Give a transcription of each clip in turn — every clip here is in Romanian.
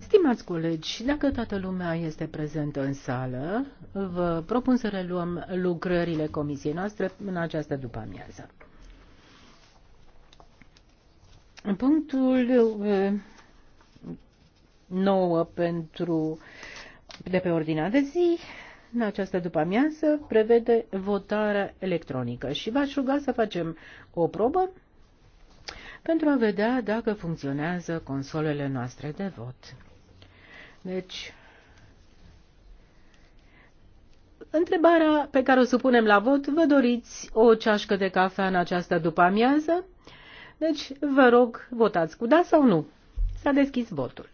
Stimați colegi, dacă toată lumea este prezentă în sală, vă propun să reluăm lucrările comisiei noastre în această după-amiază. Punctul 9 eh, pentru de pe ordinea de zi în această după-amiază prevede votarea electronică și v-aș ruga să facem o probă pentru a vedea dacă funcționează consolele noastre de vot. Deci, întrebarea pe care o supunem la vot, vă doriți o ceașcă de cafea în această după-amiază? Deci, vă rog, votați cu da sau nu. S-a deschis votul.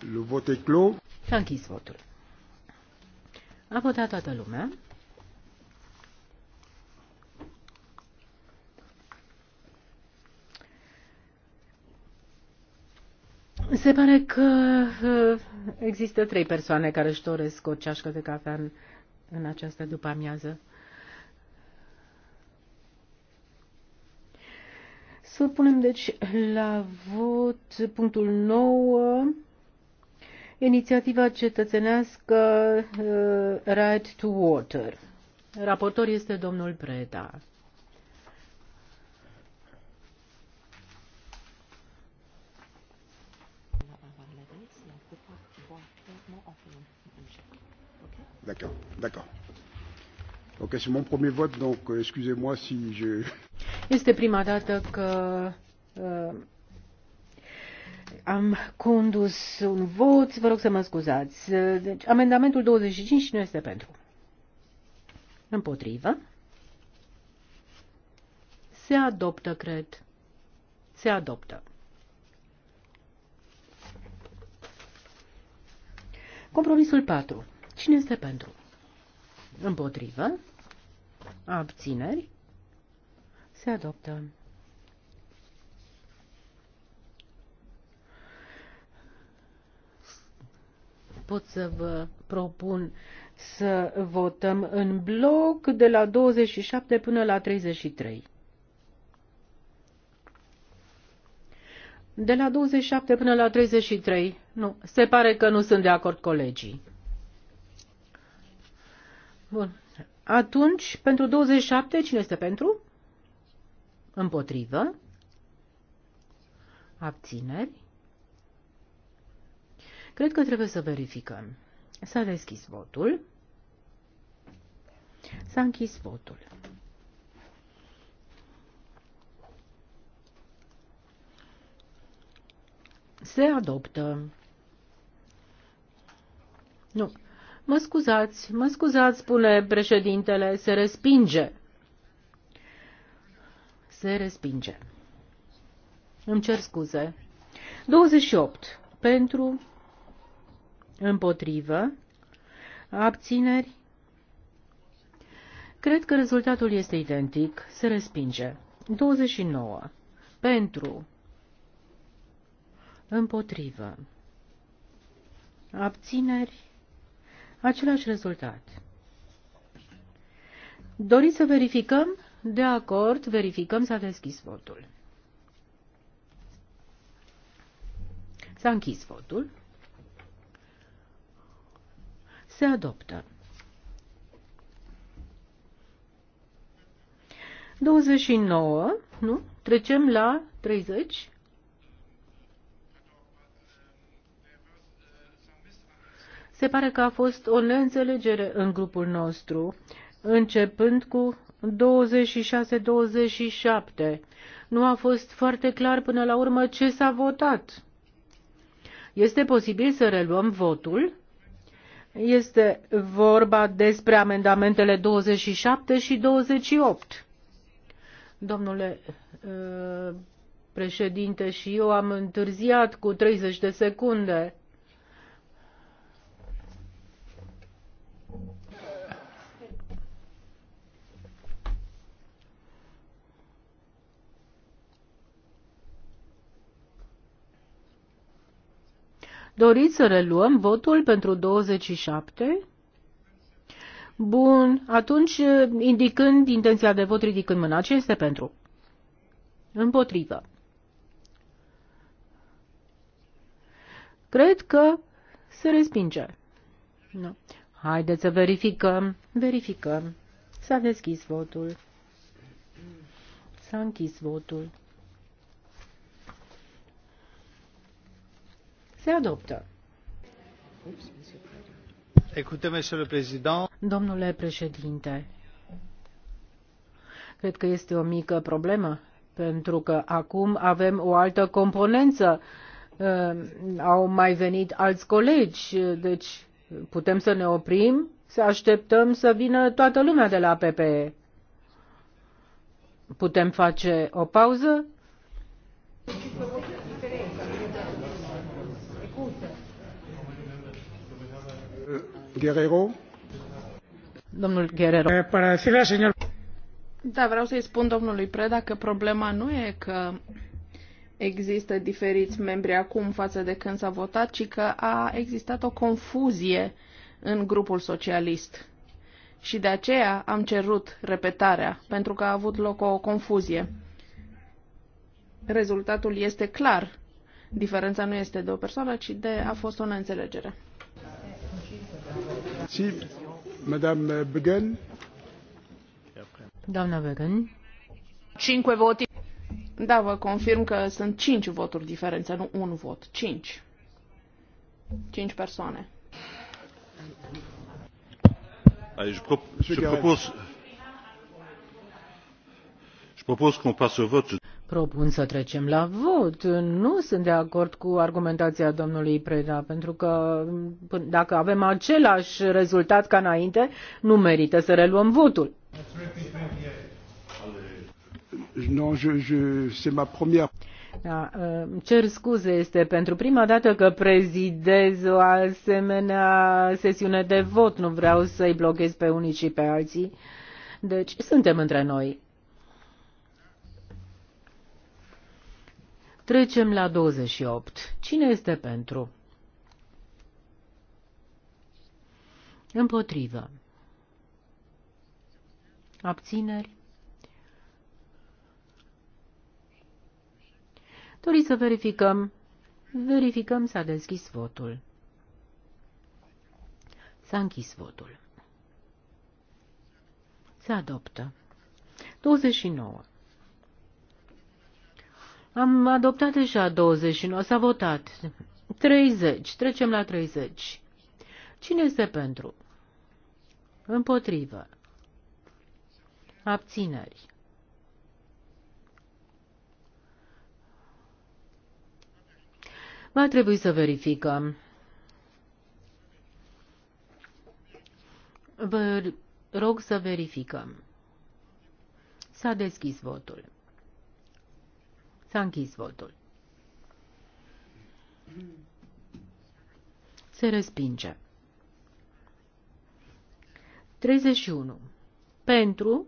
Le vote est clos. S-a închis votul. A votat toată lumea. Se pare că uh, există trei persoane care își doresc o ceașcă de cafea în, în această după-amiază. Să punem deci la vot punctul 9, inițiativa cetățenească uh, Right to Water. Raportor este domnul Preda. D'accord, d'accord. Ok, c'est mon premier vote, donc euh, excusez-moi si je... Este prima dată că uh, am condus un vot, vă rog să mă scuzați. Deci, amendamentul 25 nu este pentru. Împotrivă. Se adoptă, cred. Se adoptă. Compromisul 4. Cine este pentru? Împotrivă. Abțineri. Se adoptă. Pot să vă propun să votăm în bloc de la 27 până la 33. De la 27 până la 33. Nu, se pare că nu sunt de acord colegii. Bun. Atunci, pentru 27, cine este pentru? Împotrivă. Abțineri. Cred că trebuie să verificăm. S-a deschis votul. S-a închis votul. Se adoptă. Nu. Mă scuzați, mă scuzați, spune președintele, se respinge. Se respinge. Îmi cer scuze. 28. Pentru, împotrivă, abțineri. Cred că rezultatul este identic. Se respinge. 29. Pentru, împotrivă, abțineri. Același rezultat. Doriți să verificăm? De acord, verificăm, s-a deschis votul. S-a închis votul. Se adoptă. 29, nu? Trecem la 30. Se pare că a fost o neînțelegere în grupul nostru, începând cu 26-27. Nu a fost foarte clar până la urmă ce s-a votat. Este posibil să reluăm votul? Este vorba despre amendamentele 27 și 28. Domnule uh, președinte, și eu am întârziat cu 30 de secunde. Doriți să reluăm votul pentru 27? Bun, atunci indicând intenția de vot, ridicând mâna, ce este pentru? Împotrivă. Cred că se respinge. Nu. Haideți să verificăm. Verificăm. S-a deschis votul. S-a închis votul. Se adoptă. Domnule președinte, cred că este o mică problemă, pentru că acum avem o altă componență. Uh, au mai venit alți colegi, deci putem să ne oprim, să așteptăm să vină toată lumea de la PPE. Putem face o pauză? Eh, da, vreau să-i spun domnului Preda că problema nu e că există diferiți membri acum față de când s-a votat, ci că a existat o confuzie în grupul socialist. Și de aceea am cerut repetarea, pentru că a avut loc o confuzie. Rezultatul este clar. Diferența nu este de o persoană, ci de a fost o neînțelegere. Madame voti. Da, vă confirm că sunt cinci voturi diferență, nu un vot. cinci, cinci persoane. Allez, je, pro je propose, je propose qu'on passe au vote propun să trecem la vot. Nu sunt de acord cu argumentația domnului Preda, pentru că dacă avem același rezultat ca înainte, nu merită să reluăm votul. Non, je, je, c'est ma première. Da, cer scuze, este pentru prima dată că prezidez o asemenea sesiune de vot. Nu vreau să-i blochez pe unii și pe alții. Deci, suntem între noi. Trecem la 28. Cine este pentru? Împotrivă. Abțineri. Doriți să verificăm? Verificăm s-a deschis votul. S-a închis votul. Se adoptă. 29. Am adoptat deja 29, s-a votat. 30, trecem la 30. Cine este pentru? Împotrivă. Abțineri. Va trebui să verificăm. Vă rog să verificăm. S-a deschis votul. S-a închis votul. Se respinge. 31. Pentru,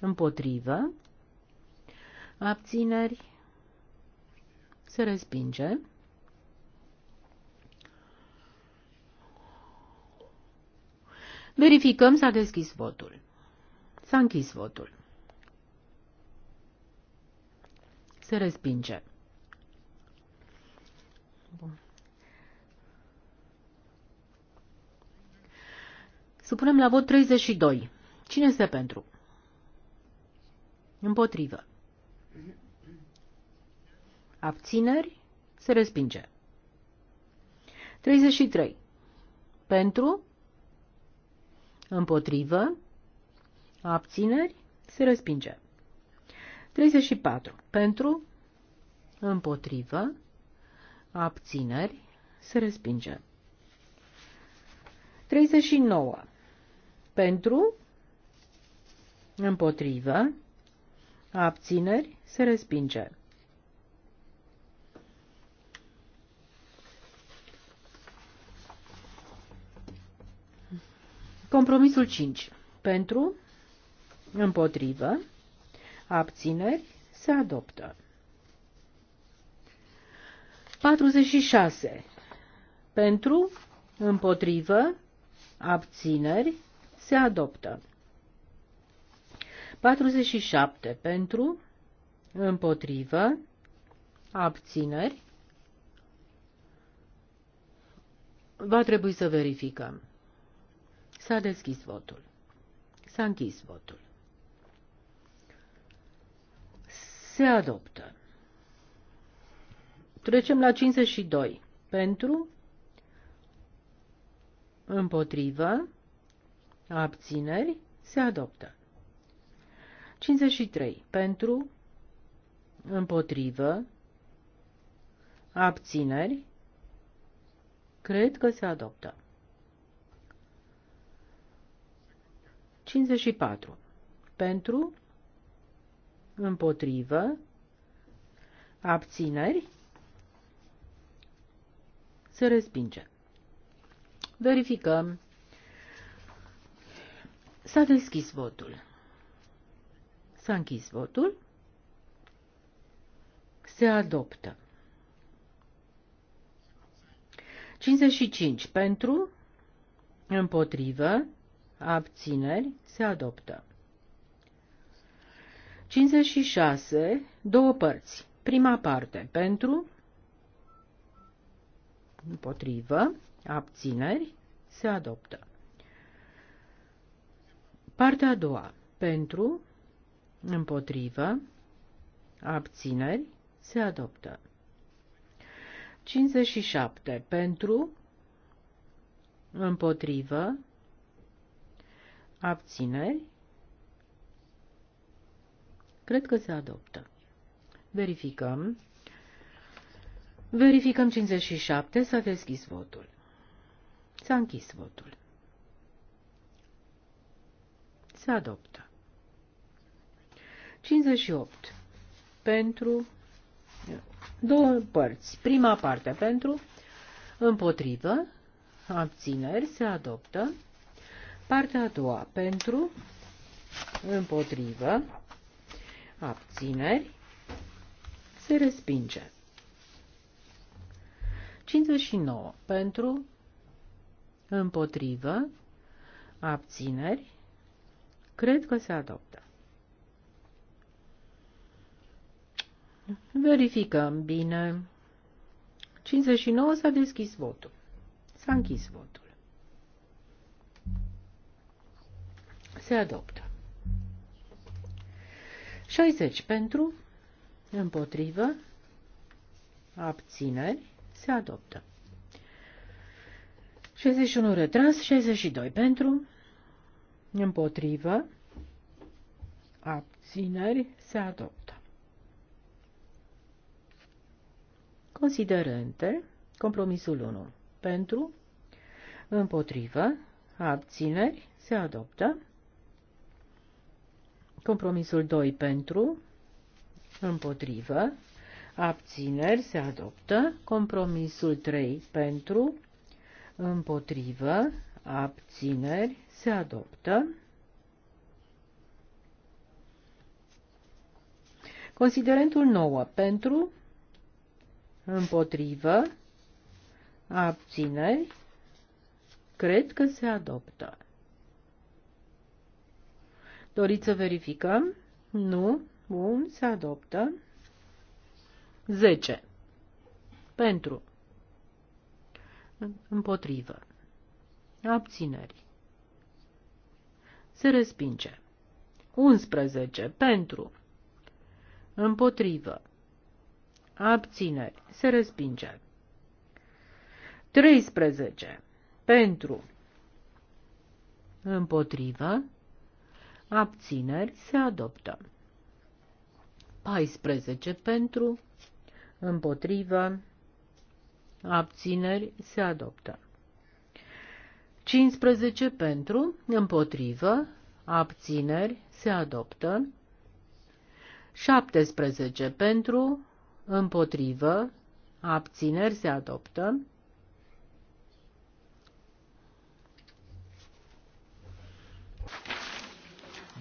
împotrivă, abțineri, se respinge. Verificăm s-a deschis votul. S-a închis votul. Se respinge. Să Supunem la vot 32. Cine este pentru? Împotrivă. Abțineri? Se respinge. 33. Pentru? Împotrivă? Abțineri? Se respinge. 34. Pentru, împotrivă, abțineri, se respinge. 39. Pentru, împotrivă, abțineri, se respinge. Compromisul 5. Pentru, împotrivă, abțineri, se adoptă. 46. Pentru, împotrivă, abțineri, se adoptă. 47. Pentru, împotrivă, abțineri, va trebui să verificăm. S-a deschis votul. S-a închis votul. Se adoptă. Trecem la 52. Pentru, împotrivă, abțineri, se adoptă. 53. Pentru, împotrivă, abțineri, cred că se adoptă. 54. Pentru, împotrivă, abțineri, se respinge. Verificăm. S-a deschis votul. S-a închis votul. Se adoptă. 55 pentru, împotrivă, abțineri, se adoptă. 56, două părți. Prima parte pentru, împotrivă, abțineri, se adoptă. Partea a doua, pentru, împotrivă, abțineri, se adoptă. 57. Pentru, împotrivă, abțineri, Cred că se adoptă. Verificăm. Verificăm 57. S-a deschis votul. S-a închis votul. Se adoptă. 58. Pentru două părți. Prima parte pentru, împotrivă, abțineri, se adoptă. Partea a doua pentru, împotrivă, abțineri, se respinge. 59 pentru, împotrivă, abțineri, cred că se adoptă. Verificăm bine. 59 s-a deschis votul. S-a închis votul. Se adoptă. 60 pentru, împotrivă, abțineri, se adoptă. 61 retras, 62 pentru, împotrivă, abțineri, se adoptă. Considerente, compromisul 1, pentru, împotrivă, abțineri, se adoptă. Compromisul 2 pentru, împotrivă, abțineri se adoptă. Compromisul 3 pentru, împotrivă, abțineri se adoptă. Considerentul 9 pentru, împotrivă, abțineri, cred că se adoptă. Doriți să verificăm? Nu. Bun, se adoptă. 10. Pentru. Împotrivă. Abțineri. Se respinge. 11. Pentru. Împotrivă. Abțineri. Se respinge. 13. Pentru. Împotrivă abțineri, se adoptă. 14 pentru, împotrivă, abțineri, se adoptă. 15 pentru, împotrivă, abțineri, se adoptă. 17 pentru, împotrivă, abțineri, se adoptă.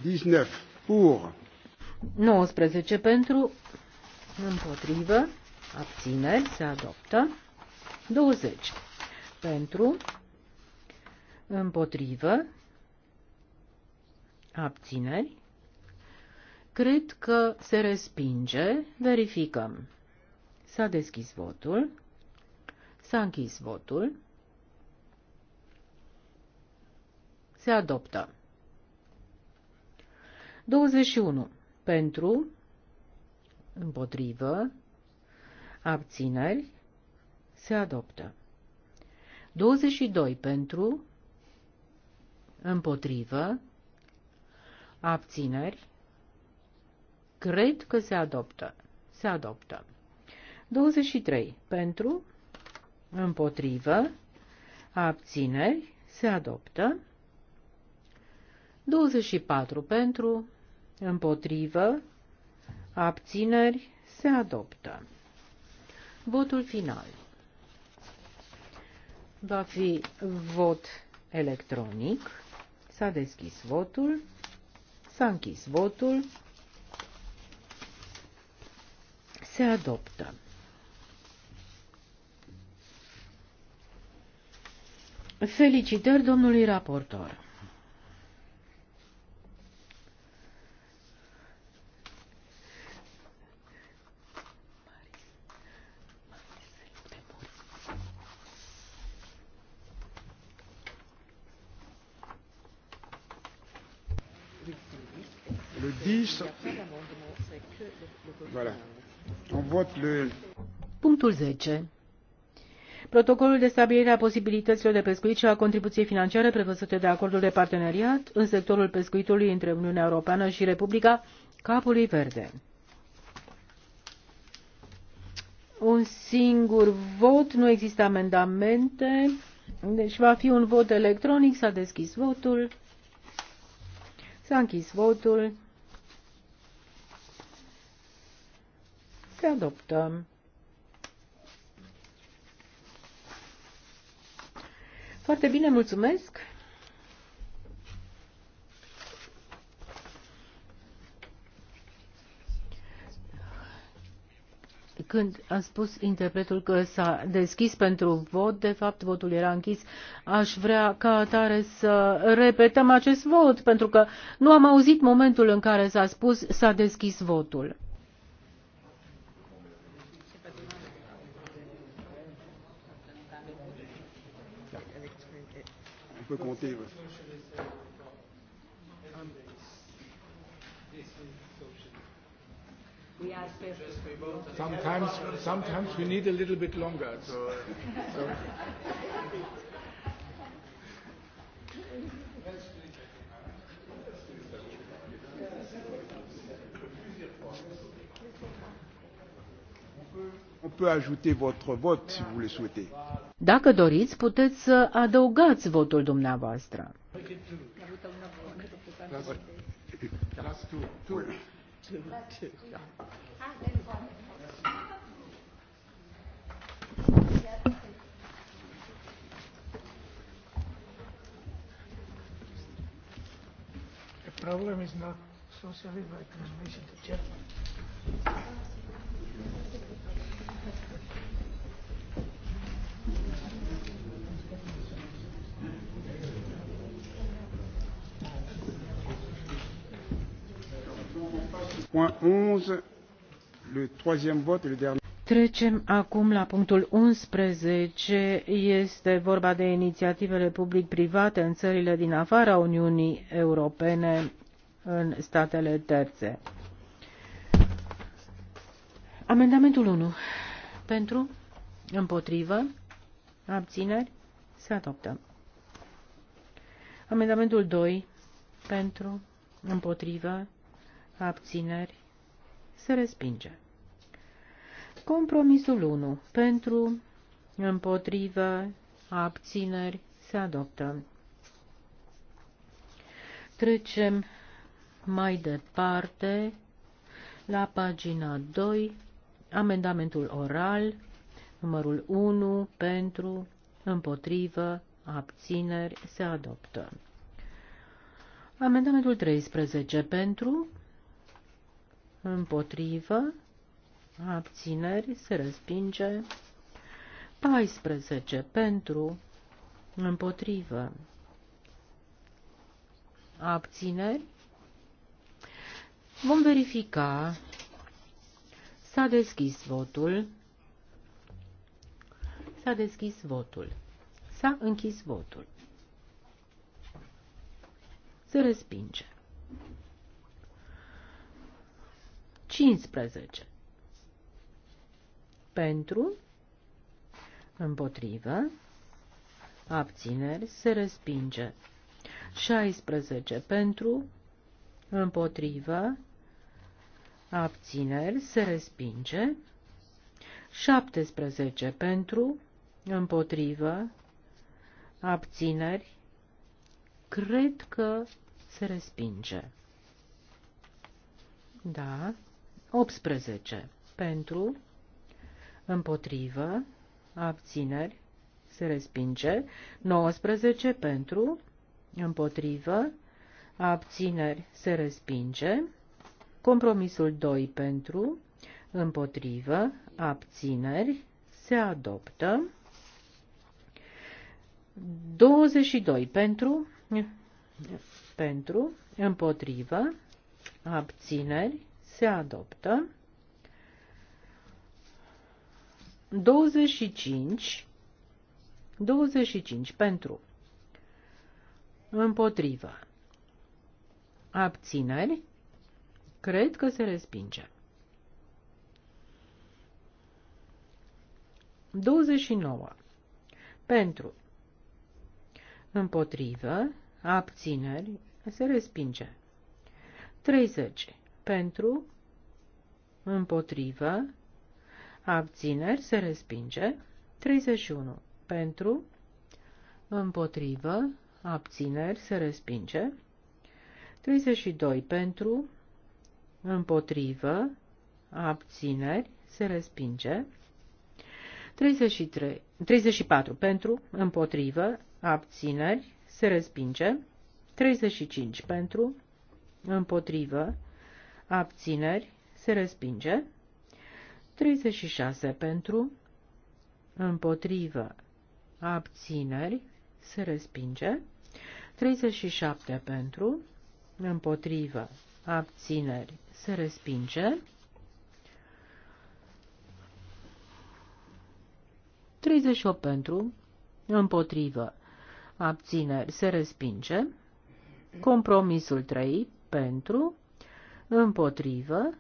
19 pour. 19 pentru, împotrivă, abțineri, se adoptă. 20 pentru, împotrivă, abțineri. Cred că se respinge. Verificăm. S-a deschis votul. S-a închis votul. Se adoptă. 21. Pentru, împotrivă, abțineri, se adoptă. 22. Pentru, împotrivă, abțineri, cred că se adoptă. Se adoptă. 23. Pentru, împotrivă, abțineri, se adoptă. 24 pentru, Împotrivă. Abțineri. Se adoptă. Votul final. Va fi vot electronic. S-a deschis votul. S-a închis votul. Se adoptă. Felicitări domnului raportor. Le... Punctul 10. Protocolul de stabilire a posibilităților de pescuit și a contribuției financiare prevăzute de acordul de parteneriat în sectorul pescuitului între Uniunea Europeană și Republica Capului Verde. Un singur vot, nu există amendamente, deci va fi un vot electronic, s-a deschis votul, s-a închis votul. Se adoptăm. Foarte bine, mulțumesc. Când a spus interpretul că s-a deschis pentru vot, de fapt votul era închis, aș vrea ca atare să repetăm acest vot, pentru că nu am auzit momentul în care s-a spus s-a deschis votul. peux compter. Ouais. Sometimes, sometimes we need a little bit longer. So, so. peut ajouter votre vote si vous le souhaitez. Dacă doriți, puteți să adăugați votul dumneavoastră. The problem is not socially, by transmission to children. 11, Trecem acum la punctul 11. Este vorba de inițiativele public-private în țările din afara Uniunii Europene în statele terțe. Amendamentul 1. Pentru? Împotrivă? Abțineri? Se adoptă. Amendamentul 2. Pentru? Împotrivă? abțineri, se respinge. Compromisul 1. Pentru, împotrivă, abțineri, se adoptă. Trecem mai departe la pagina 2, amendamentul oral, numărul 1, pentru, împotrivă, abțineri, se adoptă. Amendamentul 13, pentru, împotrivă, abțineri, se respinge. 14 pentru, împotrivă, abțineri. Vom verifica. S-a deschis votul. S-a deschis votul. S-a închis votul. Se respinge. 15. Pentru, împotrivă, abțineri, se respinge. 16. Pentru, împotrivă, abțineri, se respinge. 17. Pentru, împotrivă, abțineri, cred că se respinge. Da, 18. Pentru, împotrivă, abțineri, se respinge. 19. Pentru, împotrivă, abțineri, se respinge. Compromisul 2 pentru, împotrivă, abțineri, se adoptă. 22 pentru, pentru, împotrivă, abțineri, se adoptă. 25, 25 pentru, împotrivă, abțineri, cred că se respinge. 29. Pentru. Împotrivă, abțineri, se respinge. 30 pentru, împotrivă, abțineri, se respinge, 31 pentru, împotrivă, abțineri, se respinge, 32 pentru, împotrivă, abțineri, se respinge, 33, 34 pentru, împotrivă, abțineri, se respinge, 35 pentru, împotrivă, abțineri, se respinge. 36 pentru, împotrivă, abțineri, se respinge. 37 pentru, împotrivă, abțineri, se respinge. 38 pentru, împotrivă, abțineri, se respinge. Compromisul 3 pentru, împotrivă,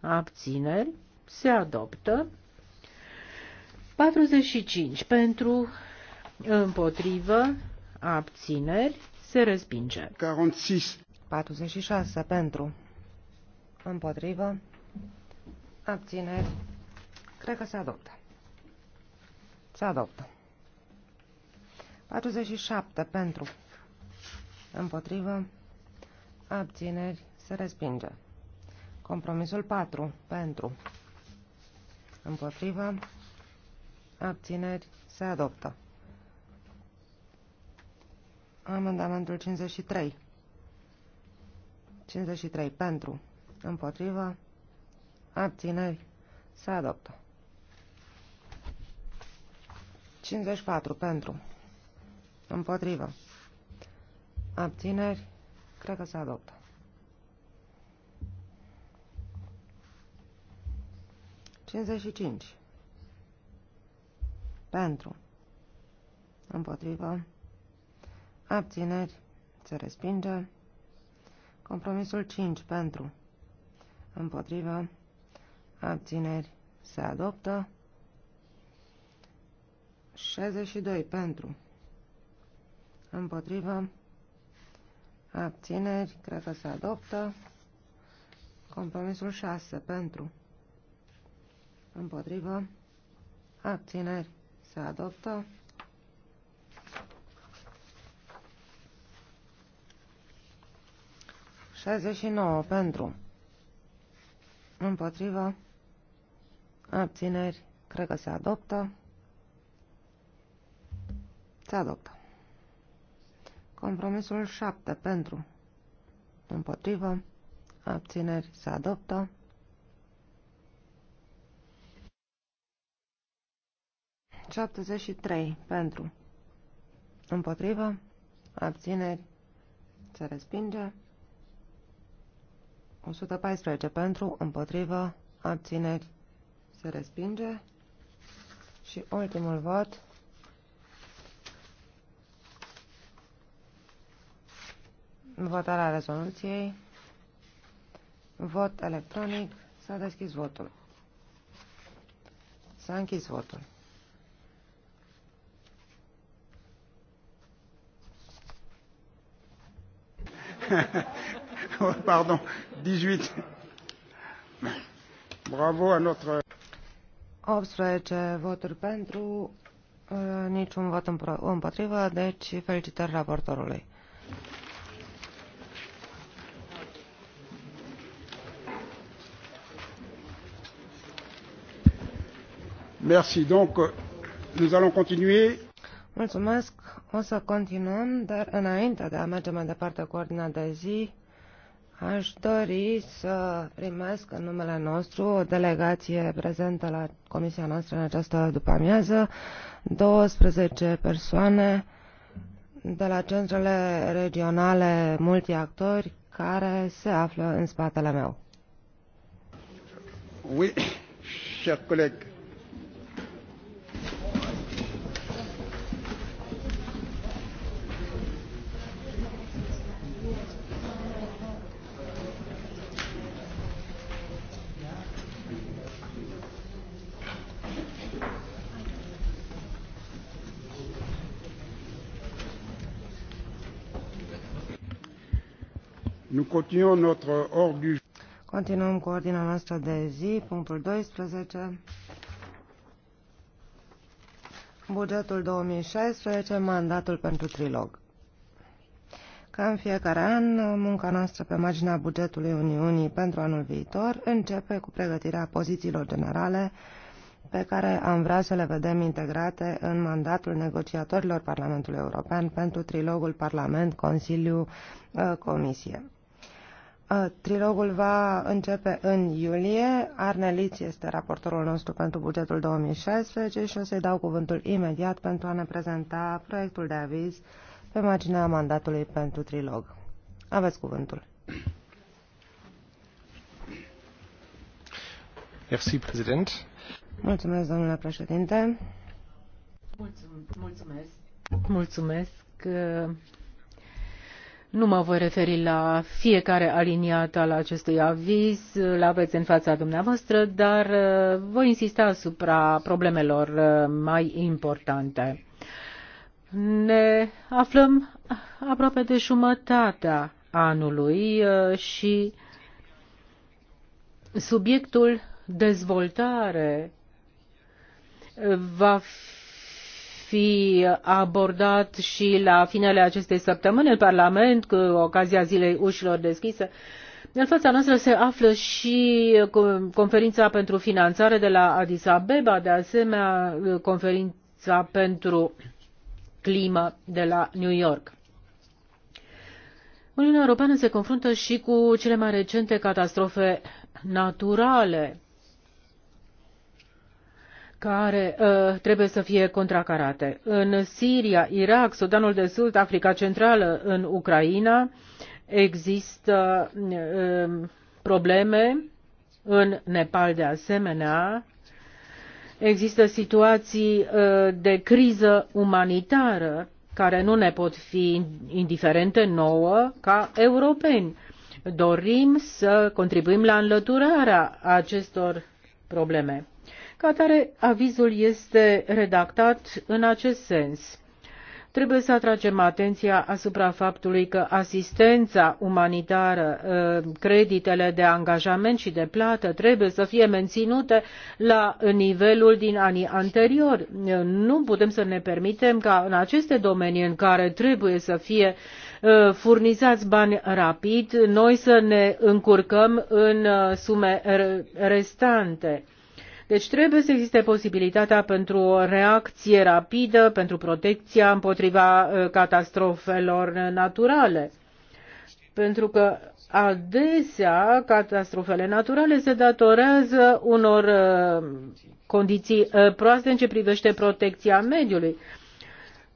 abțineri, se adoptă. 45 pentru, împotrivă, abțineri, se respinge. 46. 46 pentru, împotrivă, abțineri, cred că se adoptă. Se adoptă. 47 pentru, împotrivă, abțineri, se respinge. Compromisul 4. Pentru. Împotrivă. Abțineri. Se adoptă. Amendamentul 53. 53. Pentru. Împotrivă. Abțineri. Se adoptă. 54. Pentru. Împotrivă. Abțineri. Cred că se adoptă. 55. Pentru. Împotrivă. Abțineri. Se respinge. Compromisul 5. Pentru. Împotrivă. Abțineri. Se adoptă. 62. Pentru. Împotrivă. Abțineri. Cred că se adoptă. Compromisul 6. Pentru. Împotrivă. Abțineri. Se adoptă. Șaizeci și nouă pentru. Împotrivă. Abțineri. Cred că se adoptă. Se adoptă. Compromisul 7 pentru. Împotrivă. Abțineri. Se adoptă. 73 pentru. Împotrivă. Abțineri. Se respinge. 114 pentru. Împotrivă. Abțineri. Se respinge. Și ultimul vot. Votarea rezoluției. Vot electronic. S-a deschis votul. S-a închis votul. Pardon, 18. Bravo à notre... 18 voturi pentru, uh, niciun vot împotrivă, deci felicitări raportorului. Merci. Donc, euh, nous allons continuer. Mulțumesc. O să continuăm, dar înainte de a merge mai departe cu ordinea de zi, aș dori să primesc în numele nostru o delegație prezentă la comisia noastră în această după-amiază, 12 persoane de la centrele regionale multiactori care se află în spatele meu. Oui, chers collègues, continuăm notre ordre du Continuăm cu ordinea noastră de zi, punctul 12. Bugetul 2016, mandatul pentru trilog. Ca în fiecare an, munca noastră pe marginea bugetului Uniunii pentru anul viitor începe cu pregătirea pozițiilor generale pe care am vrea să le vedem integrate în mandatul negociatorilor Parlamentului European pentru trilogul Parlament-Consiliu-Comisie. Trilogul va începe în iulie. Arneliț este raportorul nostru pentru bugetul 2016 și o să-i dau cuvântul imediat pentru a ne prezenta proiectul de aviz pe marginea mandatului pentru trilog. Aveți cuvântul. Merci, President. Mulțumesc, domnule președinte. Mulțumesc. Mulțumesc. Mulțumesc uh, nu mă voi referi la fiecare aliniat al acestui aviz, la aveți în fața dumneavoastră, dar uh, voi insista asupra problemelor uh, mai importante. Ne aflăm aproape de jumătatea anului uh, și subiectul dezvoltare va fi abordat și la finele acestei săptămâni în Parlament, cu ocazia zilei ușilor deschise. În fața noastră se află și conferința pentru finanțare de la Addis Abeba, de asemenea conferința pentru climă de la New York. Uniunea Europeană se confruntă și cu cele mai recente catastrofe naturale care uh, trebuie să fie contracarate. În Siria, Irak, Sudanul de Sud, Africa Centrală, în Ucraina există uh, probleme, în Nepal de asemenea. Există situații uh, de criză umanitară care nu ne pot fi indiferente nouă ca europeni. Dorim să contribuim la înlăturarea acestor probleme. Ca atare, avizul este redactat în acest sens. Trebuie să atragem atenția asupra faptului că asistența umanitară, ă, creditele de angajament și de plată trebuie să fie menținute la nivelul din anii anteriori. Nu putem să ne permitem ca în aceste domenii în care trebuie să fie ă, furnizați bani rapid, noi să ne încurcăm în ă, sume restante deci trebuie să existe posibilitatea pentru o reacție rapidă, pentru protecția împotriva uh, catastrofelor naturale. Pentru că adesea catastrofele naturale se datorează unor uh, condiții uh, proaste în ce privește protecția mediului.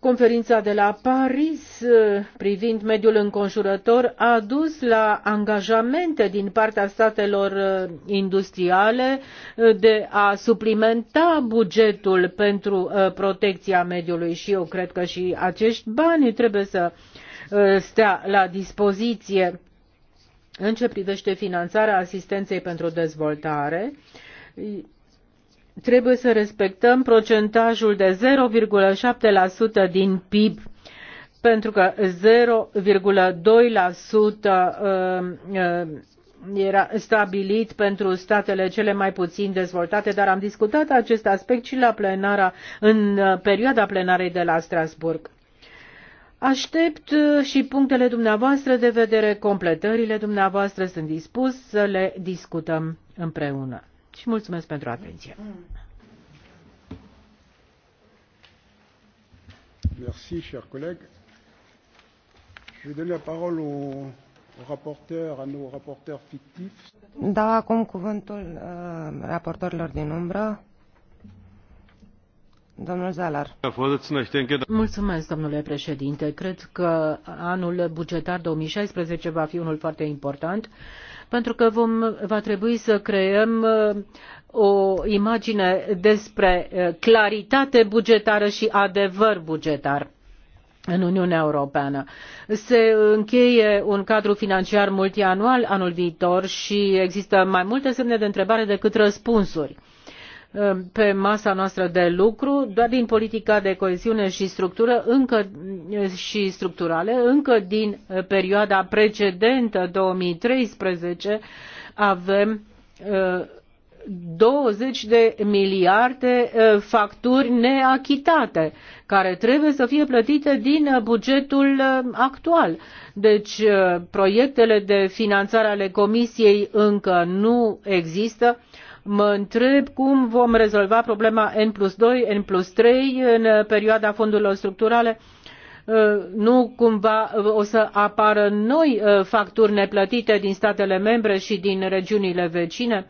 Conferința de la Paris eh, privind mediul înconjurător a dus la angajamente din partea statelor eh, industriale eh, de a suplimenta bugetul pentru protecția mediului și eu cred că și acești bani trebuie să stea la dispoziție în ce privește finanțarea asistenței pentru dezvoltare trebuie să respectăm procentajul de 0,7% din PIB pentru că 0,2% uh, uh, era stabilit pentru statele cele mai puțin dezvoltate, dar am discutat acest aspect și la plenara, în uh, perioada plenarei de la Strasburg. Aștept și punctele dumneavoastră de vedere, completările dumneavoastră, sunt dispus să le discutăm împreună și mulțumesc pentru atenție. Merci, cher collègue. Je vais donner la parole au rapporteur, à nos rapporteurs fictifs. Da, acum cuvântul uh, raportorilor din umbră. Domnul Zalar. Mulțumesc, domnule președinte. Cred că anul bugetar 2016 va fi unul foarte important pentru că vom, va trebui să creăm uh, o imagine despre uh, claritate bugetară și adevăr bugetar în Uniunea Europeană. Se încheie un cadru financiar multianual anul viitor și există mai multe semne de întrebare decât răspunsuri. Uh, pe masa noastră de lucru doar din politica de coeziune și structură încă uh, și structurale încă din uh, perioada precedentă 2013 avem 20 de miliarde facturi neachitate, care trebuie să fie plătite din bugetul actual. Deci proiectele de finanțare ale Comisiei încă nu există Mă întreb cum vom rezolva problema N plus N plus în perioada fondurilor structurale uh, nu cumva o să apară noi uh, facturi neplătite din statele membre și din regiunile vecine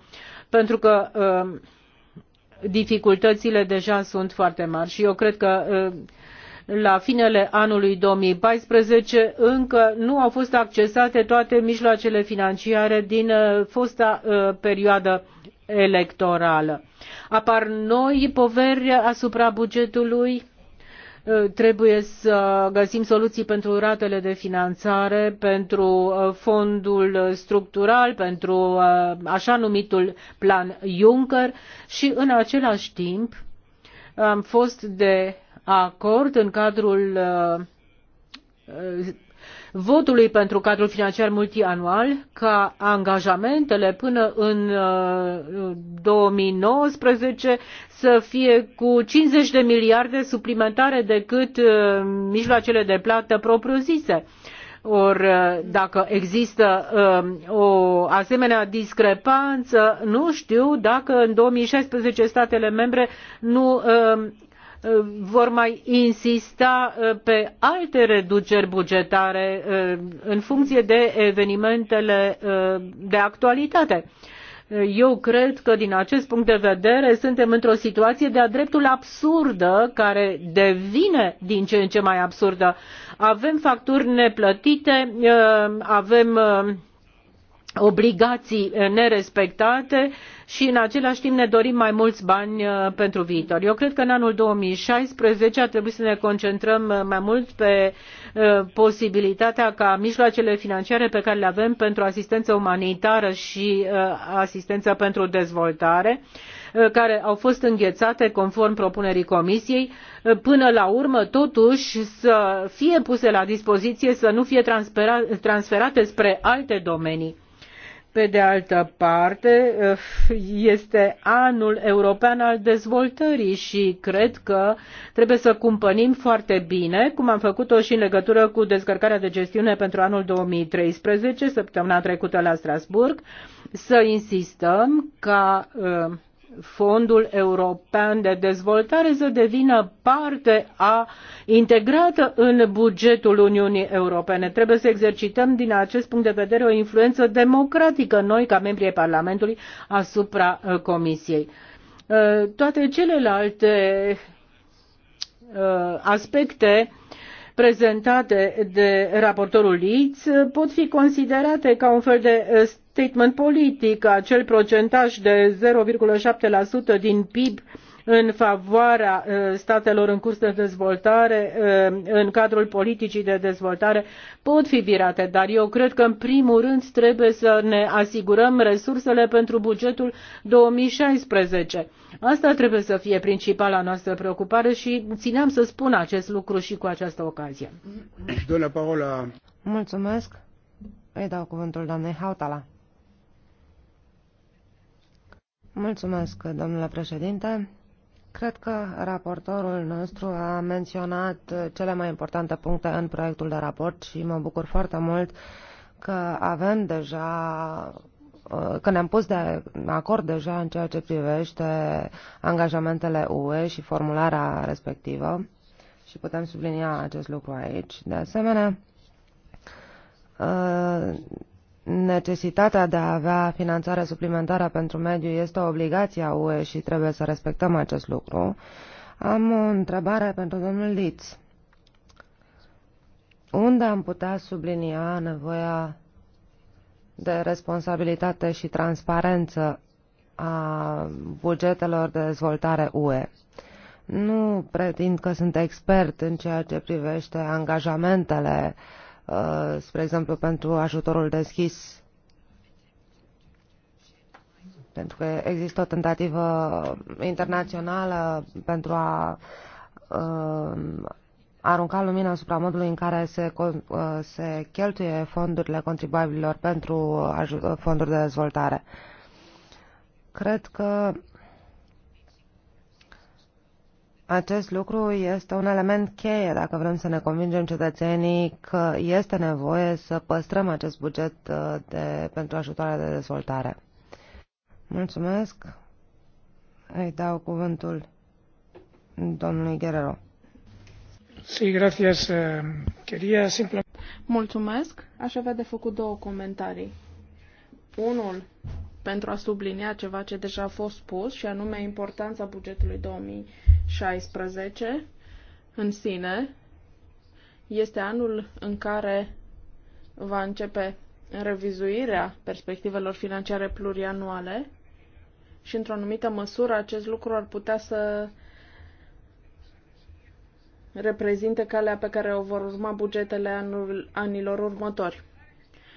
pentru că uh, dificultățile deja sunt foarte mari și eu cred că la finele anului 2014 încă nu au fost accesate toate mijloacele financiare din fosta perioadă electorală. Apar noi poveri asupra bugetului, uh, trebuie să găsim soluții pentru ratele de finanțare, pentru uh, fondul structural, pentru uh, așa numitul plan Juncker și în același timp am fost de acord în cadrul votului pentru cadrul financiar multianual ca angajamentele până în 2019 uh, să fie cu 50 de miliarde suplimentare decât uh, mijloacele de plată propriu-zise. Ori uh, dacă există o asemenea discrepanță, nu știu dacă în 2016 statele membre nu Uh, vor mai insista uh, pe alte reduceri bugetare uh, în funcție de evenimentele de actualitate. Eu cred că din acest punct de vedere suntem într-o situație de-a dreptul absurdă, care devine din ce în ce mai absurdă. Avem facturi neplătite, avem obligații eh, nerespectate și în același timp ne dorim mai mulți bani eh, pentru viitor. Eu cred că în anul 2016 ar trebui să ne concentrăm eh, mai mult pe posibilitatea ca mijloacele financiare pe care le avem pentru asistență umanitară și asistență pentru dezvoltare care au fost înghețate conform propunerii comisiei până la urmă totuși să fie puse la dispoziție să nu fie transferate spre alte domenii pe de altă parte, eh, este anul european al dezvoltării și cred că trebuie să cumpănim foarte bine, cum am făcut-o și în legătură cu descărcarea de gestiune pentru anul 2013, săptămâna trecută la Strasburg, să insistăm ca uh, Fondul European de Dezvoltare să devină parte a integrată în bugetul Uniunii Europene. Trebuie să exercităm din acest punct de vedere o influență democratică noi ca membri ai Parlamentului asupra uh, Comisiei. Uh, toate celelalte uh, aspecte prezentate de raportorul Leeds pot fi considerate ca un fel de uh, statement politic, acel procentaj de 0,7% din PIB în favoarea uh, statelor în curs de dezvoltare uh, în cadrul politicii de dezvoltare pot fi virate, dar eu cred că în primul rând trebuie să ne asigurăm resursele pentru bugetul 2016 Asta trebuie să fie principala noastră preocupare și țineam să spun acest lucru și cu această ocazie. Dă parola. Mulțumesc. Îi dau cuvântul doamnei Hautala. Mulțumesc, domnule președinte. Cred că raportorul nostru a menționat cele mai importante puncte în proiectul de raport și mă bucur foarte mult că avem deja Uh, că ne-am pus de acord deja în ceea ce privește angajamentele UE și formularea respectivă și putem sublinia acest lucru aici. De asemenea, uh, necesitatea de a avea finanțare suplimentară pentru mediu este o obligație a UE și trebuie să respectăm acest lucru. Am o întrebare pentru domnul Liț. Unde am putea sublinia nevoia de responsabilitate și transparență a bugetelor de dezvoltare UE. Nu pretind că sunt expert în ceea ce privește angajamentele, uh, spre exemplu, pentru ajutorul deschis, pentru că există o tentativă internațională pentru a uh, arunca lumină asupra modului în care se, uh, se cheltuie fondurile contribuabililor pentru uh, fonduri de dezvoltare. Cred că acest lucru este un element cheie dacă vrem să ne convingem cetățenii că este nevoie să păstrăm acest buget uh, de, pentru ajutoarea de dezvoltare. Mulțumesc. Îi dau cuvântul domnului Guerrero. Eh, Mulțumesc. Aș avea de făcut două comentarii. Unul pentru a sublinia ceva ce deja a fost spus, și anume importanța bugetului 2016 în sine. Este anul în care va începe revizuirea perspectivelor financiare plurianuale și, într-o anumită măsură, acest lucru ar putea să uh, reprezinte calea pe care o vor urma bugetele anul, anilor următori.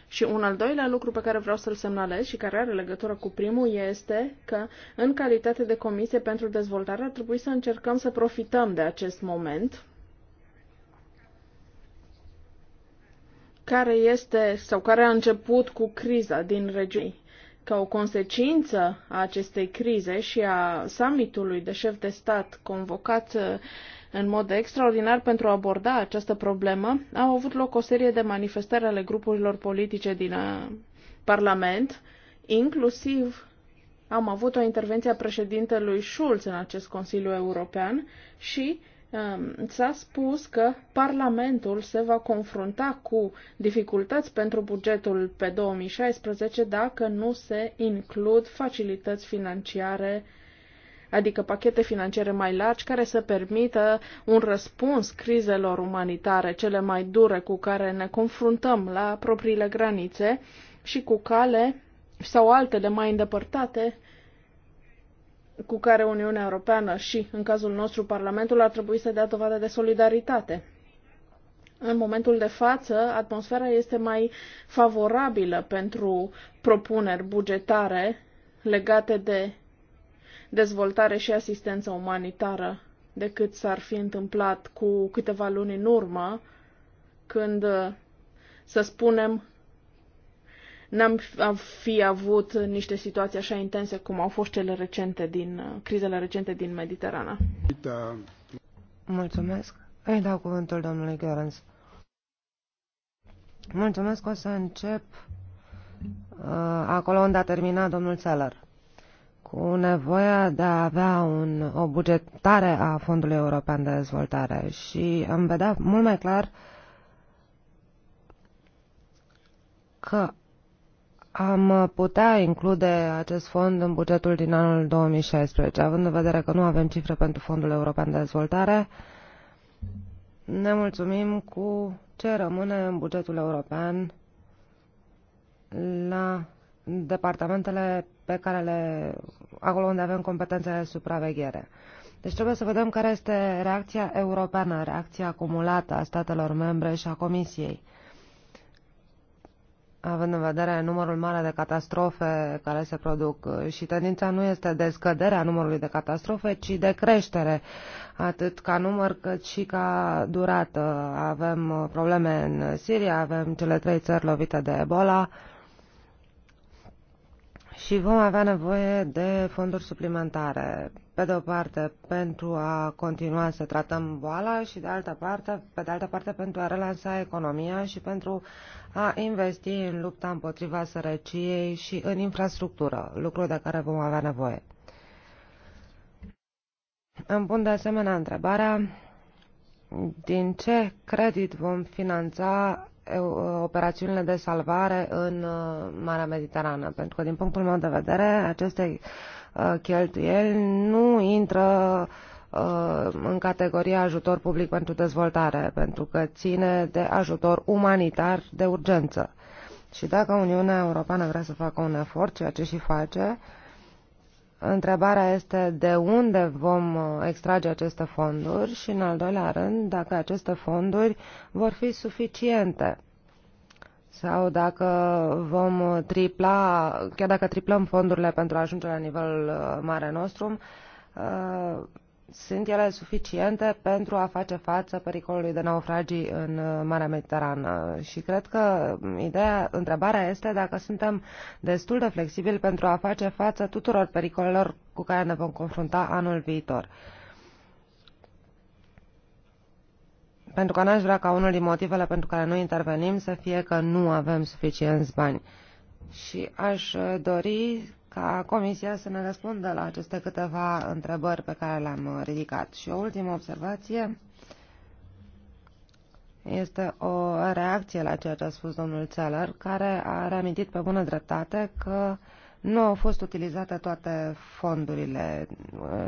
Și un al doilea lucru pe care vreau să-l semnalez și care are legătură cu primul este că, în calitate de Comisie pentru Dezvoltare, ar trebui să încercăm să profităm de acest moment care este sau care a început cu criza din regiune. Ca o consecință a acestei crize și a summitului de șef de stat convocat în mod extraordinar pentru a aborda această problemă, au avut loc o serie de manifestări ale grupurilor politice din uh, Parlament, inclusiv am avut o intervenție a președintelui Schulz în acest Consiliu European și um, s-a spus că Parlamentul se va confrunta cu dificultăți pentru bugetul pe 2016 dacă nu se includ facilități financiare uh, adică pachete financiare mai largi care să permită un răspuns crizelor umanitare, cele mai dure cu care ne confruntăm la propriile granițe și cu cale sau altele mai îndepărtate cu care Uniunea Europeană și, în cazul nostru, Parlamentul ar trebui să dea dovadă de solidaritate. În momentul de față, atmosfera este mai favorabilă pentru propuneri bugetare legate de dezvoltare și asistență umanitară decât s-ar fi întâmplat cu câteva luni în urmă, când, să spunem, n-am fi avut niște situații așa intense cum au fost cele recente din, crizele recente din Mediterana. Mulțumesc. Îi dau cuvântul domnului Gerens. Mulțumesc, o să încep uh, acolo unde a terminat domnul Țelăr cu nevoia de a avea un, o bugetare a Fondului European de Dezvoltare și am vedea mult mai clar că am putea include acest fond în bugetul din anul 2016, având în vedere că nu avem cifre pentru Fondul European de Dezvoltare, ne mulțumim cu ce rămâne în bugetul european la departamentele pe care le, acolo unde avem competențele de supraveghere. Deci trebuie să vedem care este reacția europeană, reacția acumulată a statelor membre și a Comisiei. Având în vedere numărul mare de catastrofe care se produc uh, și tendința nu este de scăderea numărului de catastrofe, ci de creștere, atât ca număr cât și ca durată. Avem uh, probleme în Siria, avem cele trei țări lovite de Ebola, și vom avea nevoie de fonduri suplimentare, pe de o parte pentru a continua să tratăm boala și de altă parte, pe de altă parte pentru a relansa economia și pentru a investi în lupta împotriva sărăciei și în infrastructură, lucru de care vom avea nevoie. Îmi pun de asemenea întrebarea din ce credit vom finanța Uh, operațiunile de salvare în uh, Marea Mediterană, pentru că, din punctul meu de vedere, aceste uh, cheltuieli nu intră în categoria ajutor public pentru dezvoltare, pentru că ține de ajutor umanitar de urgență. Și dacă Uniunea Europeană vrea să facă un efort, ceea ce și face, uh, Întrebarea este de unde vom uh, extrage aceste fonduri și, în al doilea rând, dacă aceste fonduri vor fi suficiente sau dacă vom tripla, chiar dacă triplăm fondurile pentru a ajunge la nivelul uh, mare nostru, uh, sunt ele suficiente pentru a face față pericolului de naufragii în uh, Marea Mediterană. Și cred că ideea, întrebarea este dacă suntem destul de flexibili pentru a face față tuturor pericolelor cu care ne vom confrunta anul viitor. Pentru că n-aș vrea ca unul din motivele pentru care nu intervenim să fie că nu avem suficienți bani. Și aș uh, dori ca Comisia să ne răspundă la aceste câteva întrebări pe care le-am ridicat. Și o ultimă observație este o reacție la ceea ce a spus domnul Țeller, care a reamintit pe bună dreptate că nu au fost utilizate toate fondurile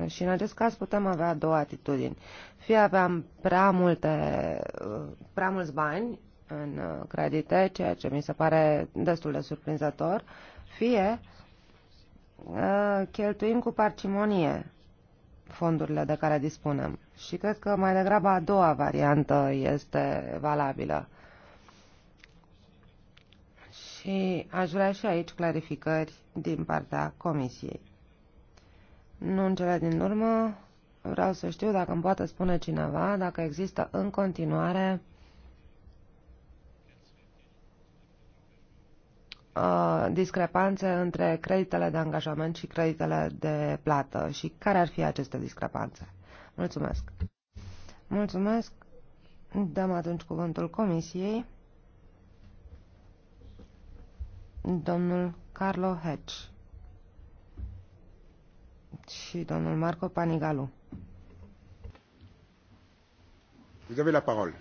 și în acest caz putem avea două atitudini. Fie aveam prea, multe, prea mulți bani în credite, ceea ce mi se pare destul de surprinzător, fie uh, Ă, cheltuim cu parcimonie fondurile de care dispunem. Și cred că mai degrabă a doua variantă este valabilă. Și aș vrea și aici clarificări din partea Comisiei. Nu în cele din urmă, vreau să știu dacă îmi poate spune cineva dacă există în continuare uh, discrepanțe între creditele de angajament și creditele de plată și care ar fi aceste discrepanțe. Mulțumesc. Mulțumesc. Dăm atunci cuvântul Comisiei. Domnul Carlo Hedge și domnul Marco Panigalu. Vous avez la parole.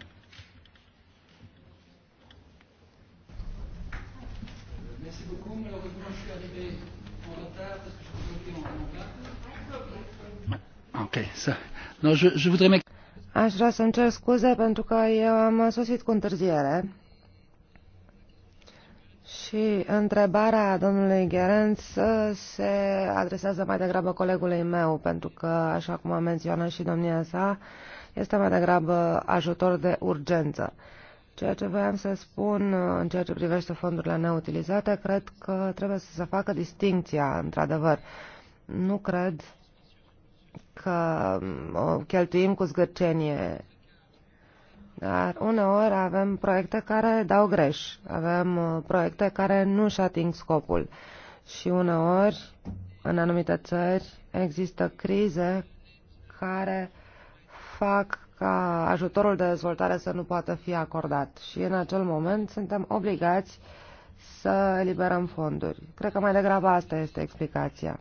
Ok, să. no, je, je voudrais me... Aș vrea să-mi cer scuze pentru că eu am sosit cu întârziere. Și întrebarea domnului Gherenț se adresează mai degrabă colegului meu, pentru că, așa cum a menționat și domnia sa, este mai degrabă ajutor de urgență. Ceea ce voiam să spun uh, în ceea ce privește fondurile neutilizate, cred că trebuie să se facă distinția, într-adevăr. Nu cred că mm, o cheltuim cu zgârcenie, dar uneori avem proiecte care dau greș, avem uh, proiecte care nu își ating scopul și uneori, în anumite țări, există crize care fac ca ajutorul de dezvoltare să nu poată fi acordat și în acel moment suntem obligați să eliberăm fonduri. Cred că mai degrabă asta este explicația.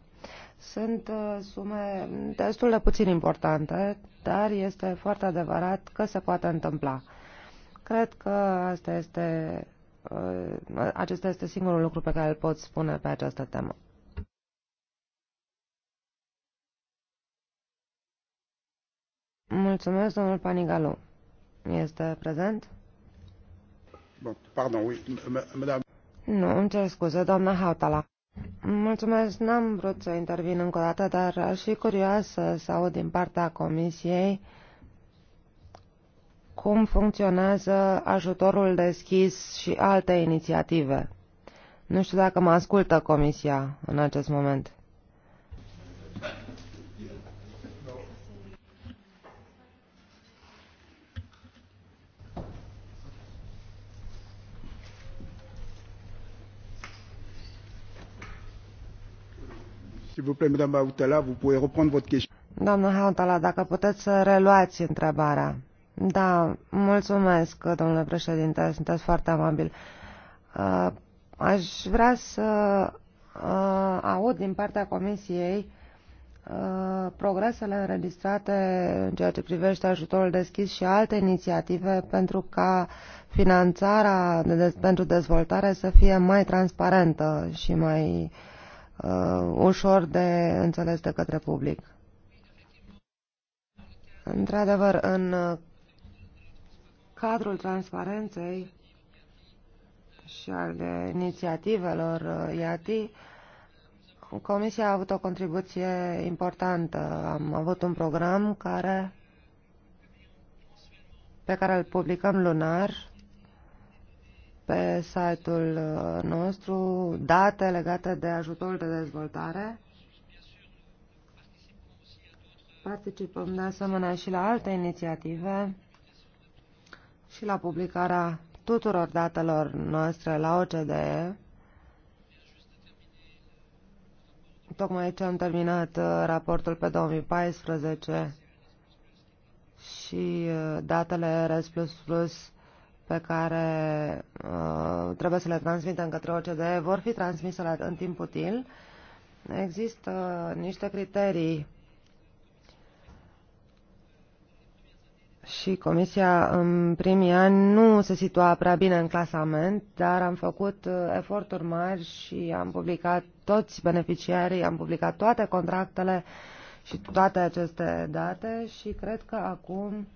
Sunt uh, sume destul de puțin importante, dar este foarte adevărat că se poate întâmpla. Cred că asta este, uh, acesta este singurul lucru pe care îl pot spune pe această temă. Mulțumesc, domnul Panigalo. Este prezent? Pardon, oui, madame. Nu, îmi cer scuze, doamna Hautala. Mulțumesc, n-am vrut să intervin încă o dată, dar aș fi curioasă să aud din partea Comisiei cum funcționează ajutorul deschis și alte inițiative. Nu știu dacă mă ascultă Comisia în acest moment. S'il Hautala, Doamna dacă puteți să reluați întrebarea. Da, mulțumesc, domnule președinte, sunteți foarte amabil. Uh, aș vrea să uh, aud din partea Comisiei uh, progresele înregistrate în ceea ce privește ajutorul deschis și alte inițiative pentru ca finanțarea de, pentru dezvoltare să fie mai transparentă și mai uh, uh, ușor de înțeles de către public. Într-adevăr, în uh, cadrul transparenței și al inițiativelor IATI, uh, Comisia a avut o contribuție importantă. Am avut un program care, pe care îl publicăm lunar pe site-ul uh, nostru date legate de ajutorul de dezvoltare. Participăm de asemenea și la alte inițiative și la publicarea tuturor datelor noastre la OCDE. Tocmai aici am terminat uh, raportul pe 2014 și uh, datele RS++ pe care uh, trebuie să le transmitem către OCDE vor fi transmise în timp util. Există niște criterii și Comisia în primii ani nu se situa prea bine în clasament, dar am făcut uh, eforturi mari și am publicat toți beneficiarii, am publicat toate contractele și toate aceste date și cred că acum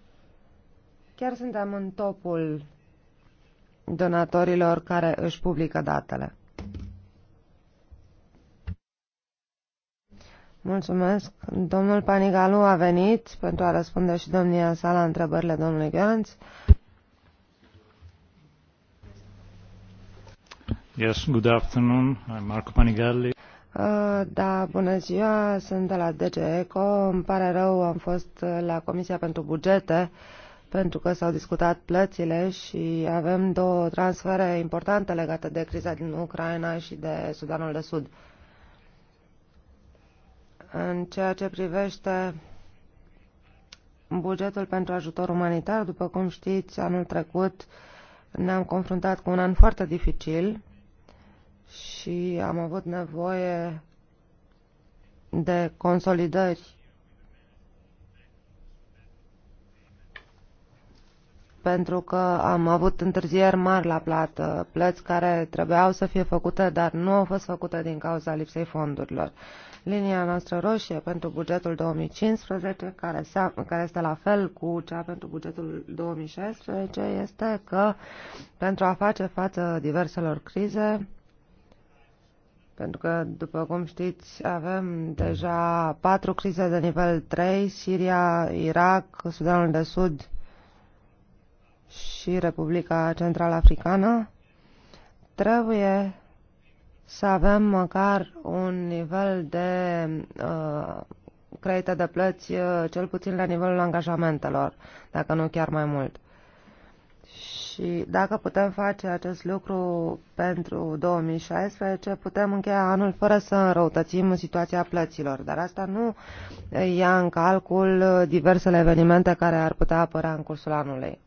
chiar suntem în topul donatorilor care își publică datele. Mulțumesc. Domnul Panigalu a venit pentru a răspunde și domnia sa la întrebările domnului Gheanț. Yes, good afternoon. I'm Marco Panigalli. Uh, da, bună ziua, sunt de la DG Eco. Îmi pare rău, am fost la Comisia pentru Bugete. Uh, pentru că s-au discutat plățile și avem două transfere importante legate de criza din Ucraina și de Sudanul de Sud. În ceea ce privește bugetul pentru ajutor umanitar, după cum știți, anul trecut ne-am confruntat cu un an foarte dificil și am avut nevoie de consolidări pentru că am avut întârzieri mari la plată, plăți care trebuiau să fie făcute, dar nu au fost făcute din cauza lipsei fondurilor. Linia noastră roșie pentru bugetul 2015, care, se, care este la fel cu cea pentru bugetul 2016, este că pentru a face față diverselor crize, pentru că, după cum știți, avem deja patru crize de nivel 3, Siria, Irak, Sudanul de Sud și Republica Central Africană, trebuie să avem măcar un nivel de uh, credite de plăți, uh, cel puțin la nivelul angajamentelor, dacă nu chiar mai mult. Și dacă putem face acest lucru pentru 2016, putem încheia anul fără să înrăutățim situația plăților. Dar asta nu ia în calcul diversele evenimente care ar putea apărea în cursul anului.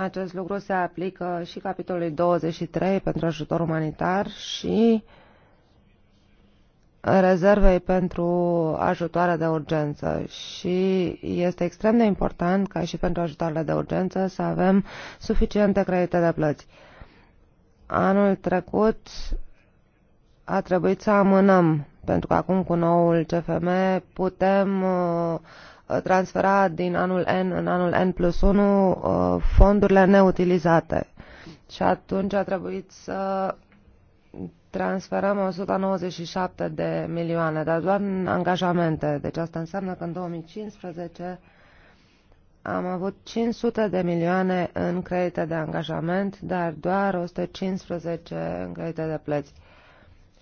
Acest lucru se aplică și capitolului 23 pentru ajutor umanitar și rezervei pentru ajutoare de urgență și este extrem de important ca și pentru ajutoarele de urgență să avem suficiente credite de plăți. Anul trecut a trebuit să amânăm pentru că acum cu noul CFM putem uh, Uh, transfera din anul N în anul N plus 1 uh, fondurile neutilizate. Și atunci a trebuit să transferăm 197 de milioane, dar doar în angajamente. Deci asta înseamnă că în 2015 am avut 500 de milioane în credite de angajament, dar doar 115 în credite de plăți.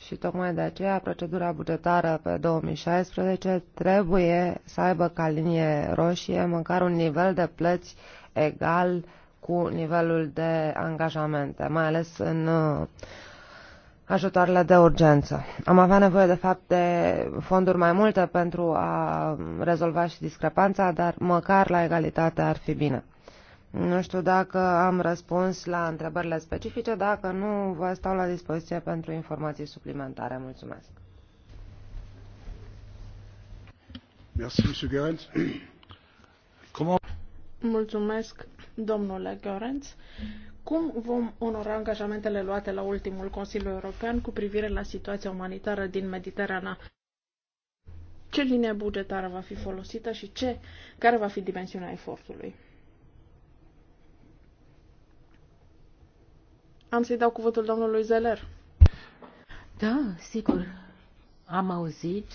Și tocmai de aceea procedura bugetară pe 2016 trebuie să aibă ca linie roșie măcar un nivel de plăți egal cu nivelul de angajamente, mai ales în uh, ajutoarele de urgență. Am avea nevoie, de fapt, de fonduri mai multe pentru a rezolva și discrepanța, dar măcar la egalitate ar fi bine. Nu știu dacă am răspuns la întrebările specifice, dacă nu, vă stau la dispoziție pentru informații suplimentare. Mulțumesc. Mulțumesc, domnule Gheorenț. Cum vom onora angajamentele luate la ultimul Consiliu European cu privire la situația umanitară din Mediterana? Ce linie bugetară va fi folosită și ce, care va fi dimensiunea efortului? Am să-i dau cuvântul domnului Zeller. Da, sigur. Am auzit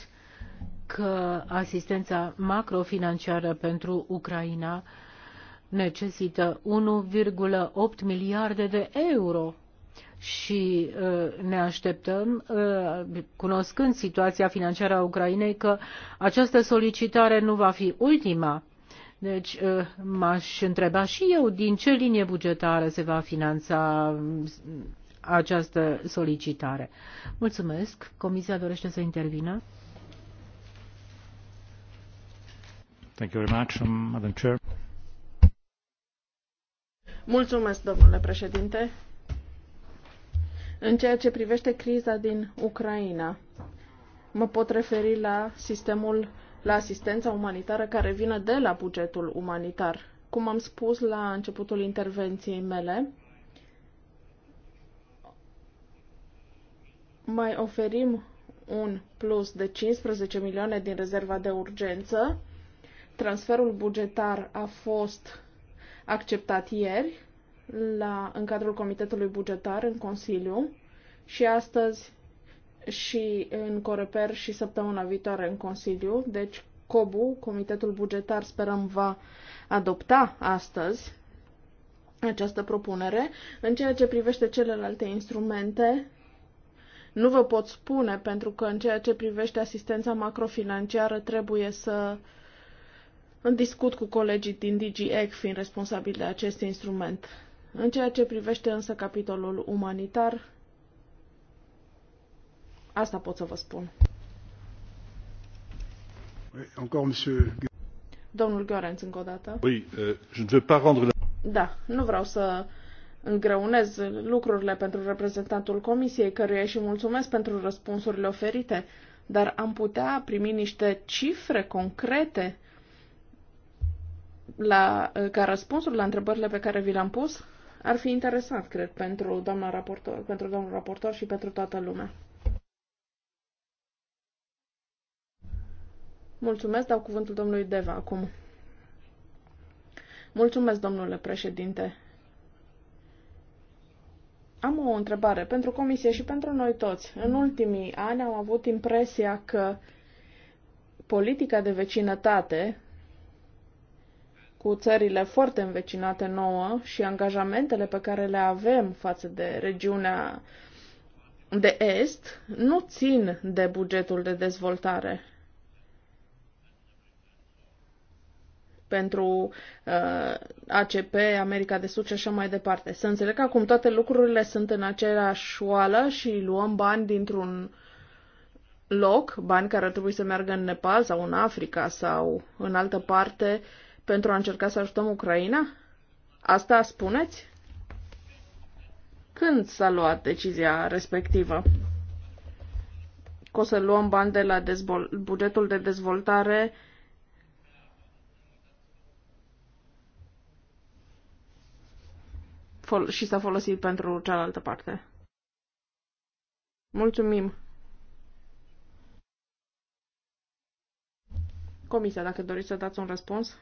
că asistența macrofinanciară pentru Ucraina necesită 1,8 miliarde de euro și uh, ne așteptăm, uh, cunoscând situația financiară a Ucrainei, că această solicitare nu va fi ultima deci eh, m-aș întreba și eu din ce linie bugetară se va finanța mm, această solicitare. Mulțumesc. Comisia dorește să intervină. Thank you very much, um, Madam Chair. Mulțumesc, domnule președinte. În ceea ce privește criza din Ucraina, mă pot referi la sistemul, la asistența umanitară care vine de la bugetul umanitar. Cum am spus la începutul intervenției mele, mai oferim un plus de 15 milioane din rezerva de urgență. Transferul bugetar a fost acceptat ieri la, în cadrul Comitetului Bugetar în Consiliu și astăzi și în Coreper și săptămâna viitoare în Consiliu. Deci COBU, Comitetul Bugetar, sperăm va adopta astăzi această propunere. În ceea ce privește celelalte instrumente, nu vă pot spune, pentru că în ceea ce privește asistența macrofinanciară trebuie să discut cu colegii din DG fiind responsabili de acest instrument. În ceea ce privește însă capitolul umanitar, Asta pot să vă spun. Domnul Gheorenț, încă o dată. Oui, euh, je ne veux pas rendre Da, nu vreau să îngreunez lucrurile pentru reprezentantul comisiei, căruia și mulțumesc pentru răspunsurile oferite, dar am putea primi niște cifre concrete la, ca răspunsuri la întrebările pe care vi le-am pus? Ar fi interesant, cred, pentru, doamna raportor, pentru domnul raportor și pentru toată lumea. Mulțumesc, dau cuvântul domnului Deva acum. Mulțumesc, domnule președinte. Am o întrebare pentru comisie și pentru noi toți. În ultimii ani am avut impresia că politica de vecinătate cu țările foarte învecinate nouă și angajamentele pe care le avem față de regiunea de est nu țin de bugetul de dezvoltare. pentru uh, ACP, America de Sud și așa mai departe. Să înțeleg că acum toate lucrurile sunt în aceeași oală și luăm bani dintr-un loc, bani care ar trebui să meargă în Nepal sau în Africa sau în altă parte pentru a încerca să ajutăm Ucraina? Asta spuneți? Când s-a luat decizia respectivă? Că o să luăm bani de la bugetul de dezvoltare uh, și s-a folosit pentru cealaltă parte. Mulțumim! Comisia, dacă doriți să dați un răspuns.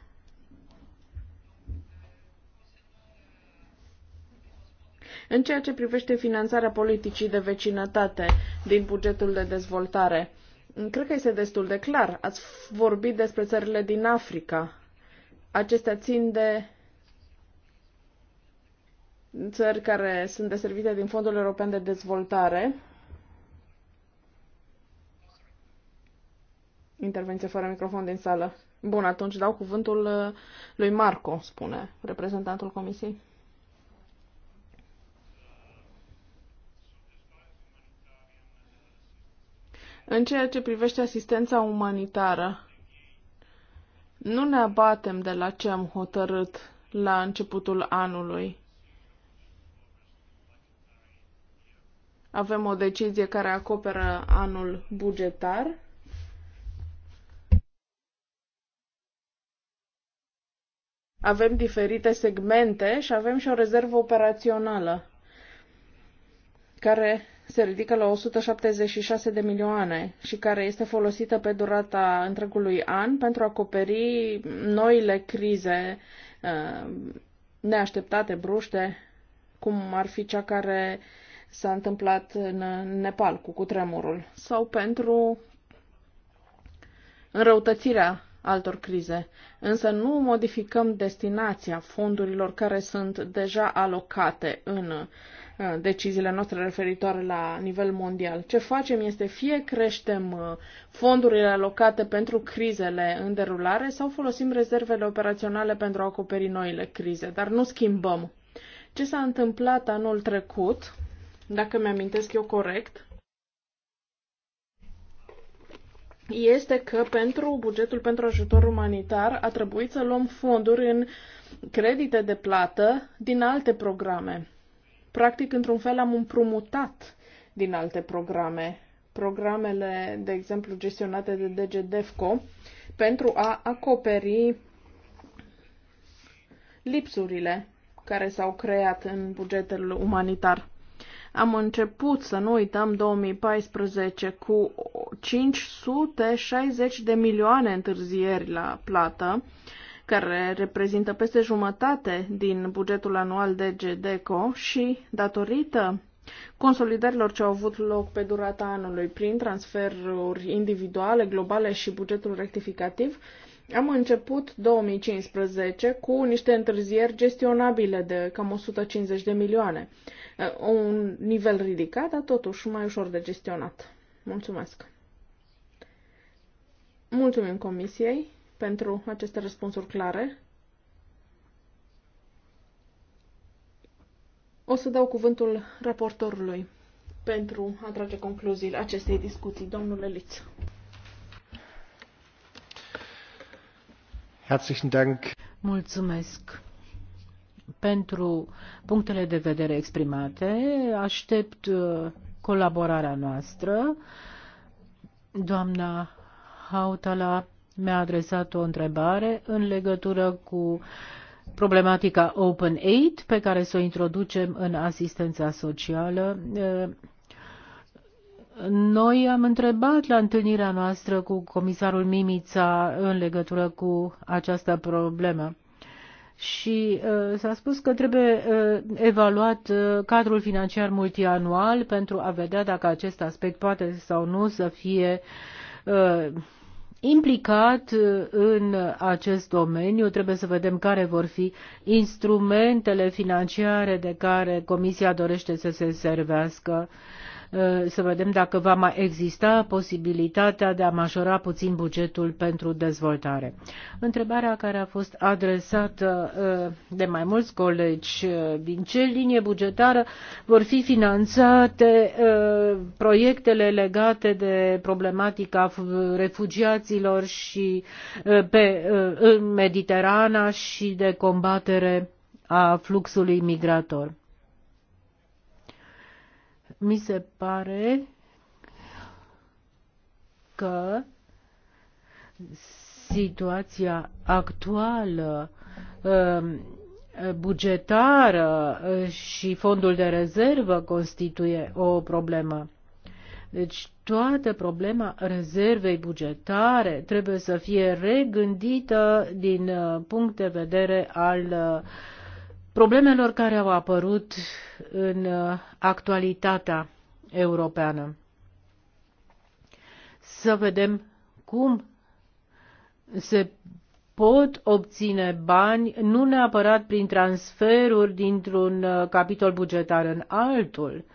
În ceea ce privește finanțarea politicii de vecinătate din bugetul de dezvoltare, cred că este destul de clar. Ați vorbit despre țările din Africa. Acestea țin de țări care sunt deservite din Fondul European de Dezvoltare. Intervenție fără microfon din sală. Bun, atunci dau cuvântul uh, lui Marco, spune reprezentantul Comisiei. În ceea ce privește asistența umanitară, nu ne abatem de la ce am hotărât la începutul anului Avem o decizie care acoperă anul bugetar. Avem diferite segmente și avem și o rezervă operațională care se ridică la 176 de milioane și care este folosită pe durata întregului an pentru a acoperi noile crize uh, neașteptate, bruște, cum ar fi cea care s-a întâmplat în Nepal cu cutremurul, sau pentru înrăutățirea altor crize. Însă nu modificăm destinația fondurilor care sunt deja alocate în uh, deciziile noastre referitoare la nivel mondial. Ce facem este fie creștem uh, fondurile alocate pentru crizele în derulare sau folosim rezervele operaționale pentru a acoperi noile crize, dar nu schimbăm. Ce s-a întâmplat anul trecut dacă mi-amintesc eu corect, este că pentru bugetul pentru ajutor umanitar a trebuit să luăm fonduri în credite de plată din alte programe. Practic, într-un fel, am împrumutat din alte programe. Programele, de exemplu, gestionate de DG DEFCO, pentru a acoperi lipsurile care s-au creat în bugetul umanitar. Am început, să nu uităm, 2014 cu 560 de milioane întârzieri la plată, care reprezintă peste jumătate din bugetul anual de GDECO și, datorită Consolidărilor ce au avut loc pe durata anului prin transferuri individuale, globale și bugetul rectificativ, am început 2015 cu niște întârzieri gestionabile de cam 150 de milioane. Un nivel ridicat, dar totuși mai ușor de gestionat. Mulțumesc! Mulțumim Comisiei pentru aceste răspunsuri clare. O să dau cuvântul raportorului pentru a trage concluziile acestei discuții. Domnule Liț. Herzlichen Dank. Mulțumesc pentru punctele de vedere exprimate. Aștept uh, colaborarea noastră. Doamna Hautala mi-a adresat o întrebare în legătură cu problematica Open Aid pe care să o introducem în asistența socială. Uh, noi am întrebat la întâlnirea noastră cu comisarul Mimița în legătură cu această problemă și uh, s-a spus că trebuie uh, evaluat uh, cadrul financiar multianual pentru a vedea dacă acest aspect poate sau nu să fie uh, implicat uh, în acest domeniu. Trebuie să vedem care vor fi instrumentele financiare de care Comisia dorește să se servească Uh, să vedem dacă va mai exista posibilitatea de a majora puțin bugetul pentru dezvoltare. Întrebarea care a fost adresată uh, de mai mulți colegi, uh, din ce linie bugetară vor fi finanțate proiectele legate de problematica refugiaților și pe, în Mediterana și de combatere a fluxului migrator mi se pare că situația actuală um, bugetară uh, și fondul de rezervă constituie o problemă. Deci toată problema rezervei bugetare trebuie să fie regândită din uh, punct de vedere al uh, problemelor care au apărut în uh, actualitatea europeană. Să vedem cum se pot obține bani nu neapărat prin transferuri dintr-un uh, capitol bugetar în altul.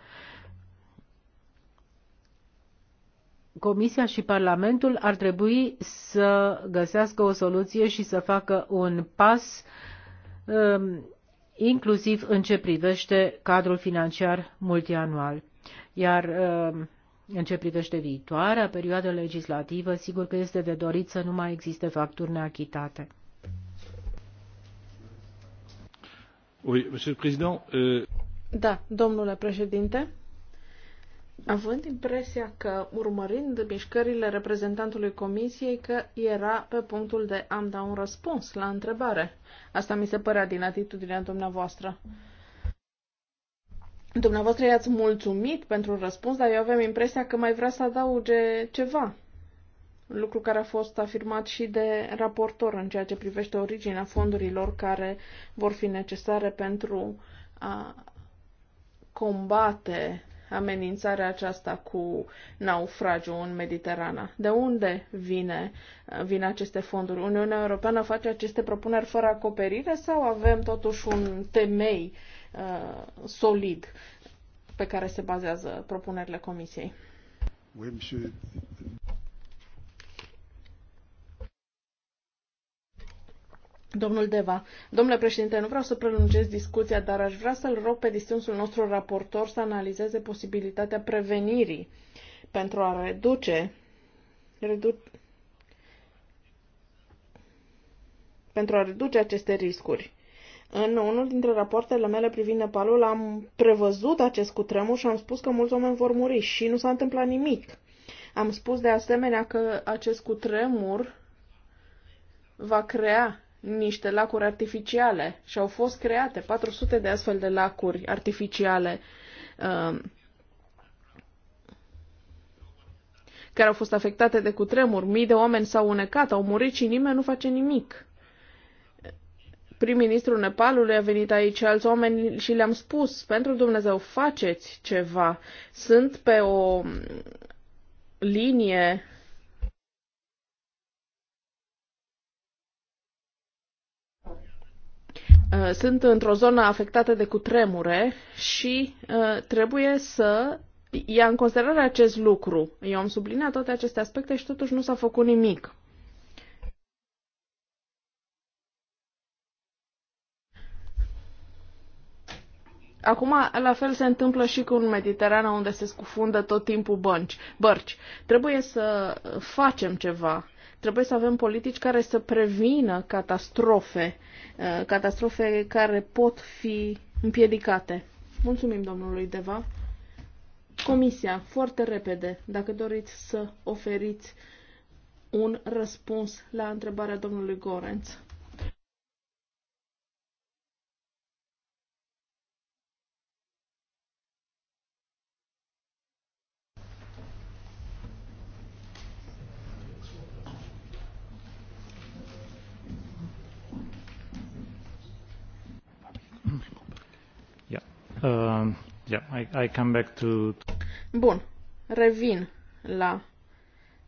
Comisia și Parlamentul ar trebui să găsească o soluție și să facă un pas um, inclusiv în ce privește cadrul financiar multianual. Iar uh, în ce privește viitoarea perioadă legislativă, sigur că este de dorit să nu mai existe facturi neachitate. Oui, monsieur le président, euh... Da, domnule președinte având impresia că, urmărind mișcările reprezentantului comisiei, că era pe punctul de a-mi da un răspuns la întrebare. Asta mi se părea din atitudinea dumneavoastră. Dumneavoastră i-ați mulțumit pentru răspuns, dar eu avem impresia că mai vrea să adauge ceva. Lucru care a fost afirmat și de raportor în ceea ce privește originea fondurilor care vor fi necesare pentru a combate amenințarea aceasta cu naufragiu în Mediterana. De unde vine, vin aceste fonduri? Uniunea Europeană face aceste propuneri fără acoperire sau avem totuși un temei uh, solid pe care se bazează propunerile Comisiei? Oui, monsieur. Domnul Deva, domnule președinte, nu vreau să prelungesc discuția, dar aș vrea să-l rog pe distinsul nostru raportor să analizeze posibilitatea prevenirii pentru a reduce, redu, pentru a reduce aceste riscuri. În unul dintre rapoartele mele privind Nepalul am prevăzut acest cutremur și am spus că mulți oameni vor muri și nu s-a întâmplat nimic. Am spus de asemenea că acest cutremur va crea niște lacuri artificiale și au fost create 400 de astfel de lacuri artificiale um, care au fost afectate de cutremur. Mii de oameni s-au unecat, au murit și nimeni nu face nimic. Prim-ministrul Nepalului a venit aici alți oameni și le-am spus, pentru Dumnezeu, faceți ceva. Sunt pe o linie Uh, sunt într-o zonă afectată de cutremure și uh, trebuie să ia în considerare acest lucru. Eu am subliniat toate aceste aspecte și totuși nu s-a făcut nimic. Acum, la fel se întâmplă și cu un Mediterana, unde se scufundă tot timpul bănci, bărci. Trebuie să facem ceva. Trebuie să avem politici care să prevină catastrofe Uh, catastrofe care pot fi împiedicate. Mulțumim domnului Deva. Comisia, foarte repede, dacă doriți să oferiți un răspuns la întrebarea domnului Gorenț. Uh, yeah, I, I come back to... Bun, revin la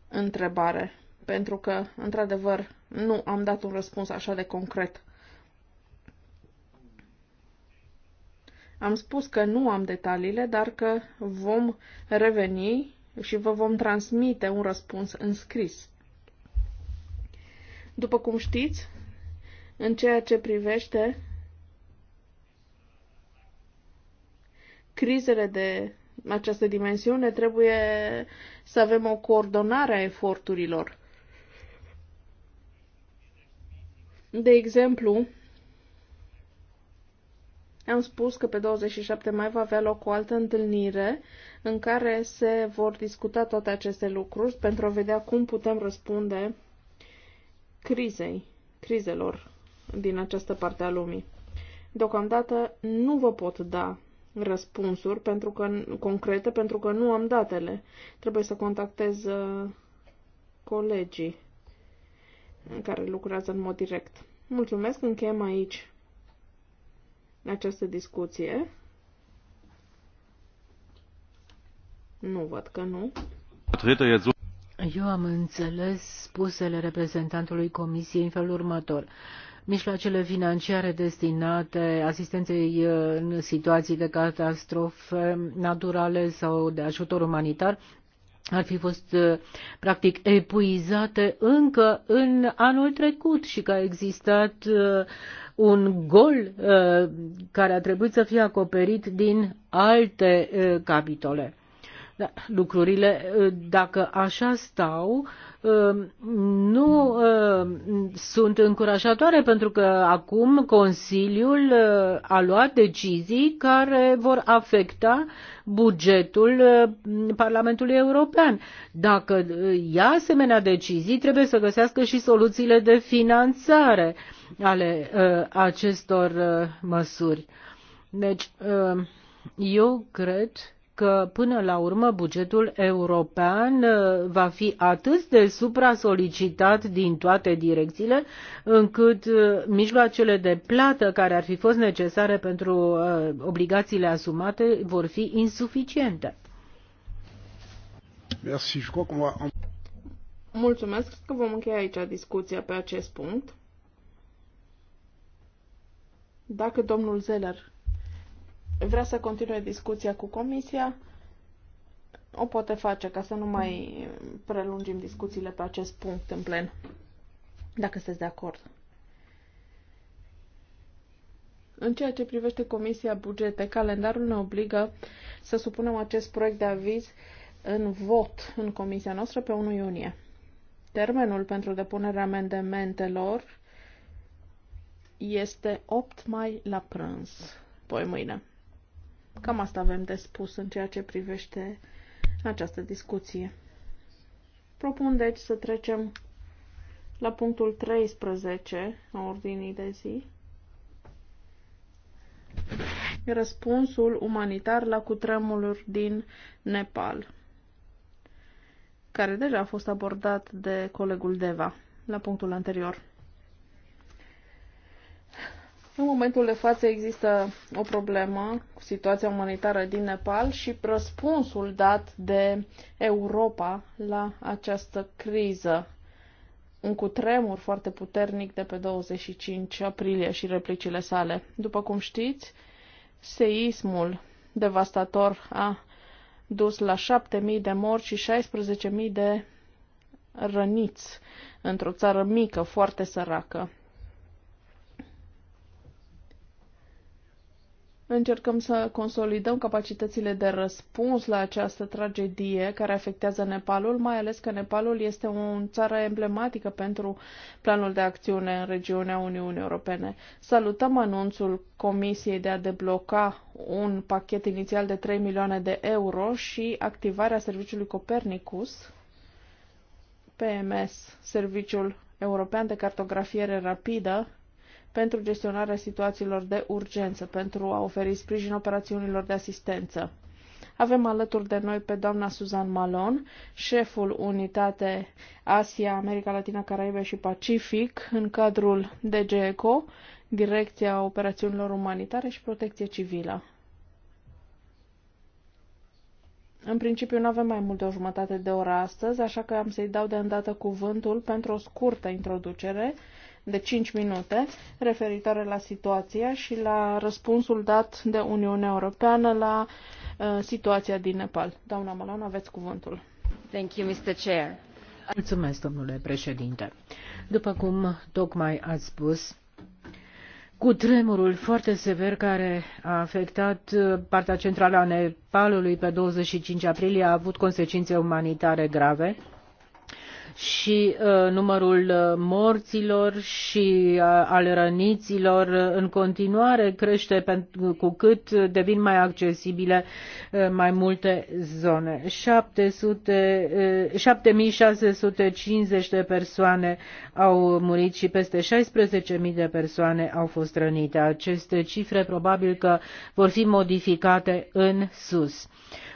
întrebare, pentru că, într-adevăr, nu am dat un răspuns așa de concret. Am spus că nu am detaliile, dar că vom reveni și vă vom transmite un răspuns în scris. După cum știți, în ceea ce privește crizele de această dimensiune trebuie să avem o coordonare a eforturilor. De exemplu, am spus că pe 27 mai va avea loc o altă întâlnire în care se vor discuta toate aceste lucruri pentru a vedea cum putem răspunde crizei, crizelor din această parte a lumii. Deocamdată nu vă pot da răspunsuri pentru că, concrete pentru că nu am datele. Trebuie să contactez uh, colegii în care lucrează în mod direct. Mulțumesc, încheiem aici această discuție. Nu văd că nu. Eu am înțeles spusele reprezentantului Comisiei în felul următor mijloacele financiare destinate asistenței uh, în situații de catastrofe naturale sau de ajutor umanitar ar fi fost uh, practic epuizate încă în anul trecut și că a existat uh, un gol care a trebuit să fie acoperit din alte capitole. Da, lucrurile, ă, dacă așa stau, ă, nu ă, sunt încurajatoare pentru că acum Consiliul a luat decizii care vor afecta bugetul Parlamentului European. Dacă ia asemenea decizii, trebuie să găsească și soluțiile de finanțare ale acestor măsuri. Deci, eu cred că până la urmă bugetul european uh, va fi atât de supra-solicitat din toate direcțiile, încât uh, mijloacele de plată care ar fi fost necesare pentru uh, obligațiile asumate vor fi insuficiente. Mulțumesc că vom încheia aici discuția pe acest punct. Dacă domnul Zeller vrea să continue discuția cu Comisia, o poate face ca să nu mai prelungim discuțiile pe acest punct în plen, dacă sunteți de acord. În ceea ce privește Comisia Bugete, calendarul ne obligă să supunem acest proiect de aviz în vot în Comisia noastră pe 1 iunie. Termenul pentru depunerea amendamentelor este 8 mai la prânz, poi mâine. Cam asta avem de spus în ceea ce privește această discuție. Propun deci să trecem la punctul 13 a ordinii de zi. Răspunsul umanitar la cutremurul din Nepal, care deja a fost abordat de colegul Deva la punctul anterior. În momentul de față există o problemă cu situația umanitară din Nepal și răspunsul dat de Europa la această criză. Un cutremur foarte puternic de pe 25 aprilie și replicile sale. După cum știți, seismul devastator a dus la 7.000 de morți și 16.000 de răniți într-o țară mică, foarte săracă. Încercăm să consolidăm capacitățile de răspuns la această tragedie care afectează Nepalul, mai ales că Nepalul este o țară emblematică pentru planul de acțiune în regiunea Uniunii Europene. Salutăm anunțul Comisiei de a debloca un pachet inițial de 3 milioane de euro și activarea serviciului Copernicus, PMS, Serviciul European de Cartografiere Rapidă, pentru gestionarea situațiilor de urgență, pentru a oferi sprijin operațiunilor de asistență. Avem alături de noi pe doamna Suzan Malon, șeful unitate Asia, America Latina, Caraibe și Pacific, în cadrul DGECO, Direcția Operațiunilor Umanitare și Protecție Civilă. În principiu nu avem mai mult de o jumătate de oră astăzi, așa că am să-i dau de îndată cuvântul pentru o scurtă introducere de 5 minute referitoare la situația și la răspunsul dat de Uniunea Europeană la uh, situația din Nepal. Doamna Malon, aveți cuvântul. Thank you, Mr. Chair. Mulțumesc, domnule președinte. După cum tocmai ați spus, cu tremurul foarte sever care a afectat uh, partea centrală a Nepalului pe 25 aprilie a avut consecințe umanitare grave și uh, numărul uh, morților și uh, al răniților în continuare crește cu cât devin mai accesibile mai multe zone. 700, 7650 de persoane au murit și peste 16.000 de persoane au fost rănite. Aceste cifre probabil că vor fi modificate în sus.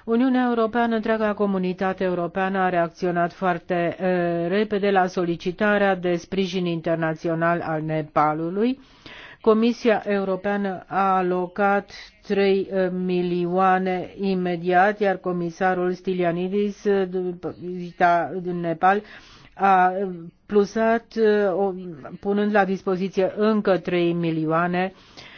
Uniunea Europeană, întreaga comunitate europeană a reacționat foarte uh, repede la solicitarea de sprijin internațional al Nepalului. Comisia Europeană a alocat 3 milioane imediat, iar comisarul Stilianidis, vizita din Nepal, a plusat, punând la dispoziție încă 3 milioane uh,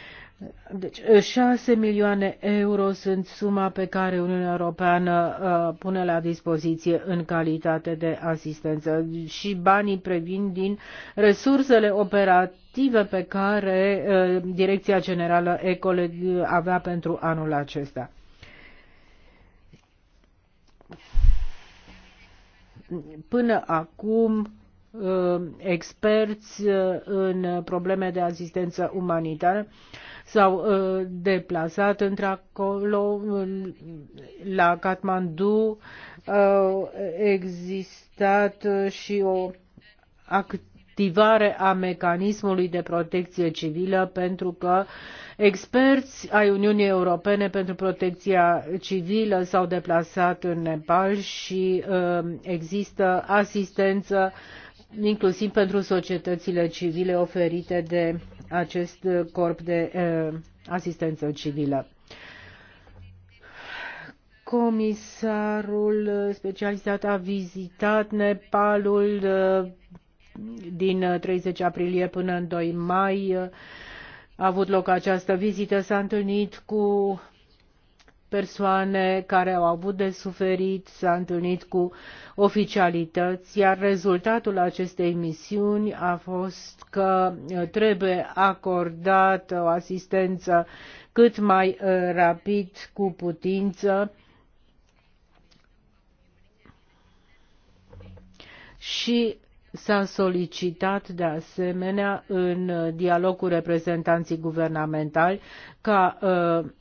deci 6 uh, milioane euro sunt suma pe care Uniunea Europeană uh, pune la dispoziție în calitate de asistență și banii previn din resursele operative pe care uh, Direcția Generală Ecole avea pentru anul acesta. Până acum, uh, experți în probleme de asistență umanitară s-au uh, deplasat într-acolo la Kathmandu. Uh, existat și o activare a mecanismului de protecție civilă pentru că experți ai Uniunii Europene pentru protecția civilă s-au deplasat în Nepal și uh, există asistență inclusiv pentru societățile civile oferite de acest corp de eh, asistență civilă. Comisarul specializat a vizitat Nepalul eh, din 30 aprilie până în 2 mai. A avut loc această vizită, s-a întâlnit cu persoane care au avut de suferit, s-a întâlnit cu oficialități, iar rezultatul acestei misiuni a fost că uh, trebuie acordat o asistență cât mai uh, rapid cu putință și S-a solicitat de asemenea în uh, dialog cu reprezentanții guvernamentali ca uh,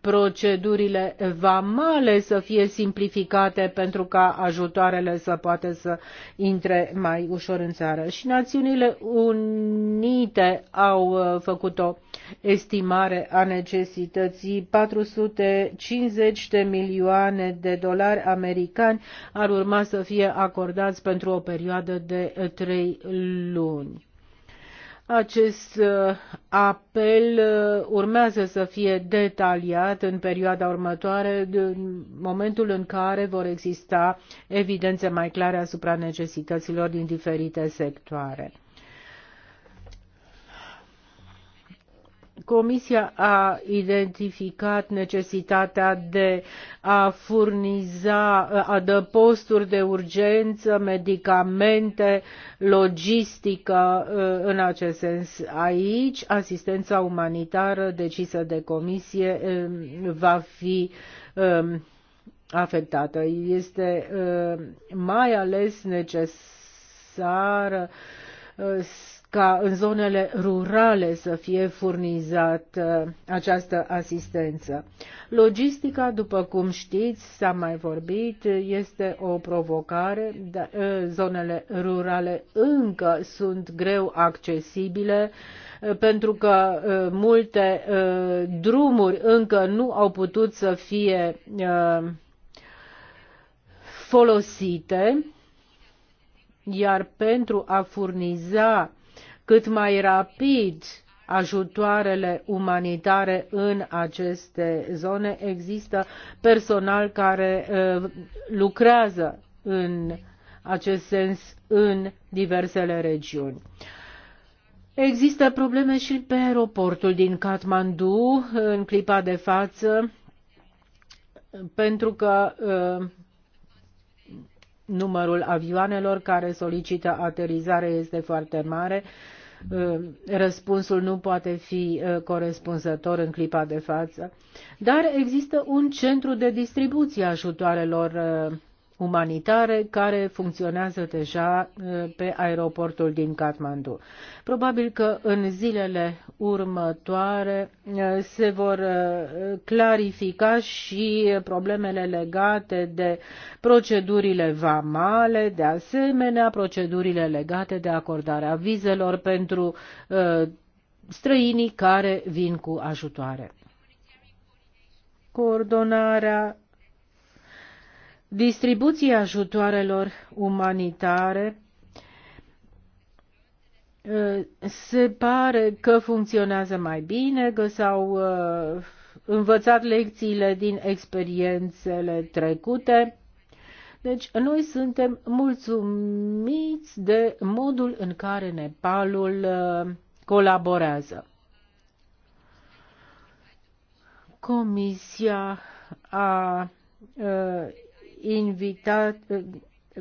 procedurile vamale să fie simplificate pentru ca ajutoarele să poată să intre mai ușor în țară. Și Națiunile Unite au uh, făcut o estimare a necesității. 450 de milioane de dolari americani ar urma să fie acordați pentru o perioadă de trei luni acest uh, apel uh, urmează să fie detaliat în perioada următoare, în momentul în care vor exista evidențe mai clare asupra necesităților din diferite sectoare. Comisia a identificat necesitatea de a furniza adăposturi da de urgență, medicamente, logistică uh, în acest sens. Aici, asistența umanitară decisă de Comisie um, va fi um, afectată. Este uh, mai ales necesară uh, ca în zonele rurale să fie furnizată uh, această asistență. Logistica, după cum știți, s-a mai vorbit, este o provocare. Uh, zonele rurale încă sunt greu accesibile uh, pentru că multe drumuri încă nu au putut să fie folosite iar pentru a furniza cât mai rapid ajutoarele umanitare în aceste zone. Există personal care lucrează în acest sens în diversele regiuni. Există probleme și pe aeroportul din Kathmandu în clipa de față, pentru că uh, numărul avioanelor care solicită aterizare este foarte mare. Uh, Uh, răspunsul nu poate fi uh, corespunzător în clipa de față, dar există un centru de distribuție a ajutoarelor uh, umanitare care funcționează deja uh, pe aeroportul din Kathmandu. Probabil că în zilele următoare uh, se vor uh, clarifica și problemele legate de procedurile vamale, de asemenea procedurile legate de acordarea vizelor pentru străinii care vin cu ajutoare. Coordonarea distribuția ajutoarelor umanitare uh, se pare că funcționează mai bine, că s-au uh, învățat lecțiile din experiențele trecute. Deci noi suntem mulțumiți de modul în care Nepalul uh, colaborează. Comisia a invitat,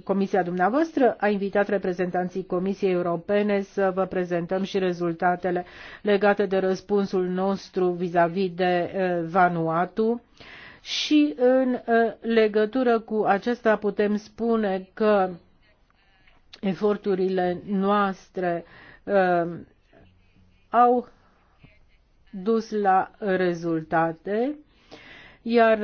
Comisia dumneavoastră a invitat reprezentanții Comisiei Europene să vă prezentăm și rezultatele legate de răspunsul nostru vis-a-vis -vis de eh, Vanuatu. Și în eh, legătură cu acesta putem spune că eforturile noastre eh, au dus la rezultate, iar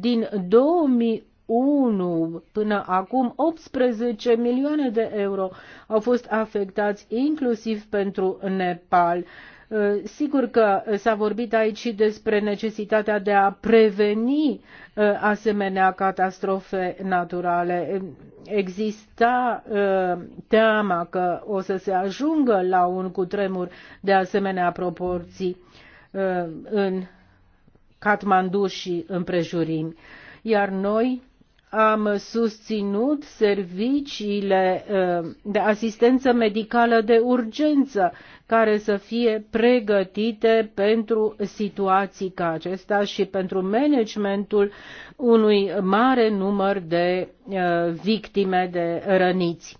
din 2001 până acum 18 milioane de euro au fost afectați inclusiv pentru Nepal. Uh, sigur că s-a vorbit aici și despre necesitatea de a preveni uh, asemenea catastrofe naturale. Exista uh, teama că o să se ajungă la un cutremur de asemenea proporții în Katmandu și împrejurimi. Iar noi am susținut serviciile uh, de asistență medicală de urgență care să fie pregătite pentru situații ca acesta și pentru managementul unui mare număr de uh, victime de răniți.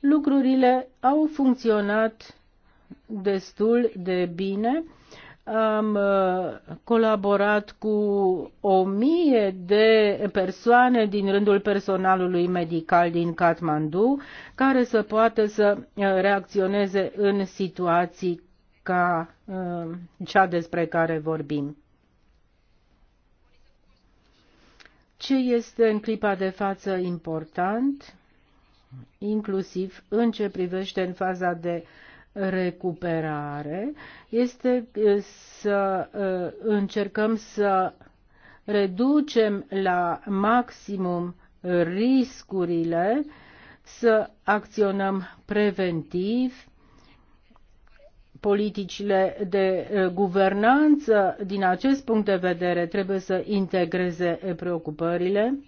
Lucrurile au funcționat destul de bine. Am uh, colaborat cu o mie de persoane din rândul personalului medical din Kathmandu care să poată să uh, reacționeze în situații ca uh, cea despre care vorbim. Ce este în clipa de față important, inclusiv în ce privește în faza de uh, recuperare este să încercăm să reducem la maximum riscurile, să acționăm preventiv. Politicile de guvernanță, din acest punct de vedere, trebuie să integreze preocupările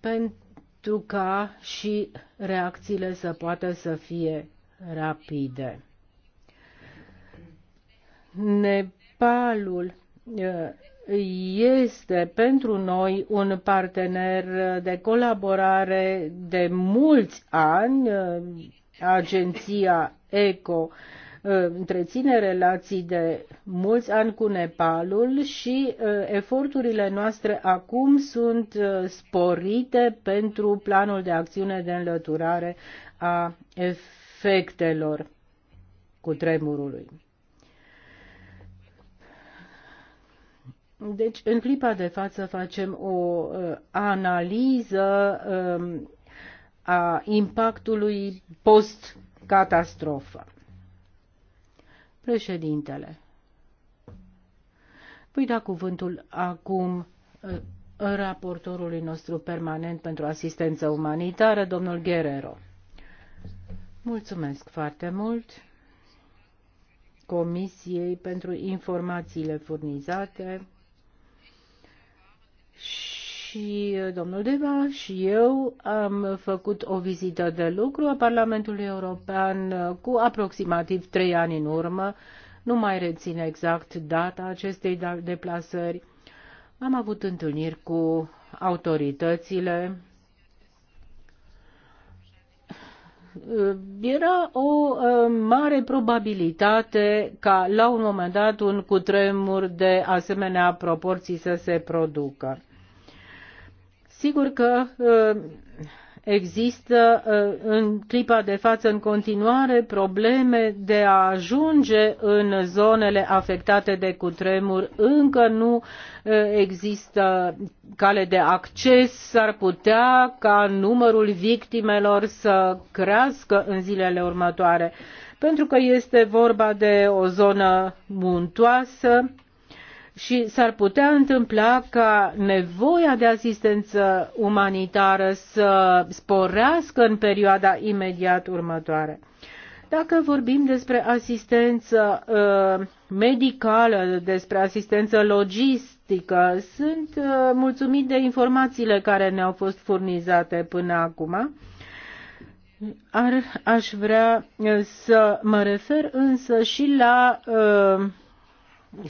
pentru ca și reacțiile să poată să fie rapide. Nepalul uh, este pentru noi un partener de colaborare de mulți ani. Uh, Agenția ECO uh, întreține relații de mulți ani cu Nepalul și eforturile noastre acum sunt sporite pentru planul de acțiune de înlăturare a efectelor tremurului. Deci, în clipa de față facem o uh, analiză uh, a impactului post-catastrofă. Președintele. Voi da cuvântul acum uh, raportorului nostru permanent pentru asistență umanitară, domnul Guerrero. Mulțumesc foarte mult Comisiei pentru informațiile furnizate și domnul Deva și eu am făcut o vizită de lucru a Parlamentului European cu aproximativ trei ani în urmă. Nu mai rețin exact data acestei da- deplasări. Am avut întâlniri cu autoritățile Uh, era o uh, mare probabilitate ca la un moment dat un cutremur de asemenea proporții să se producă. Sigur că uh, Există uh, în clipa de față în continuare probleme de a ajunge în zonele afectate de cutremur. Încă nu uh, există cale de acces. S-ar putea ca numărul victimelor să crească în zilele următoare, pentru că este vorba de o zonă muntoasă și s-ar putea întâmpla ca nevoia de asistență umanitară să sporească în perioada imediat următoare. Dacă vorbim despre asistență uh, medicală, despre asistență logistică, sunt uh, mulțumit de informațiile care ne-au fost furnizate până acum. Ar, aș vrea uh, să mă refer însă și la uh,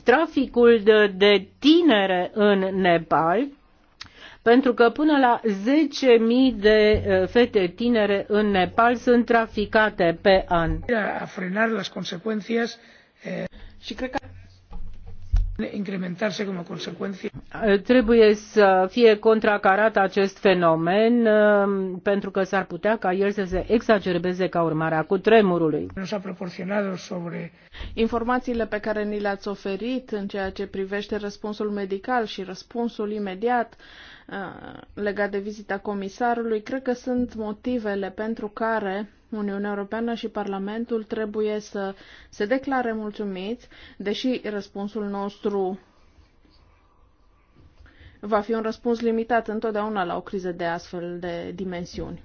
traficul de, de tinere în Nepal, pentru că până la 10.000 de uh, fete tinere în Nepal sunt traficate pe an. A frenar las consecuencias. Eh, Și cred că incrementarse como consecuencia. Eh, trebuie să fie contracarat acest fenomen eh, pentru că s-ar putea ca el să se exacerbeze ca urmare a cutremurului. Nos a sobre... Informațiile pe care ni le-ați oferit în ceea ce privește răspunsul medical și răspunsul imediat legat de vizita comisarului. Cred că sunt motivele pentru care Uniunea Europeană și Parlamentul trebuie să se declare mulțumiți, deși răspunsul nostru va fi un răspuns limitat întotdeauna la o criză de astfel de dimensiuni.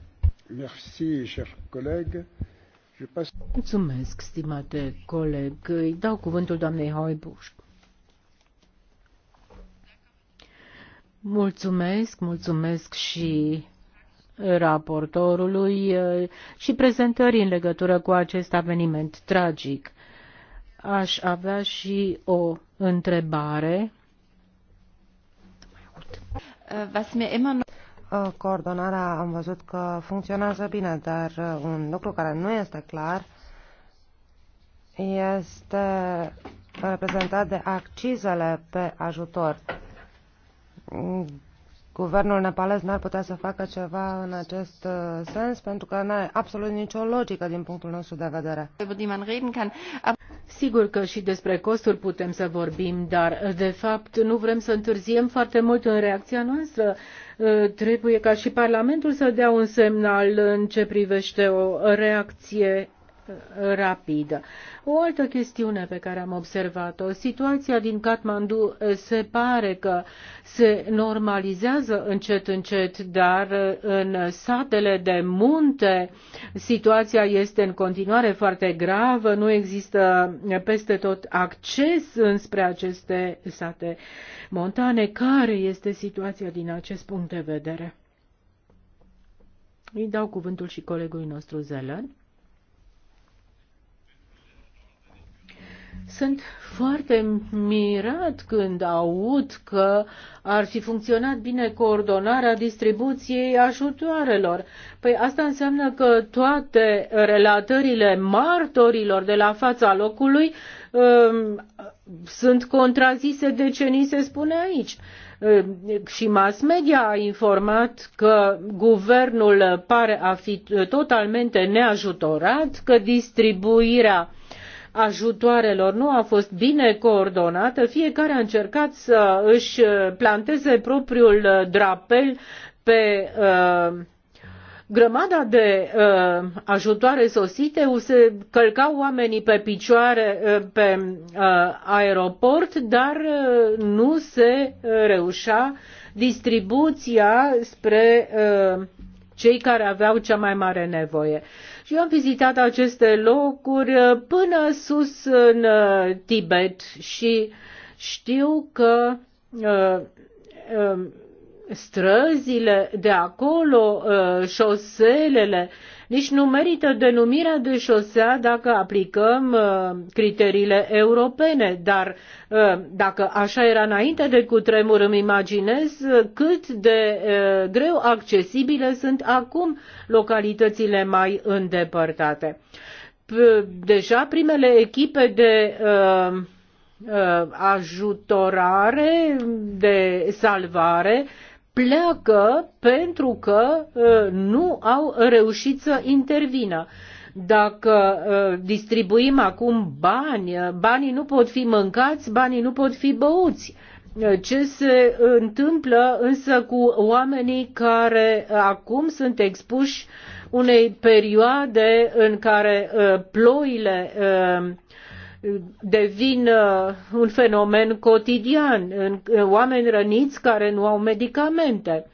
Merci, cher coleg. Mulțumesc, stimate coleg. Îi dau cuvântul doamnei Hoibuș. Mulțumesc, mulțumesc și raportorului eh, și prezentării în legătură cu acest eveniment tragic. Aș avea și o întrebare. Eh, eh, coordonarea am văzut că funcționează bine, dar un lucru care nu este clar este reprezentat de accizele pe ajutor guvernul nepalez n-ar putea să facă ceva în acest uh, sens, pentru că n-are absolut nicio logică din punctul nostru de vedere. Sigur că și despre costuri putem să vorbim, dar uh, de fapt nu vrem să întârziem foarte mult în reacția noastră. Uh, trebuie ca și Parlamentul să dea un semnal în ce privește o reacție rapidă. O altă chestiune pe care am observat-o, situația din Kathmandu eh, se pare că se normalizează încet încet, dar eh, în satele de munte situația este în continuare foarte gravă, nu există eh, peste tot acces înspre aceste sate montane. Care este situația din acest punct de vedere? Îi dau cuvântul și colegului nostru Zelen. Sunt foarte mirat când aud că ar fi funcționat bine coordonarea distribuției ajutoarelor. Păi asta înseamnă că toate relatările martorilor de la fața locului um, sunt contrazise de ce ni se spune aici. Um, și mass media a informat că guvernul pare a fi totalmente neajutorat, că distribuirea uh, ajutoarelor nu a fost bine coordonată, fiecare a încercat să își planteze propriul uh, drapel pe uh, grămada de uh, ajutoare sosite, se călcau oamenii pe picioare pe aeroport, dar nu se reușea distribuția spre cei care aveau cea mai mare nevoie. Și eu am vizitat aceste locuri uh, până sus în uh, Tibet și știu că uh, um, străzile de acolo, șoselele nici nu merită denumirea de șosea dacă aplicăm uh, criteriile europene, dar uh, dacă așa era înainte de cutremur, îmi imaginez uh, cât de greu accesibile sunt acum localitățile mai îndepărtate. Deja primele echipe de uh, ajutorare, de salvare, pleacă pentru că uh, nu au reușit să intervină. Dacă uh, distribuim acum bani, uh, banii nu pot fi mâncați, banii nu pot fi băuți. Ce se întâmplă însă cu oamenii care acum sunt expuși unei perioade în care ploile devin uh, un fenomen cotidian, oameni răniți care nu au medicamente.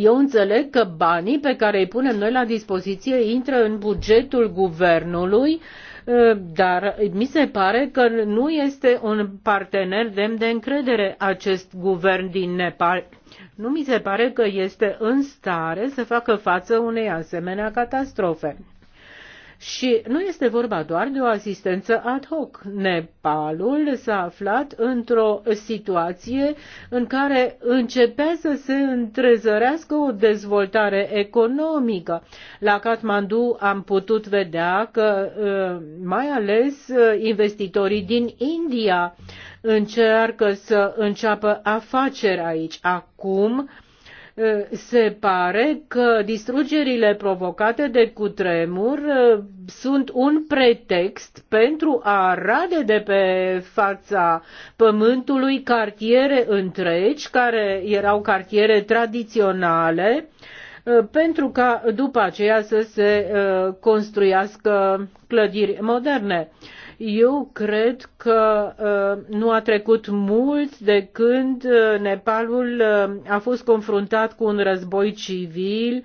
Eu înțeleg că banii pe care îi punem noi la dispoziție intră în bugetul guvernului, uh, dar mi se pare că nu este un partener demn de încredere acest guvern din Nepal. Nu mi se pare că este în stare să facă față unei asemenea catastrofe. Și nu este vorba doar de o asistență ad hoc. Nepalul s-a aflat într-o situație în care începea să se întrezărească o dezvoltare economică. La Kathmandu am putut vedea că ă, mai ales ă, investitorii din India încearcă să înceapă afaceri aici. Acum se pare că distrugerile provocate de cutremur sunt un pretext pentru a rade de pe fața pământului cartiere întregi, care erau cartiere tradiționale, pentru ca după aceea să se construiască clădiri moderne. Eu cred că uh, nu a trecut mult de când uh, Nepalul uh, a fost confruntat cu un război civil,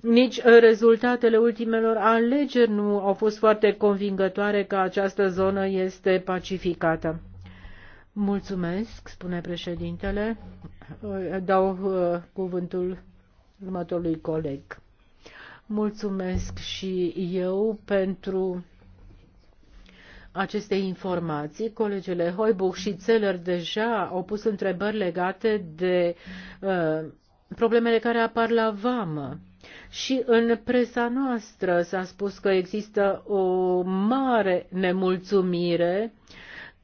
nici rezultatele ultimelor alegeri nu au fost foarte convingătoare că această zonă este pacificată. Mulțumesc, spune președintele. Dau cuvântul următorului coleg. Mulțumesc și eu pentru aceste informații. Colegele Hoibuch și Zeller deja au pus întrebări legate de uh, problemele care apar la vamă. Și în presa noastră s-a spus că există o mare nemulțumire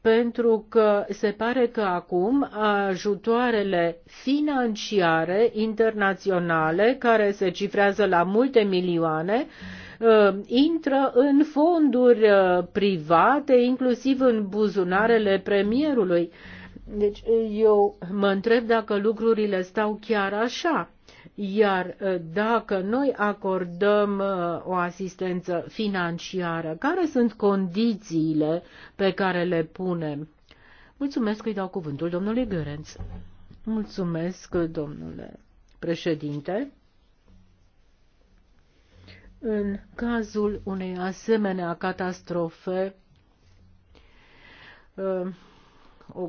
pentru că se pare că acum ajutoarele financiare internaționale, care se cifrează la multe milioane, uh, Uh, intră în fonduri uh, private, inclusiv în buzunarele premierului. Deci uh, eu mă întreb dacă lucrurile stau chiar așa. Iar dacă noi acordăm o asistență financiară, care sunt condițiile pe care le punem? Mulțumesc că îi dau cuvântul domnului Gărenț. Mulțumesc, domnule președinte. În cazul unei asemenea catastrofe, uh,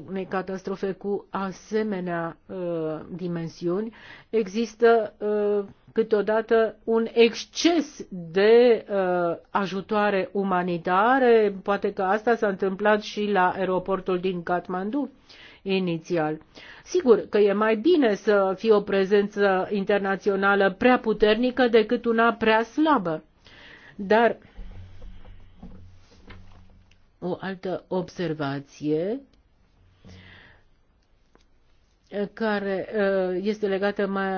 unei catastrofe cu asemenea uh, dimensiuni, există uh, câteodată un exces de ajutoare umanitare. Poate că asta s-a întâmplat și la aeroportul din Kathmandu. Uh, inițial. Sigur că e mai bine să fie o prezență internațională prea puternică decât una prea slabă. Dar o altă observație care uh, este legată mai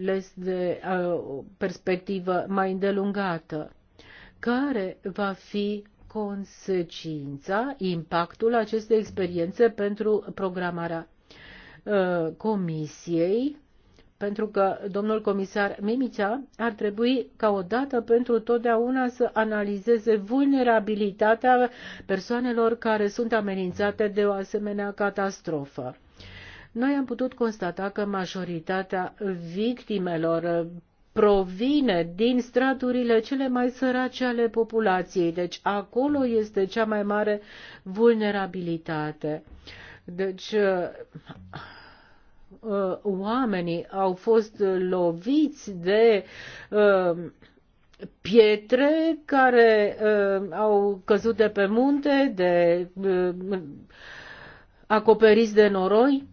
ales de uh, o perspectivă mai îndelungată. Care va fi consecința, impactul acestei experiențe pentru programarea uh, comisiei, pentru că domnul comisar Mimicea ar trebui ca odată pentru totdeauna să analizeze vulnerabilitatea persoanelor care sunt amenințate de o asemenea catastrofă noi am putut constata că majoritatea victimelor provine din straturile cele mai sărace ale populației. Deci acolo este cea mai mare vulnerabilitate. Deci uh, oamenii au fost loviți de uh, pietre care uh, au căzut de pe munte, de acoperiți de noroi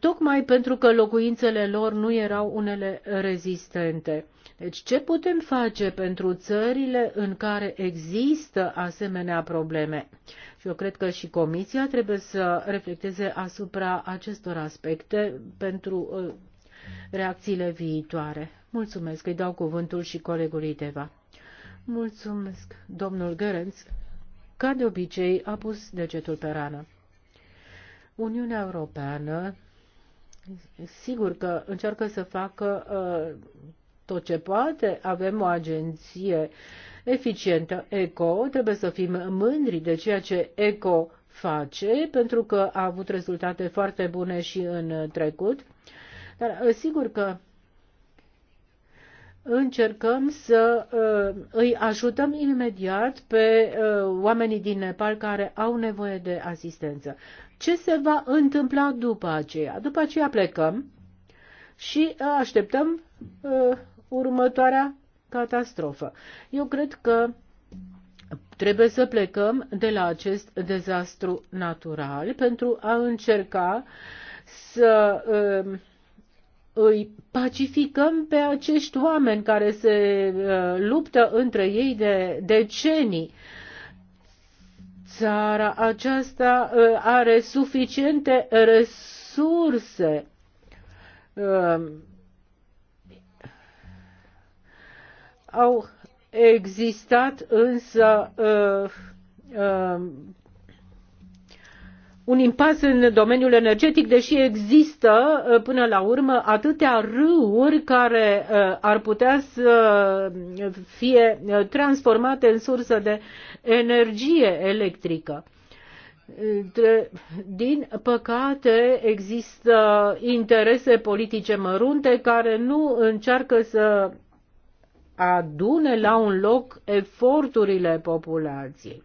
tocmai pentru că locuințele lor nu erau unele rezistente. Deci ce putem face pentru țările în care există asemenea probleme? Și eu cred că și Comisia trebuie să reflecteze asupra acestor aspecte pentru uh, reacțiile viitoare. Mulțumesc, îi dau cuvântul și colegului Deva. Mulțumesc, domnul Gărenț. Ca de obicei, a pus degetul pe rană. Uniunea Europeană sigur că încearcă să facă uh, tot ce poate. Avem o agenție eficientă ECO, trebuie să fim mândri de ceea ce ECO face, pentru că a avut rezultate foarte bune și în trecut. Dar uh, sigur că încercăm să uh, îi ajutăm imediat pe uh, oamenii din Nepal care au nevoie de asistență ce se va întâmpla după aceea. După aceea plecăm și uh, așteptăm uh, următoarea catastrofă. Eu cred că trebuie să plecăm de la acest dezastru natural pentru a încerca să uh, îi pacificăm pe acești oameni care se uh, luptă între ei de decenii. Uh, țara aceasta uh, are suficiente resurse um, au existat însă uh, um, un impas în domeniul energetic, deși există uh, până la urmă atâtea râuri care uh, ar putea să fie uh, transformate în sursă de energie electrică. Din păcate există interese politice mărunte care nu încearcă să adune la un loc eforturile populației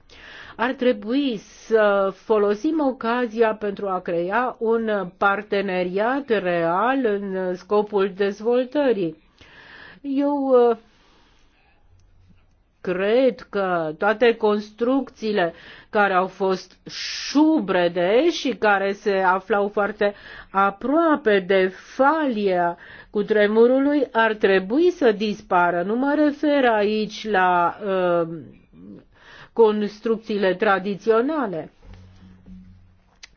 ar trebui să folosim ocazia pentru a crea un parteneriat real în scopul dezvoltării. Eu uh, cred că toate construcțiile care au fost șubrede și care se aflau foarte aproape de falia cu tremurului ar trebui să dispară. Nu mă refer aici la uh, construcțiile tradiționale.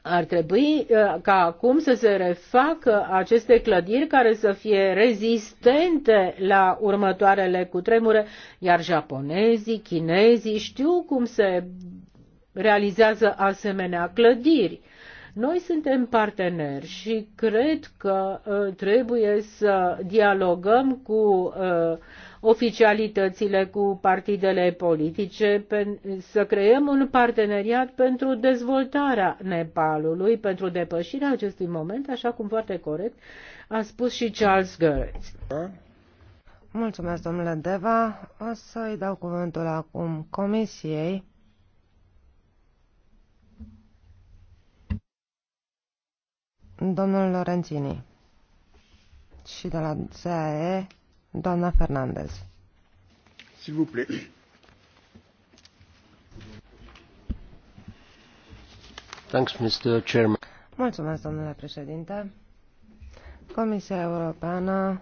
Ar trebui uh, ca acum să se refacă aceste clădiri care să fie rezistente la următoarele cutremure, iar japonezii, chinezii știu cum se realizează asemenea clădiri. Noi suntem parteneri și cred că uh, trebuie să dialogăm cu uh, oficialitățile cu partidele politice, să creăm un parteneriat pentru dezvoltarea Nepalului, pentru depășirea acestui moment, așa cum foarte corect a spus și Charles Goertz. Mulțumesc, domnule Deva. O să-i dau cuvântul acum Comisiei. Domnul Lorenzini și de la ZAE Doamna Fernandez. Mulțumesc, domnule președinte. Comisia Europeană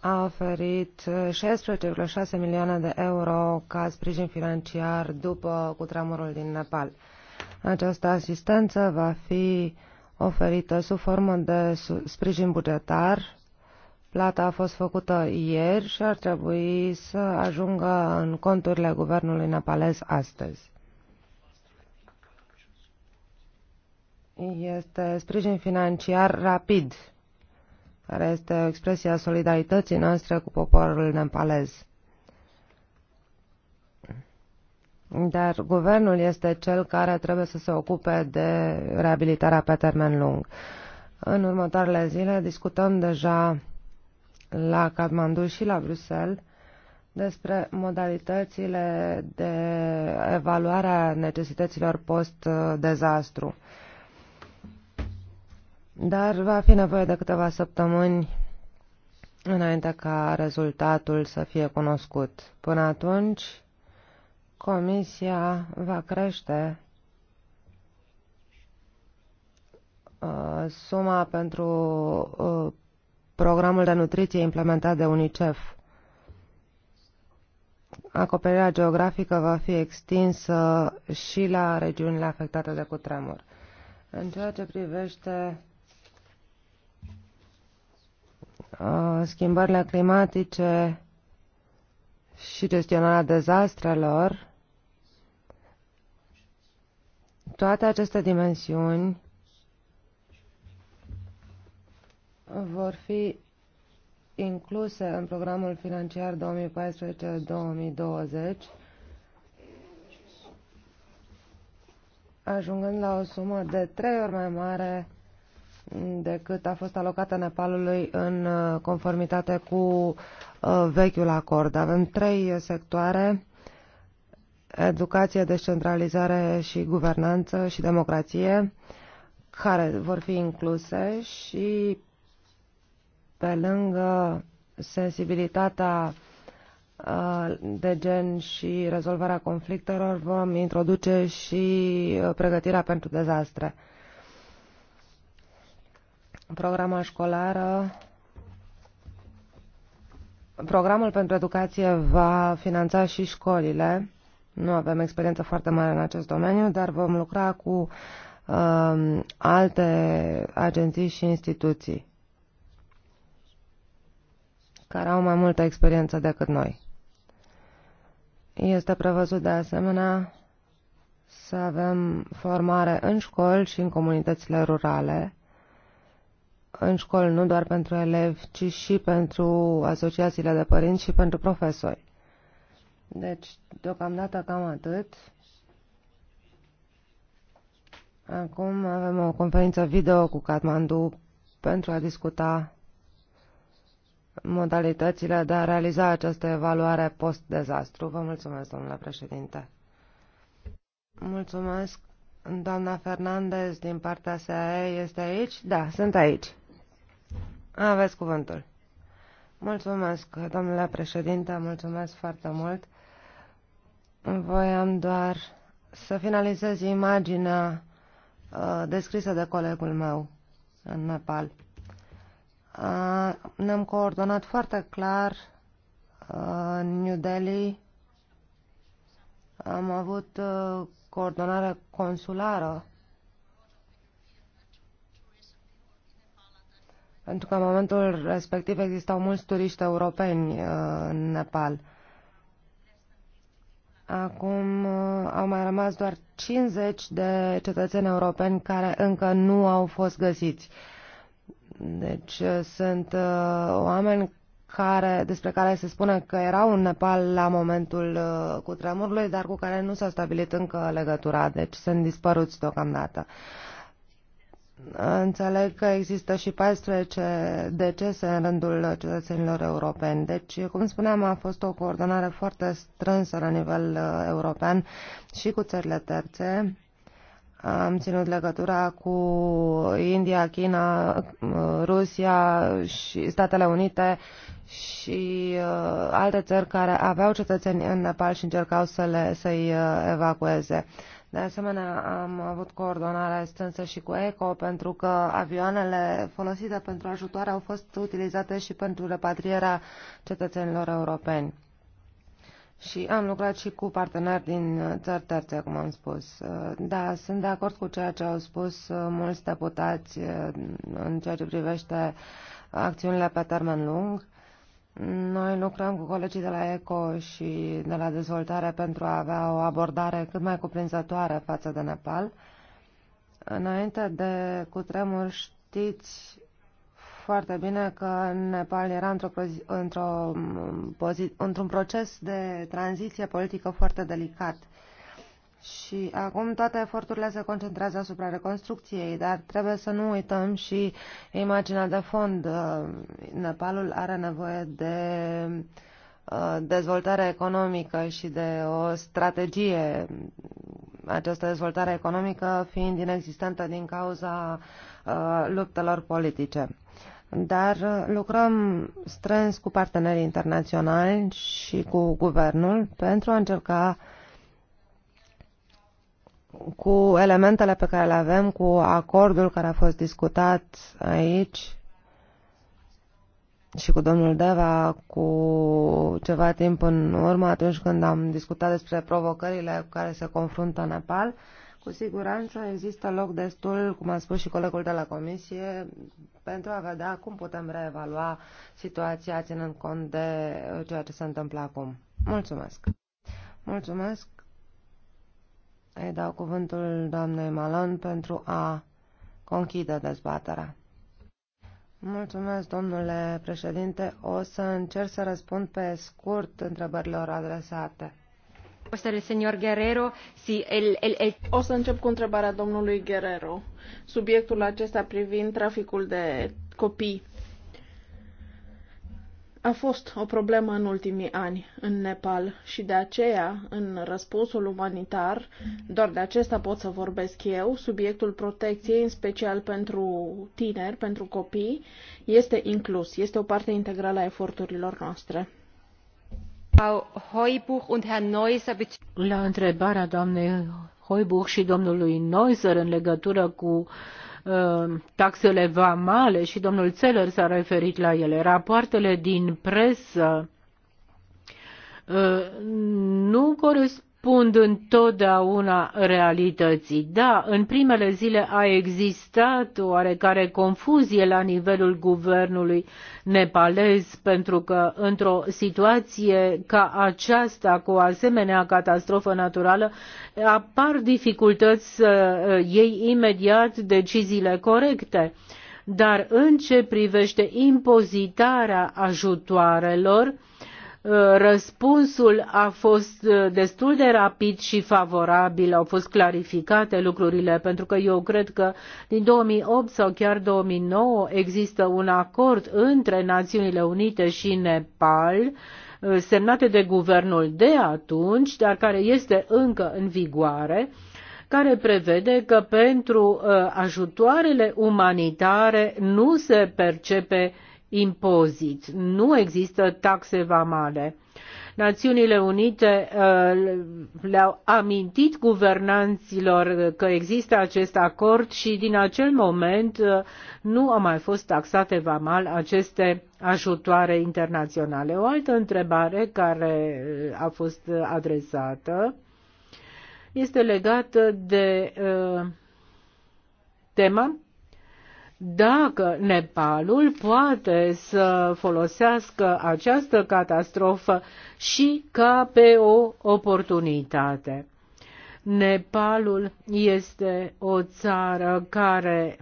a oferit 16,6 milioane de euro ca sprijin financiar după cutremurul din Nepal. Această asistență va fi oferită sub formă de sprijin bugetar Plata a fost făcută ieri și ar trebui să ajungă în conturile guvernului nepalez astăzi. Este sprijin financiar rapid, care este expresia solidarității noastre cu poporul nepalez. Dar guvernul este cel care trebuie să se ocupe de reabilitarea pe termen lung. În următoarele zile discutăm deja la Kathmandu și la Bruxelles despre modalitățile de evaluare a necesităților post-dezastru. Dar va fi nevoie de câteva săptămâni înainte ca rezultatul să fie cunoscut. Până atunci, Comisia va crește uh, suma pentru uh, programul de nutriție implementat de UNICEF. Acoperirea geografică va fi extinsă și la regiunile afectate de cutremur. În ceea ce privește schimbările climatice și gestionarea dezastrelor, toate aceste dimensiuni vor fi incluse în programul financiar 2014-2020, ajungând la o sumă de trei ori mai mare decât a fost alocată Nepalului în uh, conformitate cu uh, vechiul acord. Avem trei sectoare, educație, descentralizare și guvernanță și democrație, care vor fi incluse și pe lângă sensibilitatea uh, de gen și rezolvarea conflictelor, vom introduce și uh, pregătirea pentru dezastre. Programa școlară Programul pentru educație va finanța și școlile. Nu avem experiență foarte mare în acest domeniu, dar vom lucra cu uh, alte agenții și instituții care au mai multă experiență decât noi. Este prevăzut de asemenea să avem formare în școli și în comunitățile rurale, în școli nu doar pentru elevi, ci și pentru asociațiile de părinți și pentru profesori. Deci, deocamdată cam atât. Acum avem o conferință video cu Katmandu pentru a discuta modalitățile de a realiza această evaluare post-dezastru. Vă mulțumesc, domnule președinte. Mulțumesc. Doamna Fernandez din partea SAE este aici? Da, sunt aici. Aveți cuvântul. Mulțumesc, domnule președinte, mulțumesc foarte mult. Voiam doar să finalizez imaginea uh, descrisă de colegul meu în Nepal. Uh, ne-am coordonat foarte clar uh, în New Delhi. Am avut uh, coordonare consulară pentru că în momentul respectiv existau mulți turiști europeni în Nepal. Acum au mai rămas doar 50 de cetățeni europeni care încă nu au fost găsiți. Uh, deci uh, sunt uh, oameni care, despre care se spune că erau în Nepal la momentul uh, cutremurului, dar cu care nu s-a stabilit încă legătura, deci sunt dispăruți deocamdată. Înțeleg că există și 14 decese în rândul cetățenilor europeni. Deci, cum spuneam, a fost o coordonare foarte strânsă la nivel european și cu țările terțe am ținut legătura cu India, China, Rusia și Statele Unite și uh, alte țări care aveau cetățeni în Nepal și încercau să le, să-i uh, evacueze. De asemenea, am avut coordonare strânsă și cu ECO pentru că avioanele folosite pentru ajutoare au fost utilizate și pentru repatrierea cetățenilor europeni. Și am lucrat și cu parteneri din uh, țări terțe, cum am spus. Uh, da, sunt de acord cu ceea ce au spus uh, mulți deputați în ceea ce privește acțiunile pe termen lung. Noi lucrăm cu colegii de la ECO și de la dezvoltare pentru a avea o abordare cât mai cuprinzătoare față de Nepal. Înainte de cutremur știți foarte bine că Nepal era într-o, într un într într un proces de tranziție politică foarte delicat. Și acum toate eforturile se concentrează asupra reconstrucției, dar trebuie să nu uităm și imaginea de fond. Nepalul are nevoie de uh, dezvoltare economică și de o strategie. Această dezvoltare economică fiind inexistentă din cauza uh, luptelor politice dar uh, lucrăm strâns cu partenerii internaționali și cu guvernul pentru a încerca cu elementele pe care le avem, cu acordul care a fost discutat aici și cu domnul Deva cu ceva timp în urmă, atunci când am discutat despre provocările cu care se confruntă Nepal, cu siguranță există loc destul, cum a spus și colegul de la Comisie, pentru a vedea cum putem reevalua situația ținând cont de uh, ceea ce se întâmplă acum. Mulțumesc! Mulțumesc! Îi dau cuvântul doamnei Malon pentru a conchide dezbaterea. Mulțumesc, domnule președinte. O să încerc să răspund pe scurt întrebărilor adresate. O să încep cu întrebarea domnului Guerrero. Subiectul acesta privind traficul de copii a fost o problemă în ultimii ani în Nepal și de aceea, în răspunsul umanitar, doar de acesta pot să vorbesc eu, subiectul protecției, în special pentru tineri, pentru copii, este inclus, este o parte integrală a eforturilor noastre. La întrebarea doamnei Hoibuch și domnului Neuser în legătură cu uh, taxele vamale și domnul zeller s-a referit la ele. Rapoartele din presă uh, nu corespund răspund întotdeauna realității. Da, în primele zile a existat oarecare confuzie la nivelul guvernului nepalez, pentru că într-o situație ca aceasta, cu o asemenea catastrofă naturală, apar dificultăți să uh, iei imediat deciziile corecte. Dar în ce privește impozitarea ajutoarelor, uh, răspunsul a fost uh, destul de rapid și favorabil, au fost clarificate lucrurile, pentru că eu cred că din 2008 sau chiar 2009 există un acord între Națiunile Unite și Nepal, uh, semnate de guvernul de atunci, dar care este încă în vigoare, care prevede că pentru uh, ajutoarele umanitare nu se percepe uh, impozit. Nu există taxe vamale. Națiunile Unite uh, le-au amintit guvernanților că există acest acord și din acel moment uh, nu au mai fost taxate vamal aceste ajutoare internaționale. O altă întrebare care uh, a fost adresată este legată de tema dacă Nepalul poate să folosească această catastrofă și ca pe o oportunitate. Nepalul este o țară care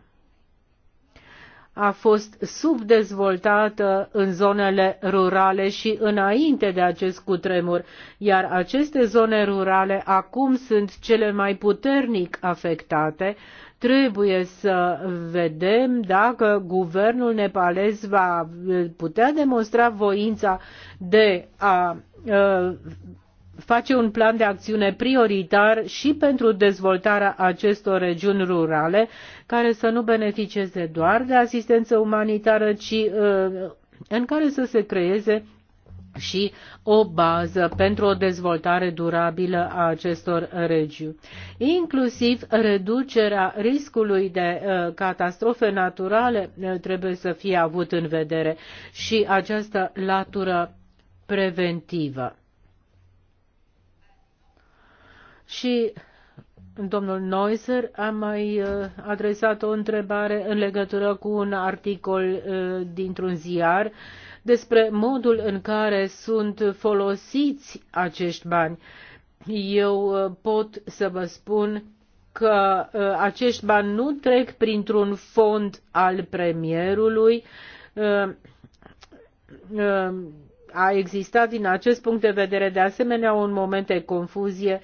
a fost subdezvoltată în zonele rurale și înainte de acest cutremur, iar aceste zone rurale acum sunt cele mai puternic afectate Trebuie să vedem dacă guvernul nepalez va eh, putea demonstra voința de a eh, face un plan de acțiune prioritar și pentru dezvoltarea acestor regiuni rurale, care să nu beneficieze doar de asistență umanitară, ci eh, în care să se creeze și o bază pentru o dezvoltare durabilă a acestor regiuni, inclusiv reducerea riscului de uh, catastrofe naturale uh, trebuie să fie avut în vedere și această latură preventivă. Și Domnul Neuser a mai uh, adresat o întrebare în legătură cu un articol dintr-un ziar despre modul în care sunt folosiți acești bani. Eu uh, pot să vă spun că uh, acești bani nu trec printr-un fond al premierului. Uh, a existat din acest punct de vedere de asemenea un moment de confuzie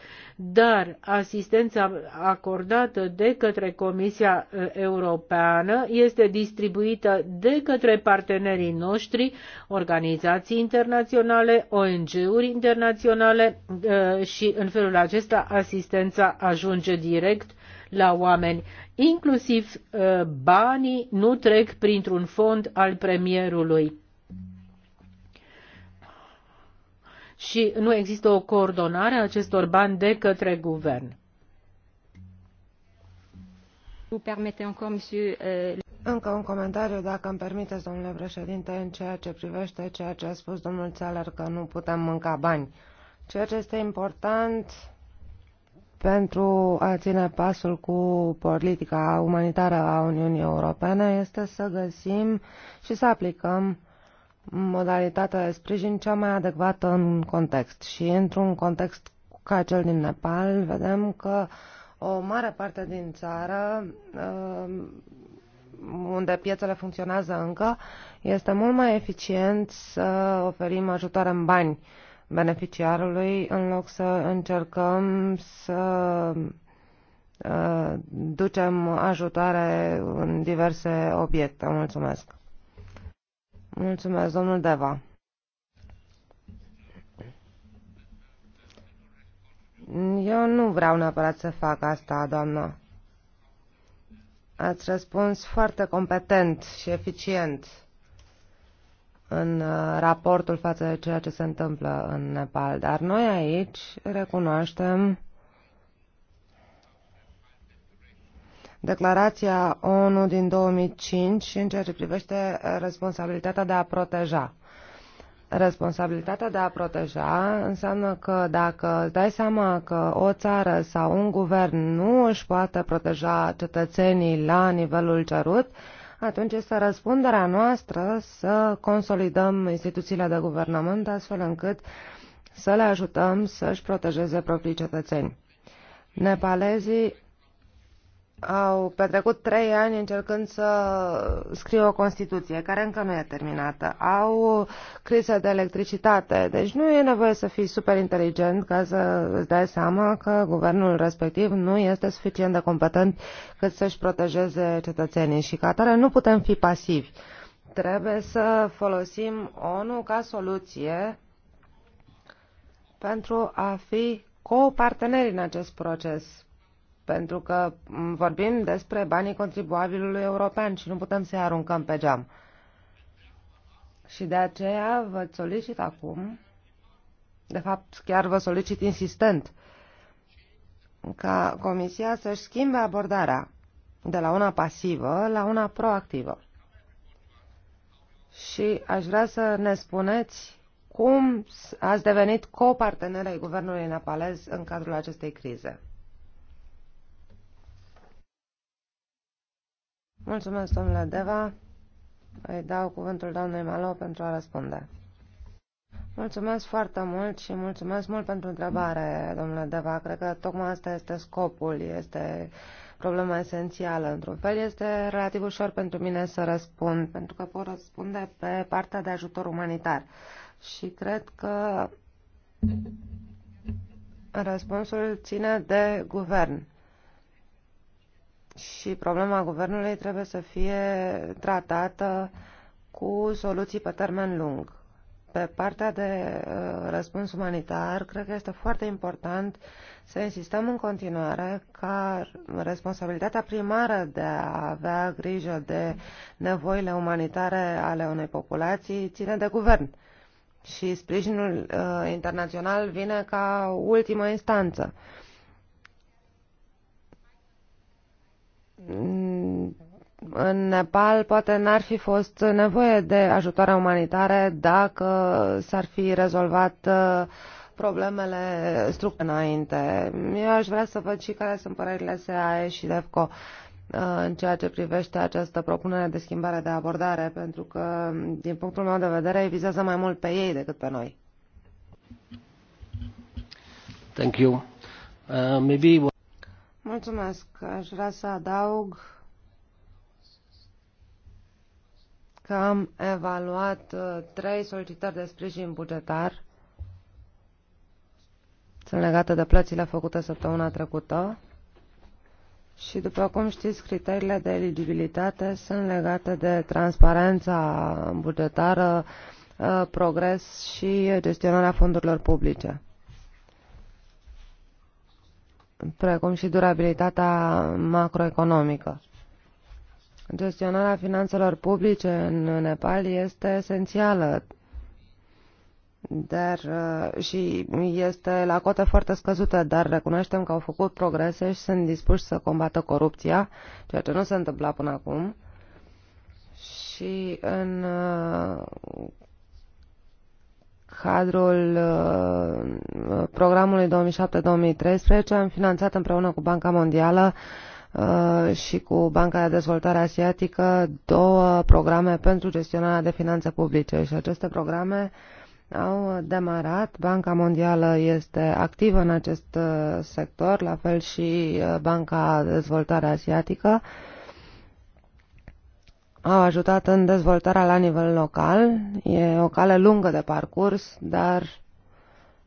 dar asistența acordată de către Comisia uh, Europeană este distribuită de către partenerii noștri, organizații internaționale, ONG-uri internaționale uh, și în felul acesta asistența ajunge direct la oameni. Inclusiv uh, banii nu trec printr-un fond al premierului. și nu există o coordonare a acestor bani de către guvern. Euh, Încă un comentariu, dacă îmi permiteți, domnule președinte, în ceea ce privește ceea ce a spus domnul Țeler, că nu putem mânca bani. Ceea ce este important pentru a ține pasul cu politica umanitară a Uniunii Europene este să găsim și să aplicăm uh, modalitatea de sprijin cea mai adecvată în context. Și într-un context ca cel din Nepal, vedem că o mare parte din țară, um, unde piețele funcționează încă, este mult mai eficient să oferim ajutoare în bani beneficiarului în loc să încercăm să uh, ducem ajutare în diverse obiecte. Mulțumesc! Mulțumesc, domnul Deva. Eu nu vreau neapărat să fac asta, doamnă. Ați răspuns foarte competent și eficient în uh, raportul față de ceea ce se întâmplă în Nepal, dar noi aici recunoaștem declarația ONU din 2005 în ceea ce privește responsabilitatea de a proteja. Responsabilitatea de a proteja înseamnă că dacă îți dai seama că o țară sau un guvern nu își poate proteja cetățenii la nivelul cerut, atunci este răspunderea noastră să consolidăm instituțiile de guvernament astfel încât să le ajutăm să-și protejeze proprii cetățeni. Nepalezii au petrecut trei ani încercând să scrie o Constituție, care încă nu e terminată. Au crize de electricitate, deci nu e nevoie să fii super inteligent ca să îți dai seama că guvernul respectiv nu este suficient de competent cât să-și protejeze cetățenii și ca atare nu putem fi pasivi. Trebuie să folosim ONU ca soluție pentru a fi co partenerii în acest proces pentru că vorbim despre banii contribuabilului european și nu putem să-i aruncăm pe geam. Și de aceea vă solicit acum, de fapt chiar vă solicit insistent, ca Comisia să-și schimbe abordarea de la una pasivă la una proactivă. Și aș vrea să ne spuneți cum ați devenit copartener ai guvernului nepalez în cadrul acestei crize. Mulțumesc, domnule Deva. Îi dau cuvântul doamnei Malo pentru a răspunde. Mulțumesc foarte mult și mulțumesc mult pentru întrebare, domnule Deva. Cred că tocmai asta este scopul, este problema esențială. Într-un fel este relativ ușor pentru mine să răspund, pentru că pot răspunde pe partea de ajutor umanitar. Și cred că răspunsul ține de guvern și problema guvernului trebuie să fie tratată cu soluții pe termen lung. Pe partea de uh, răspuns umanitar, cred că este foarte important să insistăm în continuare ca responsabilitatea primară de a avea grijă de nevoile umanitare ale unei populații ține de guvern și sprijinul uh, internațional vine ca ultimă instanță. în Nepal poate n-ar fi fost nevoie de ajutoare umanitare dacă s-ar fi rezolvat uh, problemele structurale înainte. Eu aș vrea să văd și care sunt părerile SAE și DEFCO uh, în ceea ce privește această propunere de schimbare de abordare, pentru că, din punctul meu de vedere, vizează mai mult pe ei decât pe noi. Thank you. Uh, maybe Mulțumesc. Aș vrea să adaug că am evaluat uh, trei solicitări de sprijin bugetar. Sunt legate de plățile făcute săptămâna trecută. Și după cum știți, criteriile de eligibilitate sunt legate de transparența bugetară, uh, progres și gestionarea fondurilor publice precum și durabilitatea macroeconomică. Gestionarea finanțelor publice în Nepal este esențială dar, uh, și este la cote foarte scăzută, dar recunoaștem că au făcut progrese și sunt dispuși să combată corupția, ceea ce nu se întâmpla până acum. Și în uh, cadrul uh, uh, programului 2007-2013 am finanțat împreună cu Banca Mondială uh, și cu Banca de Dezvoltare Asiatică două programe pentru gestionarea de finanțe publice și aceste programe au demarat. Banca Mondială este activă în acest sector, la fel și Banca de Dezvoltare Asiatică. Uh, au ajutat în dezvoltarea la nivel local. E o cale lungă de parcurs, dar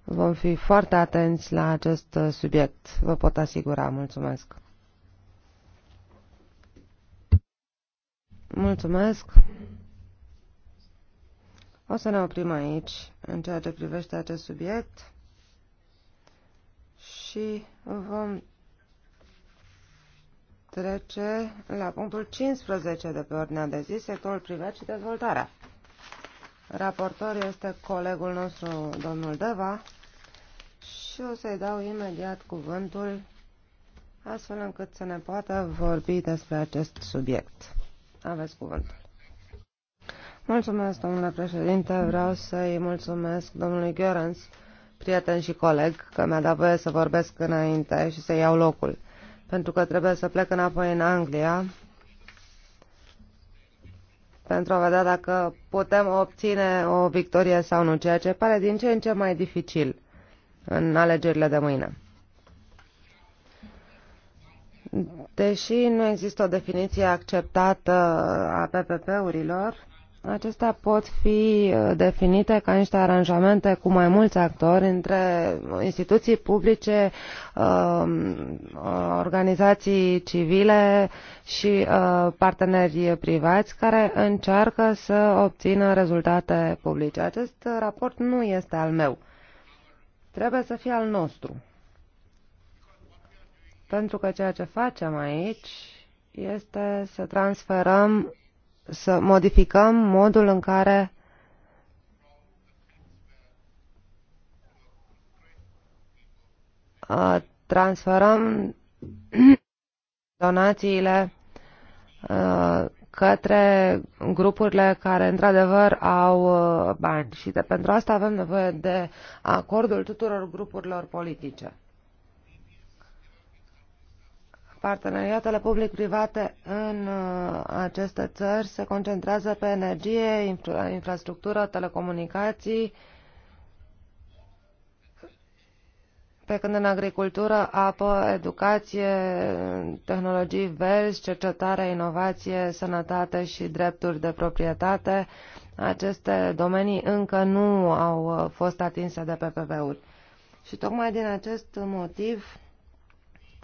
vom fi foarte atenți la acest subiect, vă pot asigura. Mulțumesc! Mulțumesc! O să ne oprim aici în ceea ce privește acest subiect și vom trece la punctul 15 de pe ordinea de zi, sectorul privat și dezvoltarea. Raportor este colegul nostru, domnul Deva, și o să-i dau imediat cuvântul astfel încât să ne poată vorbi despre acest subiect. Aveți cuvântul. Mulțumesc, domnule președinte. Vreau să-i mulțumesc domnului Görens, prieten și coleg, că mi-a dat voie să vorbesc înainte și să iau locul pentru că trebuie să plec înapoi în Anglia pentru a vedea dacă putem obține o victorie sau nu, ceea ce pare din ce în ce mai dificil în alegerile de mâine. Deși nu există o definiție acceptată a PPP-urilor, Acestea pot fi uh, definite ca niște aranjamente cu mai mulți actori între instituții publice, um, uh, organizații civile și uh, parteneri privați care încearcă să obțină rezultate publice. Acest raport nu este al meu. Trebuie să fie al nostru. Pentru că ceea ce facem aici este să transferăm să modificăm modul în care transferăm donațiile către grupurile care într-adevăr au bani și de, pentru asta avem nevoie de acordul tuturor grupurilor politice parteneriatele public-private în uh, aceste țări se concentrează pe energie, infra infrastructură, telecomunicații, pe când în agricultură, apă, educație, tehnologii verzi, cercetare, inovație, sănătate și drepturi de proprietate, aceste domenii încă nu au uh, fost atinse de PPP-uri. Și tocmai din acest motiv,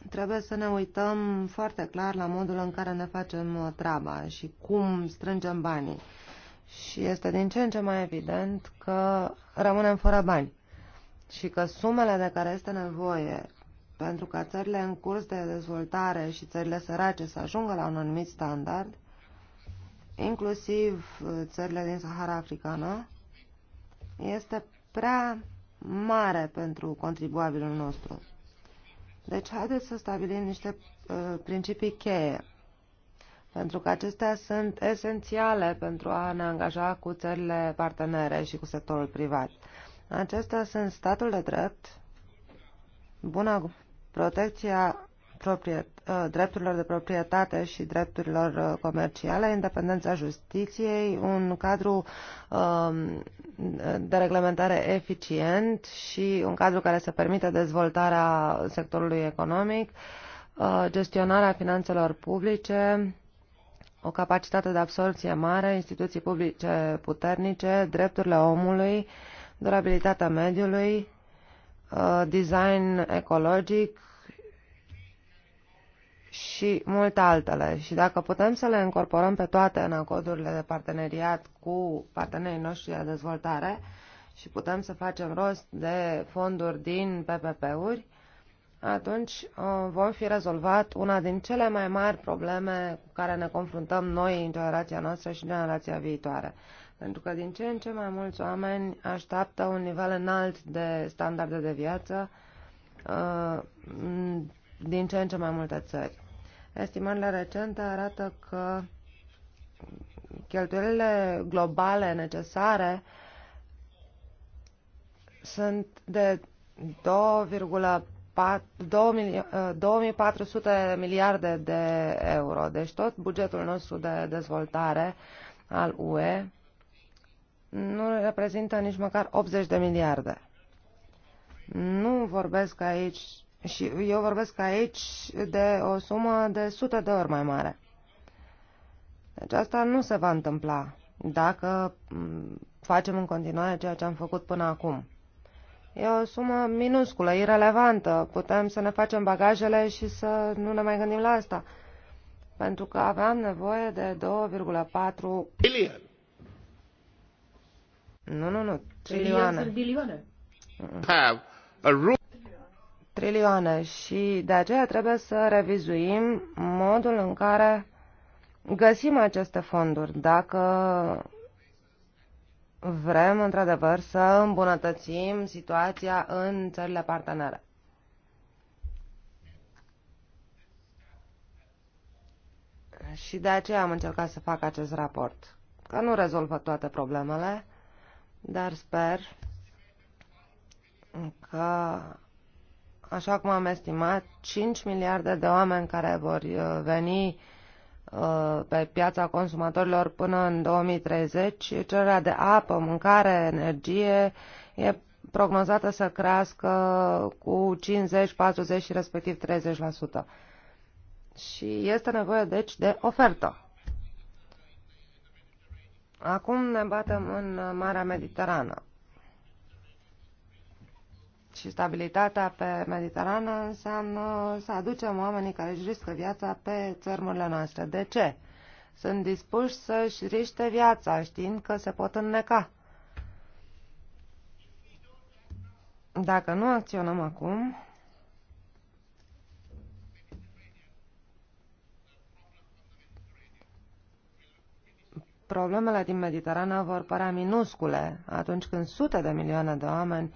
Trebuie să ne uităm foarte clar la modul în care ne facem uh, treaba și cum strângem banii. Și este din ce în ce mai evident că rămânem fără bani și că sumele de care este nevoie pentru ca țările în curs de dezvoltare și țările sărace să ajungă la un anumit standard, inclusiv uh, țările din Sahara Africană, este prea mare pentru contribuabilul nostru. Deci, haideți să stabilim niște uh, principii cheie, pentru că acestea sunt esențiale pentru a ne angaja cu țările partenere și cu sectorul privat. Acestea sunt statul de drept, bună protecția Uh, drepturilor de proprietate și drepturilor uh, comerciale, independența justiției, un cadru um, de reglementare eficient și un cadru care să permită dezvoltarea sectorului economic, uh, gestionarea finanțelor publice, o capacitate de absorbție mare, instituții publice puternice, drepturile omului, durabilitatea mediului, design ecologic, și multe altele. Și dacă putem să le incorporăm pe toate în acordurile de parteneriat cu partenerii noștri de dezvoltare și putem să facem rost de fonduri din PPP-uri, atunci uh, vom fi rezolvat una din cele mai mari probleme cu care ne confruntăm noi în generația noastră și generația viitoare. Pentru că din ce în ce mai mulți oameni așteaptă un nivel înalt de standarde de viață uh, din ce în ce mai multe țări. Estimările recente arată că cheltuielile globale necesare sunt de 2400 ă, miliarde de euro. Deci tot bugetul nostru de dezvoltare al UE nu reprezintă nici măcar 80 de miliarde. Nu vorbesc aici și eu vorbesc aici de o sumă de sute de ori mai mare. Deci asta nu se va întâmpla dacă facem în continuare ceea ce am făcut până acum. E o sumă minusculă, irelevantă. Putem să ne facem bagajele și să nu ne mai gândim la asta. Pentru că aveam nevoie de 2,4 bilioane. Nu, nu, nu, trilioane. Have a room trilioane și de aceea trebuie să revizuim modul în care găsim aceste fonduri, dacă vrem într-adevăr să îmbunătățim situația în țările partenere. Și de aceea am încercat să fac acest raport, că nu rezolvă toate problemele, dar sper că așa cum am estimat, 5 miliarde de oameni care vor uh, veni uh, pe piața consumatorilor până în 2030. Cererea de apă, mâncare, energie e prognozată să crească cu 50, 40 și respectiv 30%. Și este nevoie, deci, de ofertă. Acum ne batem în Marea Mediterană și stabilitatea pe Mediterană înseamnă să aducem oamenii care își riscă viața pe țărmurile noastre. De ce? Sunt dispuși să-și riște viața știind că se pot înneca. Dacă nu acționăm acum, problemele din Mediterană vor părea minuscule atunci când sute de milioane de oameni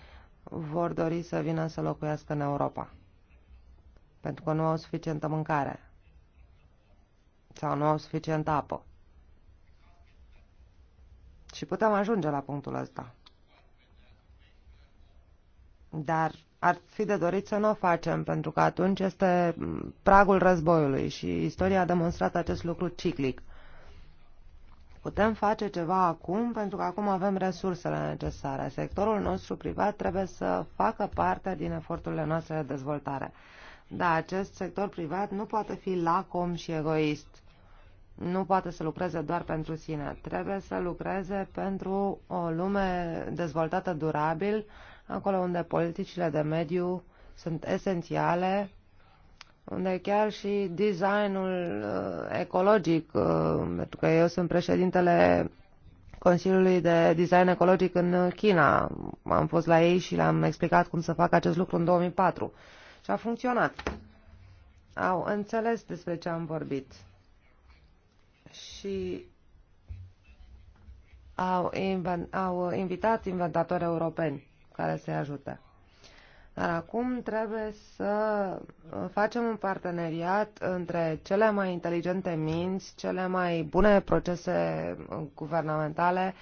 vor dori să vină să locuiască în Europa. Pentru că nu au suficientă mâncare. Sau nu au suficientă apă. Și putem ajunge la punctul ăsta. Dar ar fi de dorit să nu o facem, pentru că atunci este pragul războiului și istoria a demonstrat acest lucru ciclic. Putem face ceva acum, pentru că acum avem resursele necesare. Sectorul nostru privat trebuie să facă parte din eforturile noastre de dezvoltare. Dar acest sector privat nu poate fi lacom și egoist. Nu poate să lucreze doar pentru sine. Trebuie să lucreze pentru o lume dezvoltată durabil, acolo unde politicile de mediu sunt esențiale unde chiar și designul uh, ecologic, uh, pentru că eu sunt președintele Consiliului de Design Ecologic în China. Am fost la ei și le-am explicat cum să fac acest lucru în 2004 și a funcționat. Au înțeles despre ce am vorbit și au, invent, au invitat inventatori europeni care să-i ajute. Dar acum trebuie să uh, facem un parteneriat între cele mai inteligente minți, cele mai bune procese uh, guvernamentale,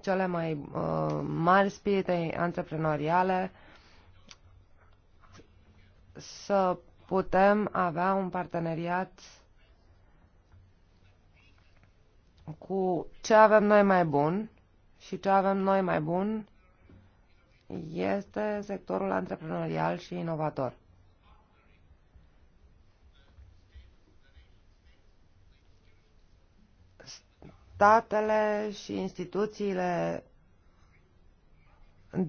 cele mai uh, mari spirite antreprenoriale, să putem avea un parteneriat cu ce avem noi mai bun și ce avem noi mai bun este sectorul antreprenorial și inovator. Statele și instituțiile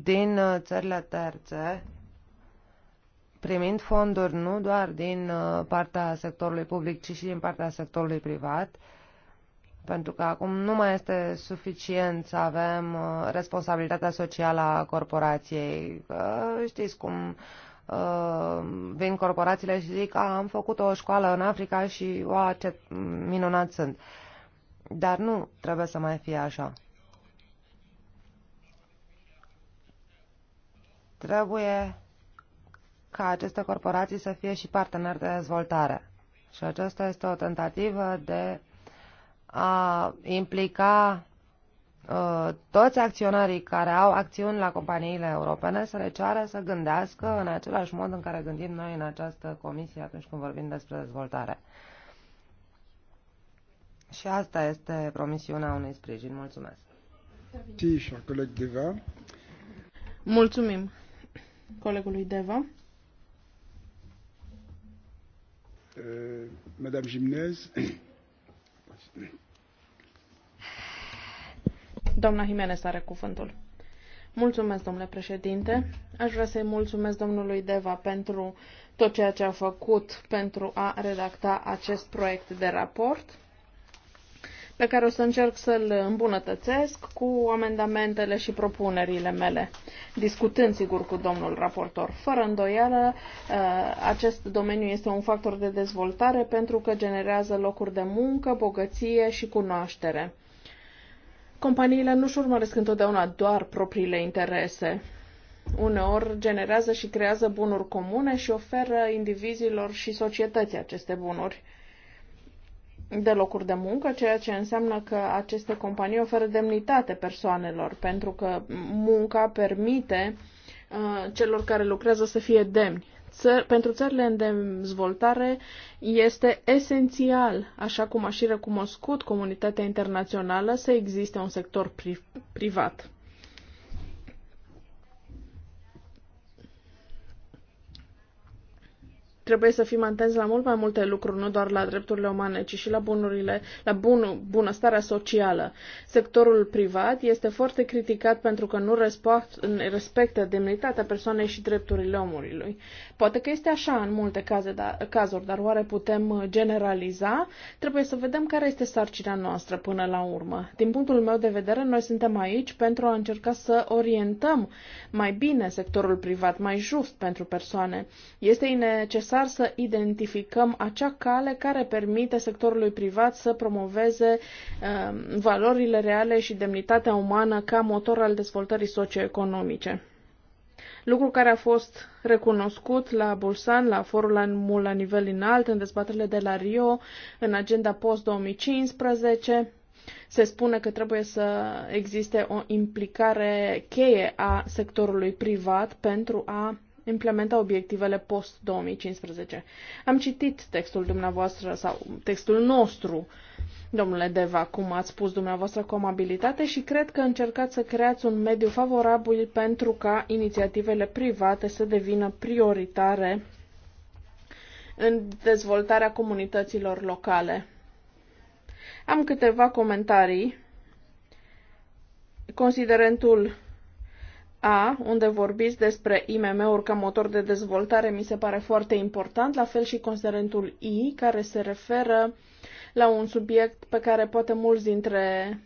din țările terțe, primind fonduri nu doar din uh, partea sectorului public, ci și din partea sectorului privat, uh, pentru că acum nu mai este suficient să avem uh, responsabilitatea socială a corporației. Știți cum uh, vin corporațiile și zic, a, am făcut o școală în Africa și, o, ce minunat sunt. Dar nu trebuie să mai fie așa. Trebuie ca aceste corporații să fie și parteneri de dezvoltare. Și aceasta este o tentativă de a implica uh, toți acționarii care au acțiuni la companiile europene să le ceară să gândească în același mod în care gândim noi în această comisie atunci când vorbim despre dezvoltare. Și asta este promisiunea unui sprijin. Mulțumesc. Și coleg Deva. Mulțumim colegului Deva. Eh, Madame Gimnez. Doamna Jimenez are cuvântul. Mulțumesc, domnule președinte. Aș vrea să-i mulțumesc domnului Deva pentru tot ceea ce a făcut pentru a redacta acest proiect de raport pe care o să încerc să-l îmbunătățesc cu amendamentele și propunerile mele, discutând sigur cu domnul raportor. Fără îndoială, uh, acest domeniu este un factor de dezvoltare pentru că generează locuri de muncă, bogăție și cunoaștere companiile nu-și urmăresc întotdeauna doar propriile interese. Uneori generează și creează bunuri comune și oferă indivizilor și societății aceste bunuri de locuri de muncă, ceea ce înseamnă că aceste companii oferă demnitate persoanelor, pentru că munca permite uh, celor care lucrează să fie demni pentru țările în dezvoltare este esențial, așa cum a și recunoscut comunitatea internațională, să existe un sector pri- privat. trebuie să fim atenți la mult mai multe lucruri, nu doar la drepturile umane, ci și la bunurile, la bun, bunăstarea socială. Sectorul privat este foarte criticat pentru că nu respectă demnitatea persoanei și drepturile omului. Poate că este așa în multe caze, da, cazuri, dar oare putem uh, generaliza? Trebuie să vedem care este sarcina noastră până la urmă. Din punctul meu de vedere, noi suntem aici pentru a încerca să orientăm mai bine sectorul privat, mai just pentru persoane. Este necesar necesar să identificăm acea cale care permite sectorului privat să promoveze um, valorile reale și demnitatea umană ca motor al dezvoltării socioeconomice. Lucru care a fost recunoscut la Bursan, la forul la nivel înalt, în dezbaterile de la Rio, în agenda post-2015, se spune că trebuie să existe o implicare cheie a sectorului privat pentru a implementa obiectivele post-2015. Am citit textul dumneavoastră sau textul nostru, domnule Deva, cum ați spus dumneavoastră cu amabilitate și cred că încercați să creați un mediu favorabil pentru ca inițiativele private să devină prioritare în dezvoltarea comunităților locale. Am câteva comentarii. Considerentul a, unde vorbiți despre IMM-uri ca motor de dezvoltare, mi se pare foarte important, la fel și considerentul I, care se referă la un subiect pe care poate mulți dintre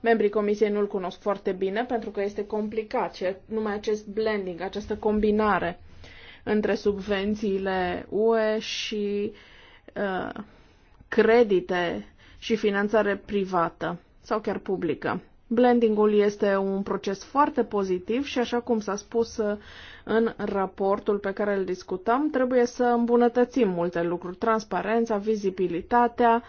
membrii comisiei nu-l cunosc foarte bine, pentru că este complicat, ce, numai acest blending, această combinare între subvențiile UE și uh, credite și finanțare privată sau chiar publică. Blendingul este un proces foarte pozitiv și, așa cum s-a spus uh, în raportul pe care îl discutăm, trebuie să îmbunătățim multe lucruri, transparența, vizibilitatea,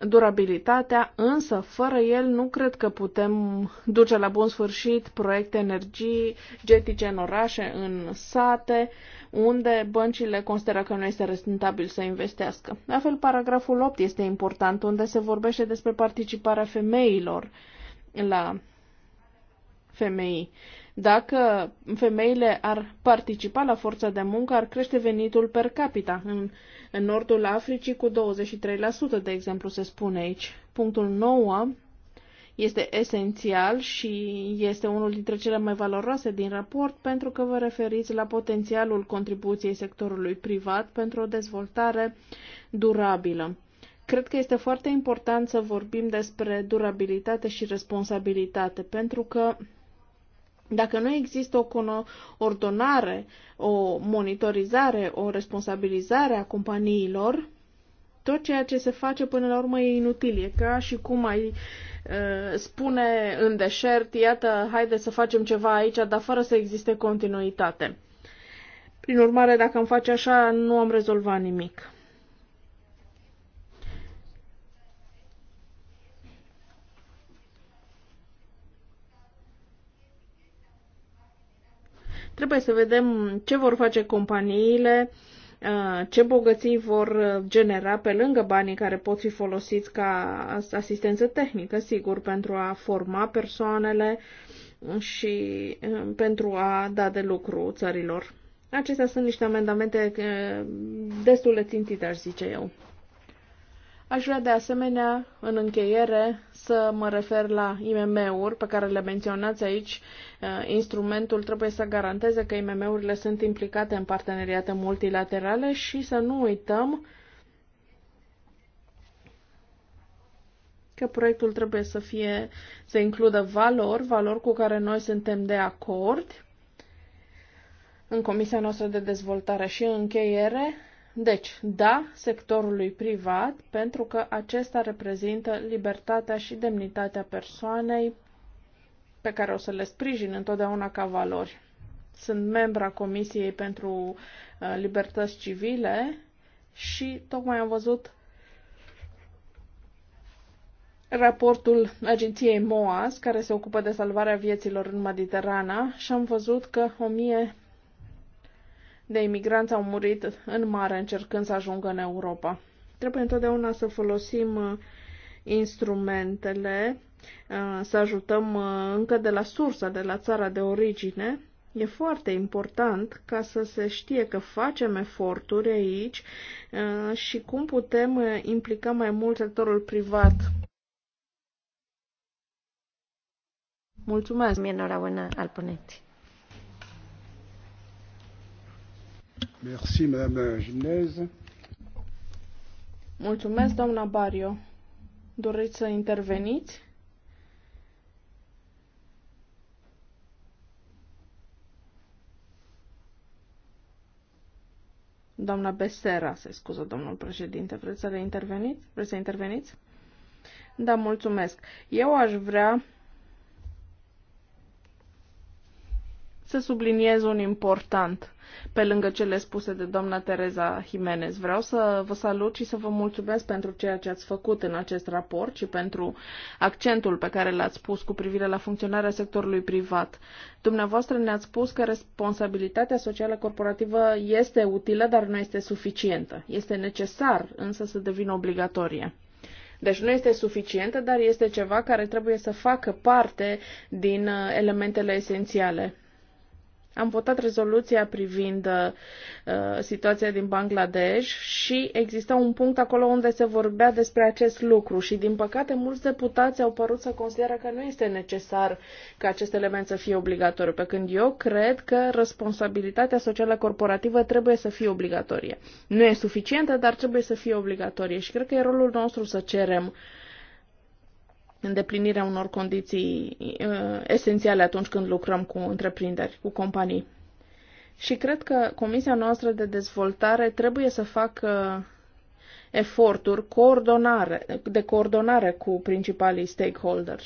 durabilitatea, însă fără el nu cred că putem duce la bun sfârșit proiecte energii getice în orașe, în sate, unde băncile consideră că nu este rentabil să investească. La fel, paragraful 8 este important, unde se vorbește despre participarea femeilor la femei. Dacă femeile ar participa la forța de muncă, ar crește venitul per capita în, în nordul Africii cu 23%, de exemplu, se spune aici. Punctul 9 este esențial și este unul dintre cele mai valoroase din raport pentru că vă referiți la potențialul contribuției sectorului privat pentru o dezvoltare durabilă. Cred că este foarte important să vorbim despre durabilitate și responsabilitate, pentru că dacă nu există o ordonare, o monitorizare, o responsabilizare a companiilor, tot ceea ce se face până la urmă e inutil. E ca și cum ai uh, spune în deșert, iată, haide să facem ceva aici, dar fără să existe continuitate. Prin urmare, dacă am face așa, nu am rezolvat nimic. Trebuie să vedem ce vor face companiile, uh, ce bogății vor genera pe lângă banii care pot fi folosiți ca asistență tehnică, sigur, pentru a forma persoanele și uh, pentru a da de lucru țărilor. Acestea sunt niște amendamente uh, destul de țintite, aș zice eu. Aș vrea de asemenea, în încheiere, să mă refer la IMM-uri pe care le menționați aici. Uh, instrumentul trebuie să garanteze că IMM-urile sunt implicate în parteneriate multilaterale și să nu uităm că proiectul trebuie să fie să includă valori, valori cu care noi suntem de acord în Comisia noastră de dezvoltare și în încheiere deci, da sectorului privat, pentru că acesta reprezintă libertatea și demnitatea persoanei pe care o să le sprijin întotdeauna ca valori. Sunt membra Comisiei pentru uh, Libertăți Civile și tocmai am văzut raportul agenției MOAS, care se ocupă de salvarea vieților în Mediterana, și am văzut că 1000 de imigranți au murit în mare încercând să ajungă în Europa. Trebuie întotdeauna să folosim uh, instrumentele, uh, să ajutăm uh, încă de la sursa, de la țara de origine. E foarte important ca să se știe că facem eforturi aici și cum putem implica mai mult sectorul privat. Mulțumesc! Mie al puneți. Mulțumesc, doamna Bario. Doriți să interveniți? Doamna Besera, se scuză domnul președinte, vreți să interveniți? Vreți să interveniți? Da, mulțumesc. Eu aș vrea să subliniez un important pe lângă cele spuse de doamna Tereza Jimenez. Vreau să vă salut și să vă mulțumesc pentru ceea ce ați făcut în acest raport și pentru accentul pe care l-ați pus cu privire la funcționarea sectorului privat. Dumneavoastră ne-ați spus că responsabilitatea socială corporativă este utilă, dar nu este suficientă. Este necesar însă să devină obligatorie. Deci nu este suficientă, dar este ceva care trebuie să facă parte din uh, elementele esențiale am votat rezoluția privind uh, uh, situația din Bangladesh și exista un punct acolo unde se vorbea despre acest lucru și, din păcate, mulți deputați au părut să consideră că nu este necesar ca acest element să fie obligatoriu, pe când eu cred că responsabilitatea socială corporativă trebuie să fie obligatorie. Nu e suficientă, dar trebuie să fie obligatorie și cred că e rolul nostru să cerem uh, îndeplinirea unor condiții uh, esențiale atunci când lucrăm cu întreprinderi, cu companii. Și cred că Comisia noastră de dezvoltare trebuie să facă eforturi coordonare, de coordonare cu principalii stakeholders,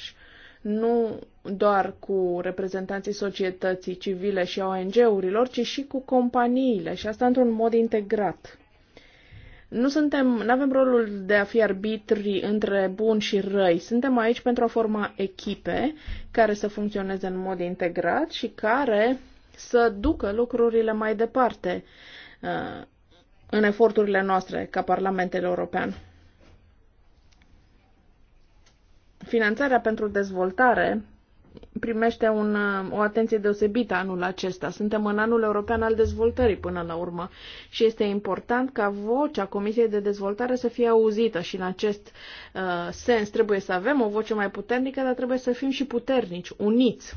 nu doar cu reprezentanții societății civile și ONG-urilor, ci și cu companiile și asta într-un mod integrat. Nu suntem, nu avem rolul de a fi arbitri între bun și răi. Suntem aici pentru a forma echipe care să funcționeze în mod integrat și care să ducă lucrurile mai departe uh, în eforturile noastre ca Parlamentul European. Finanțarea pentru dezvoltare primește un, uh, o atenție deosebită anul acesta. Suntem în anul european al dezvoltării până la urmă și este important ca vocea Comisiei de Dezvoltare să fie auzită și în acest uh, sens trebuie să avem o voce mai puternică, dar trebuie să fim și puternici, uniți.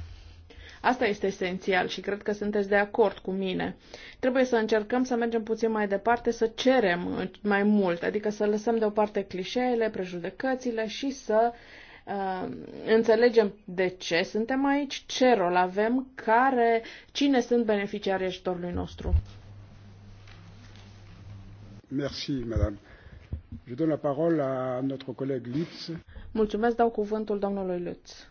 Asta este esențial și cred că sunteți de acord cu mine. Trebuie să încercăm să mergem puțin mai departe, să cerem mai mult, adică să lăsăm deoparte clișeele, prejudecățile și să uh, Ehm, înțelegem de ce suntem aici, ce rol avem, care, cine sunt beneficiarii ajutorului nostru. Merci, madame. Je donne la parole à notre collègue Lutz. Mulțumesc, dau cuvântul domnului Lutz.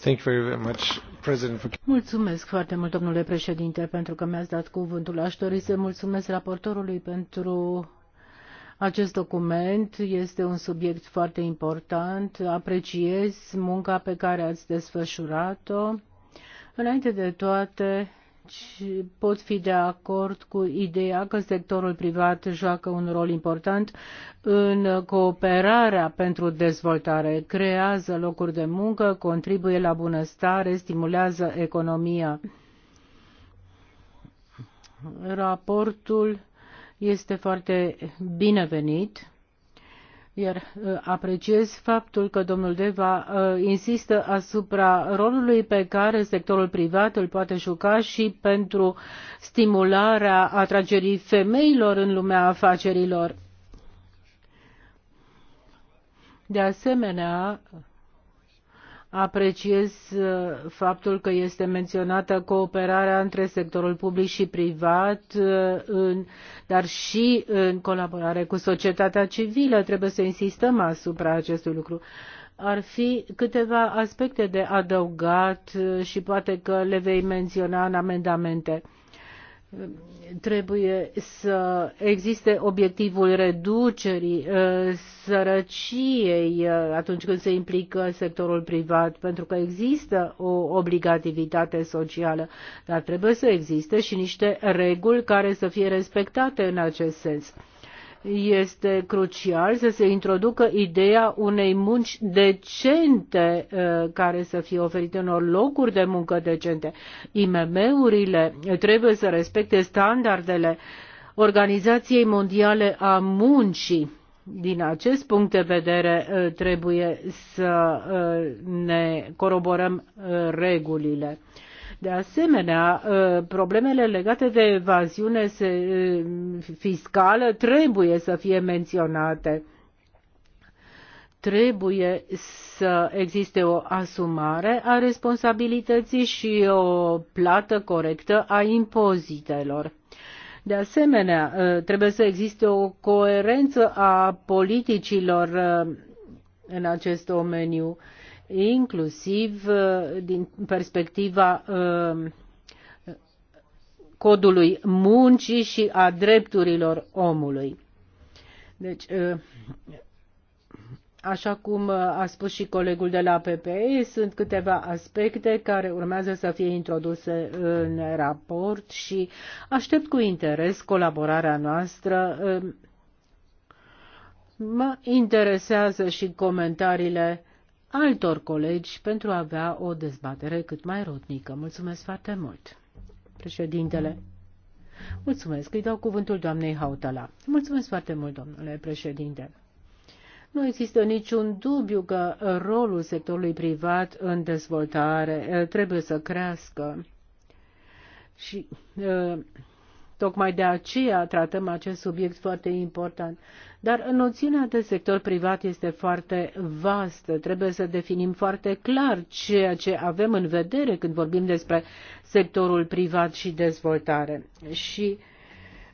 Thank you very much, President. Mulțumesc foarte mult, domnule președinte, pentru că mi-ați dat cuvântul. Aș dori să mulțumesc raportorului pentru acest document este un subiect foarte important. Apreciez munca pe care ați desfășurat-o. Înainte de toate, pot fi de acord cu ideea că sectorul privat joacă un rol important în cooperarea pentru dezvoltare, creează locuri de muncă, contribuie la bunăstare, stimulează economia. Raportul este foarte binevenit iar uh, apreciez faptul că domnul Deva uh, insistă asupra rolului pe care sectorul privat îl poate juca și pentru stimularea atragerii femeilor în lumea afacerilor. De asemenea, Apreciez uh, faptul că este menționată cooperarea între sectorul public și privat, uh, dar și în colaborare cu societatea civilă. Trebuie să insistăm asupra acestui lucru. Ar fi câteva aspecte de adăugat uh, și poate că le vei menționa în amendamente trebuie să existe obiectivul reducerii uh, sărăciei uh, atunci când se implică sectorul privat, pentru că există o obligativitate socială, dar trebuie să existe și niște reguli care să fie respectate în acest sens este crucial să se introducă ideea unei munci decente uh, care să fie oferite unor locuri de muncă decente. IMM-urile trebuie să respecte standardele Organizației Mondiale a Muncii. Din acest punct de vedere uh, trebuie să uh, ne coroborăm regulile. De asemenea, ă, problemele legate de evaziune ă, fiscală trebuie să fie menționate trebuie să existe o asumare a responsabilității și o plată corectă a impozitelor. De asemenea, ă, trebuie să existe o coerență a politicilor în acest domeniu inclusiv uh, din perspectiva um, codului muncii și a drepturilor omului. Deci, uh, așa cum a spus și colegul de la PPE, sunt câteva aspecte care urmează să fie introduse în raport și aștept cu interes colaborarea noastră. Um, mă interesează și comentariile altor colegi pentru a avea o dezbatere cât mai rotnică. Mulțumesc foarte mult. Președintele. Mulțumesc. Îi dau cuvântul doamnei Hautala. Mulțumesc foarte mult, domnule președinte. Nu există niciun dubiu că rolul sectorului privat în dezvoltare eh, trebuie să crească. Și eh, tocmai de aceea tratăm acest subiect foarte important. Dar noțiunea de sector privat este foarte vastă. Trebuie să definim foarte clar ceea ce avem în vedere când vorbim despre sectorul privat și dezvoltare. Și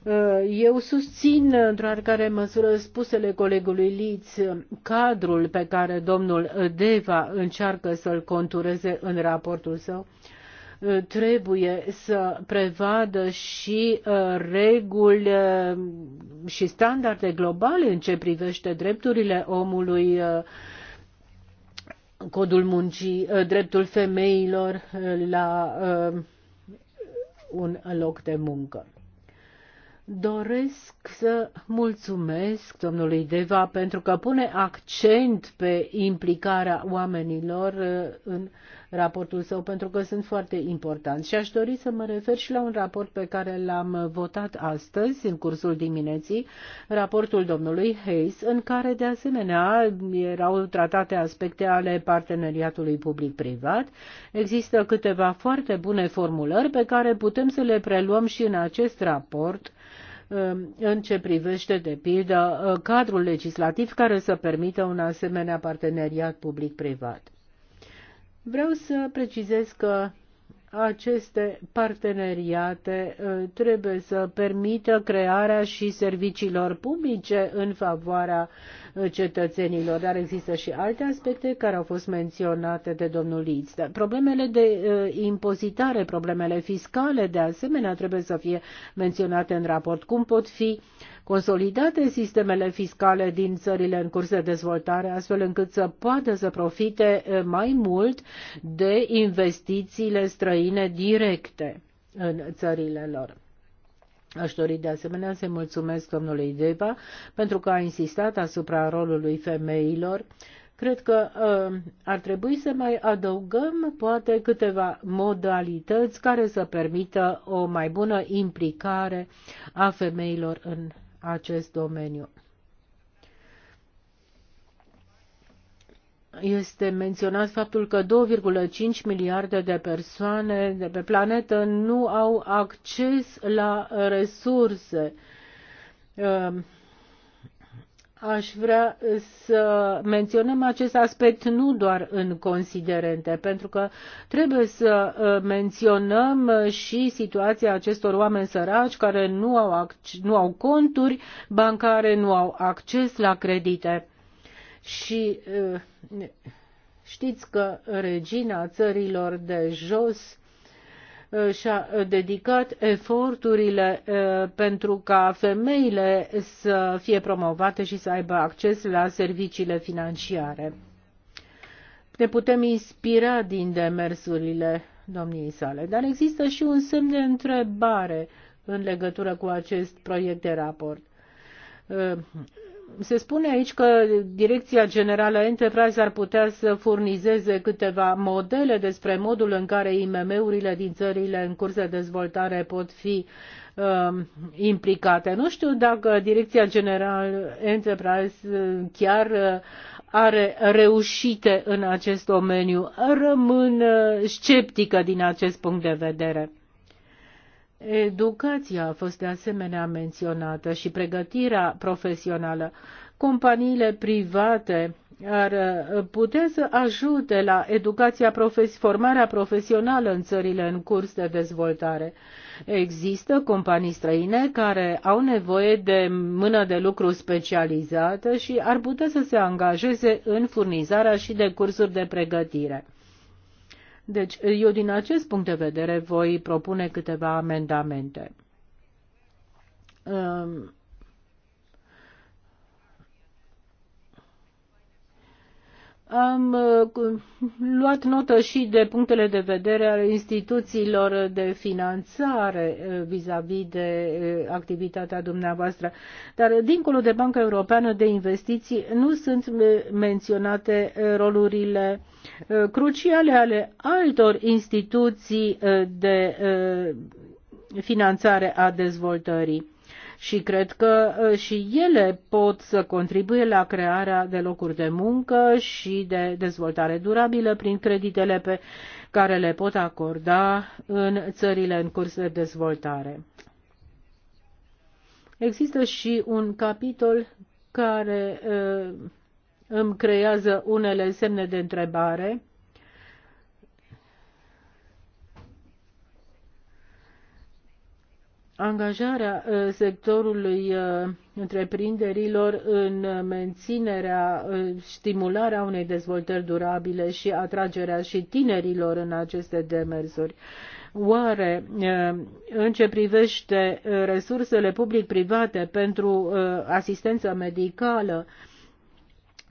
uh, eu susțin într-o oarecare măsură spusele colegului Liț, cadrul pe care domnul Deva încearcă să-l contureze în raportul său trebuie să prevadă și uh, reguli uh, și standarde globale în ce privește drepturile omului, uh, codul muncii, dreptul femeilor la un loc de muncă. Doresc să mulțumesc domnului Deva pentru că pune accent pe implicarea oamenilor în raportul său pentru că sunt foarte importanți. Și aș dori să mă refer și la un raport pe care l-am votat astăzi, în cursul dimineții, raportul domnului Hayes, în care de asemenea erau tratate aspecte ale parteneriatului public-privat. Există câteva foarte bune formulări pe care putem să le preluăm și în acest raport um, în ce privește, de pildă, uh, cadrul legislativ care să permită un asemenea parteneriat public-privat. Vreau să precizez că aceste parteneriate ă, trebuie să permită crearea și serviciilor publice în favoarea cetățenilor, dar există și alte aspecte care au fost menționate de domnul Liț. Problemele de uh, impozitare, problemele fiscale, de asemenea, trebuie să fie menționate în raport. Cum pot fi consolidate sistemele fiscale din țările în curs de dezvoltare, astfel încât să poată să profite uh, mai mult de investițiile străine directe în țările lor. Aș dori de asemenea să mulțumesc domnului Deva pentru că a insistat asupra rolului femeilor. Cred că uh, ar trebui să mai adăugăm poate câteva modalități care să permită o mai bună implicare a femeilor în acest domeniu. este menționat faptul că 2,5 miliarde de persoane de pe planetă nu au acces la resurse. Um, aș vrea să menționăm acest aspect nu doar în considerente, pentru că trebuie să uh, menționăm și situația acestor oameni săraci care nu au, nu au conturi bancare, nu au acces la credite și uh, știți că regina țărilor de jos uh, și-a dedicat eforturile uh, pentru ca femeile să fie promovate și să aibă acces la serviciile financiare. Ne putem inspira din demersurile domniei sale, dar există și un semn de întrebare în legătură cu acest proiect de raport se spune aici că Direcția Generală Enterprise ar putea să furnizeze câteva modele despre modul în care IMM-urile din țările în curs de dezvoltare pot fi uh, implicate. Nu știu dacă Direcția Generală Enterprise uh, chiar uh, are reușite în acest domeniu. Rămân uh, sceptică din acest punct de vedere. Educația a fost de asemenea menționată și pregătirea profesională. Companiile private ar putea să ajute la educația, profes- formarea profesională în țările în curs de dezvoltare. Există companii străine care au nevoie de mână de lucru specializată și ar putea să se angajeze în furnizarea și de cursuri de pregătire. Deci, eu din acest punct de vedere voi propune câteva amendamente. Am uh, luat notă și de punctele de vedere ale instituțiilor de finanțare uh, vis-a-vis -vis de uh, activitatea dumneavoastră, dar dincolo de Banca Europeană de Investiții nu sunt menționate rolurile cruciale ale altor instituții de finanțare a dezvoltării și cred că ă, și ele pot să contribuie la crearea de locuri de muncă și de dezvoltare durabilă prin creditele pe care le pot acorda în țările în curs de dezvoltare. Există și un capitol care ă, îmi creează unele semne de întrebare angajarea uh, sectorului uh, întreprinderilor în menținerea, uh, stimularea unei dezvoltări durabile și atragerea și tinerilor în aceste demersuri. Oare în ce privește resursele public-private pentru asistență medicală,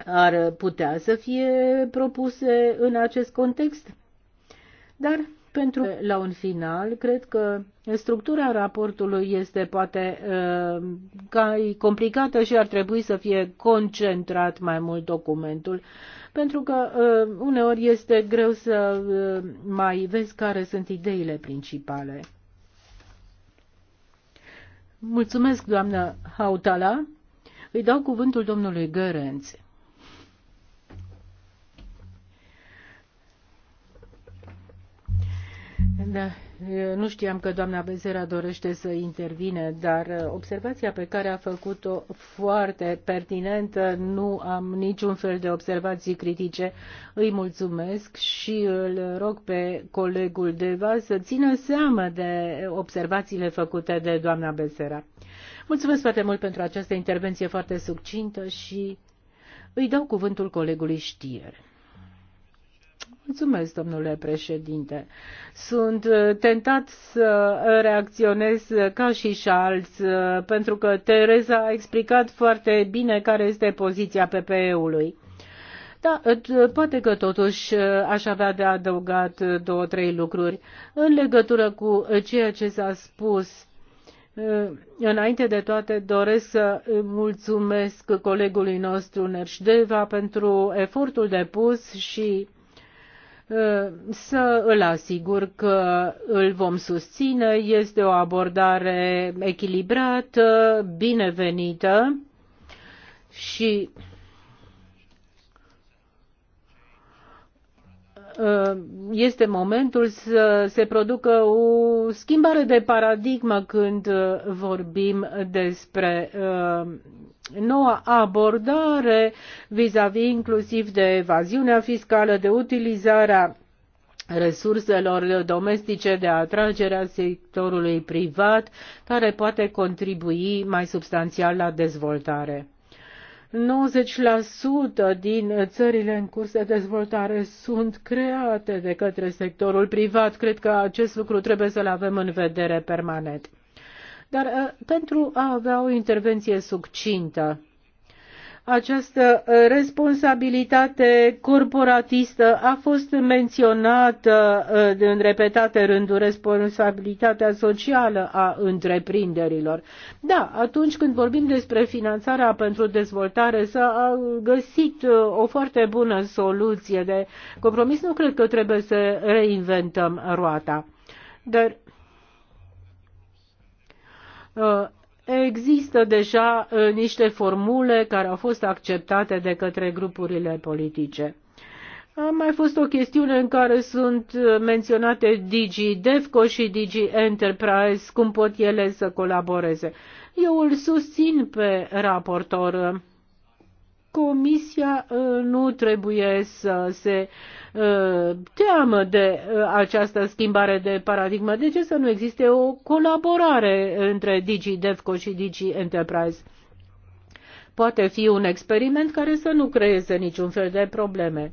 ar putea să fie propuse în acest context? Dar pentru la un final, cred că structura raportului este poate uh, complicată și ar trebui să fie concentrat mai mult documentul, pentru că uh, uneori este greu să uh, mai vezi care sunt ideile principale. Mulțumesc, doamnă Hautala. Îi dau cuvântul domnului Gărențe. Da, nu știam că doamna Bezera dorește să intervine, dar observația pe care a făcut-o foarte pertinentă, nu am niciun fel de observații critice. Îi mulțumesc și îl rog pe colegul Deva să țină seamă de observațiile făcute de doamna Bezera. Mulțumesc foarte mult pentru această intervenție foarte succintă și îi dau cuvântul colegului Știer. Mulțumesc, domnule președinte. Sunt uh, tentat să reacționez ca și Charles, uh, pentru că Tereza a explicat foarte bine care este poziția PPE-ului. Da, uh, poate că totuși aș avea de adăugat două, trei lucruri în legătură cu ceea ce s-a spus Înainte de toate, doresc să mulțumesc colegului nostru Nerșdeva pentru efortul depus și să îl asigur că îl vom susține. Este o abordare echilibrată, binevenită și uh, este momentul să se producă o schimbare de paradigmă când uh, vorbim despre uh, noua abordare vis-a-vis -vis inclusiv de evaziunea fiscală, de utilizarea resurselor domestice de atragere a sectorului privat, care poate contribui mai substanțial la dezvoltare. 90% din țările în curs de dezvoltare sunt create de către sectorul privat. Cred că acest lucru trebuie să-l avem în vedere permanent. Dar uh, pentru a avea o intervenție succintă, această uh, responsabilitate corporatistă a fost menționată uh, în repetate rânduri, responsabilitatea socială a întreprinderilor. Da, atunci când vorbim despre finanțarea pentru dezvoltare, s-a găsit o foarte bună soluție de compromis. Nu cred că trebuie să reinventăm roata. Dar Uh, există deja uh, niște formule care au fost acceptate de către grupurile politice. A mai fost o chestiune în care sunt uh, menționate Digi Defco și Digi Enterprise, cum pot ele să colaboreze. Eu îl susțin pe raportor Comisia uh, nu trebuie să se uh, teamă de uh, această schimbare de paradigmă. De ce să nu existe o colaborare între DigiDevco și Digi Enterprise? Poate fi un experiment care să nu creeze niciun fel de probleme.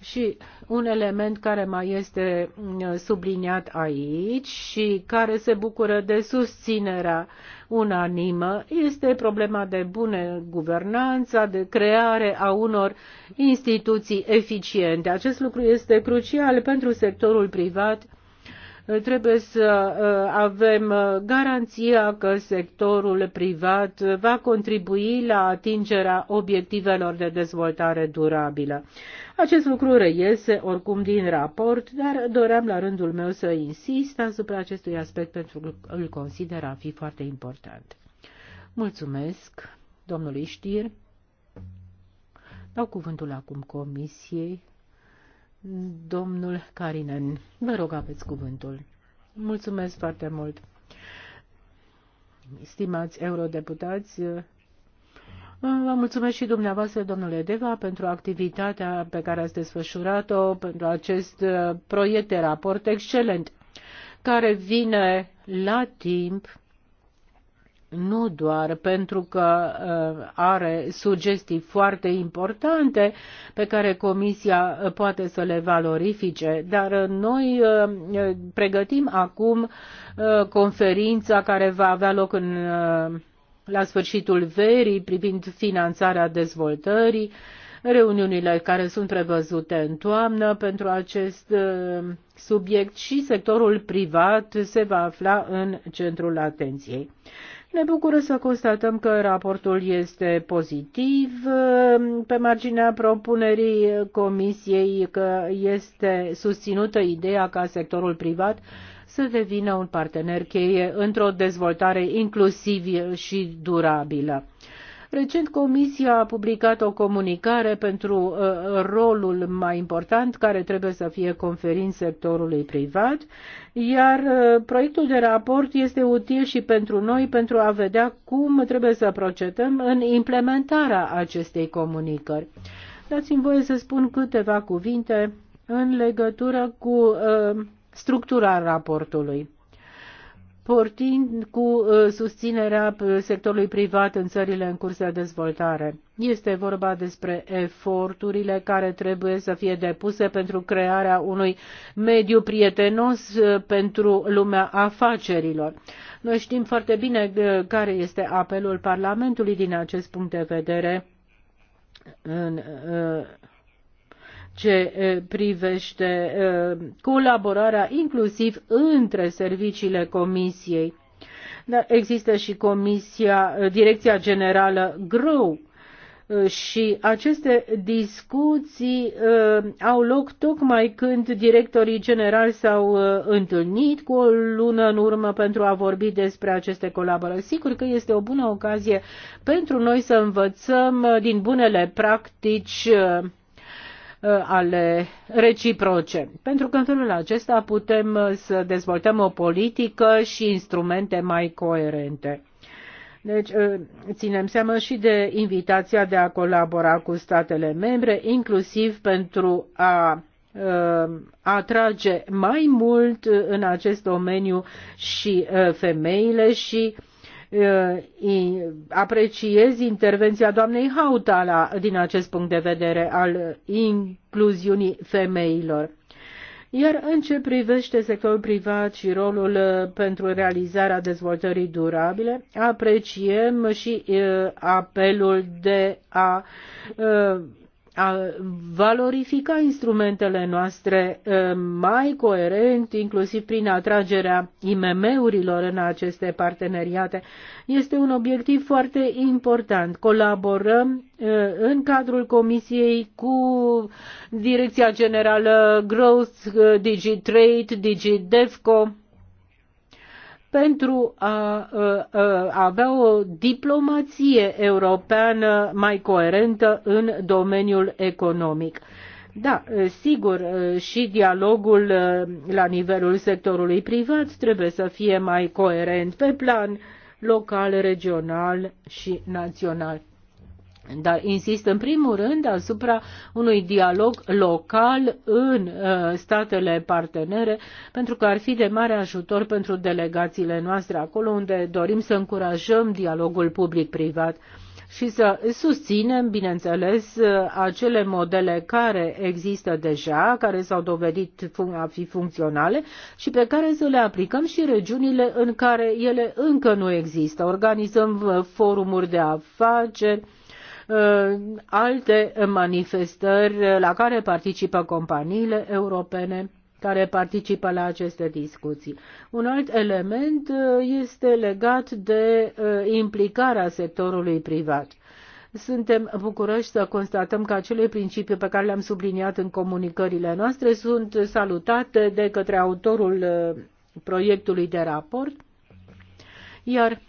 Și un element care mai este subliniat aici și care se bucură de susținerea uh, unanimă este problema de bună guvernanță, de creare a unor instituții eficiente. Acest lucru este crucial pentru sectorul privat Trebuie să uh, avem uh, garanția că sectorul privat uh, va contribui la atingerea obiectivelor de dezvoltare durabilă. Acest lucru reiese oricum din raport, dar doream la rândul meu să insist asupra acestui aspect pentru că îl consider a fi foarte important. Mulțumesc, domnului Știr. Dau cuvântul acum comisiei. Domnul Carinen, vă rog, aveți cuvântul. Mulțumesc foarte mult. Stimați eurodeputați, Vă mulțumesc și dumneavoastră, domnule Deva, pentru activitatea pe care ați desfășurat-o, pentru acest uh, proiect de raport excelent, care vine la timp nu doar pentru că uh, are sugestii foarte importante pe care Comisia uh, poate să le valorifice, dar noi uh, pregătim acum conferința care va avea loc în, la sfârșitul verii privind finanțarea dezvoltării, reuniunile care sunt prevăzute în toamnă pentru acest subiect și sectorul privat se va afla în centrul atenției. Ne bucură să constatăm că raportul este pozitiv um, pe marginea propunerii Comisiei că este susținută ideea ca sectorul privat să devină un partener cheie într-o dezvoltare inclusivă și durabilă. Recent Comisia a publicat o comunicare pentru uh, rolul mai important care trebuie să fie conferit sectorului privat, iar uh, proiectul de raport este util și pentru noi pentru a vedea cum trebuie să procedăm în implementarea acestei comunicări. Dați-mi voie să spun câteva cuvinte în legătură cu uh, structura raportului portind cu uh, susținerea uh, sectorului privat în țările în curs de dezvoltare. Este vorba despre eforturile care trebuie să fie depuse pentru crearea unui mediu prietenos uh, pentru lumea afacerilor. Noi știm foarte bine care este apelul Parlamentului din acest punct de vedere în ce privește colaborarea inclusiv între serviciile Comisiei. Dar există și Comisia, Direcția Generală GROW, și aceste discuții uh, au loc tocmai când directorii generali s-au uh, întâlnit cu o lună în urmă pentru a vorbi despre aceste colaborări. Sigur că este o bună ocazie pentru noi să învățăm uh, din bunele practici uh, Uh, ale reciproce. Pentru că în felul acesta putem uh, să dezvoltăm o politică și instrumente mai coerente. Deci uh, ținem seama și de invitația de a colabora cu statele membre, inclusiv pentru a atrage mai mult în acest domeniu și femeile și Uh, apreciez intervenția doamnei Hautala din acest punct de vedere al incluziunii femeilor. Iar în ce privește sectorul privat și rolul uh, pentru realizarea dezvoltării durabile, apreciem și uh, apelul de a a valorifica instrumentele noastre eh, mai coerent, inclusiv prin atragerea IMM-urilor în aceste parteneriate, este un obiectiv foarte important. Colaborăm eh, în cadrul Comisiei cu Direcția Generală Growth, eh, DigiTrade, DigiDevco pentru a, a avea o diplomație europeană mai coerentă în domeniul economic. Da, sigur, și dialogul la nivelul sectorului privat trebuie să fie mai coerent pe plan local, regional și național. Dar insist în primul rând asupra unui dialog local în uh, statele partenere, pentru că ar fi de mare ajutor pentru delegațiile noastre acolo unde dorim să încurajăm dialogul public-privat și să susținem, bineînțeles, uh, acele modele care există deja, care s-au dovedit a fi funcționale și pe care să le aplicăm și regiunile în care ele încă nu există. Organizăm uh, forumuri de afaceri, Uh, alte manifestări la care participă companiile europene care participă la aceste discuții. Un alt element uh, este legat de uh, implicarea sectorului privat. Suntem bucuroși să constatăm că acele principii pe care le-am subliniat în comunicările noastre sunt salutate de către autorul proiectului de raport, iar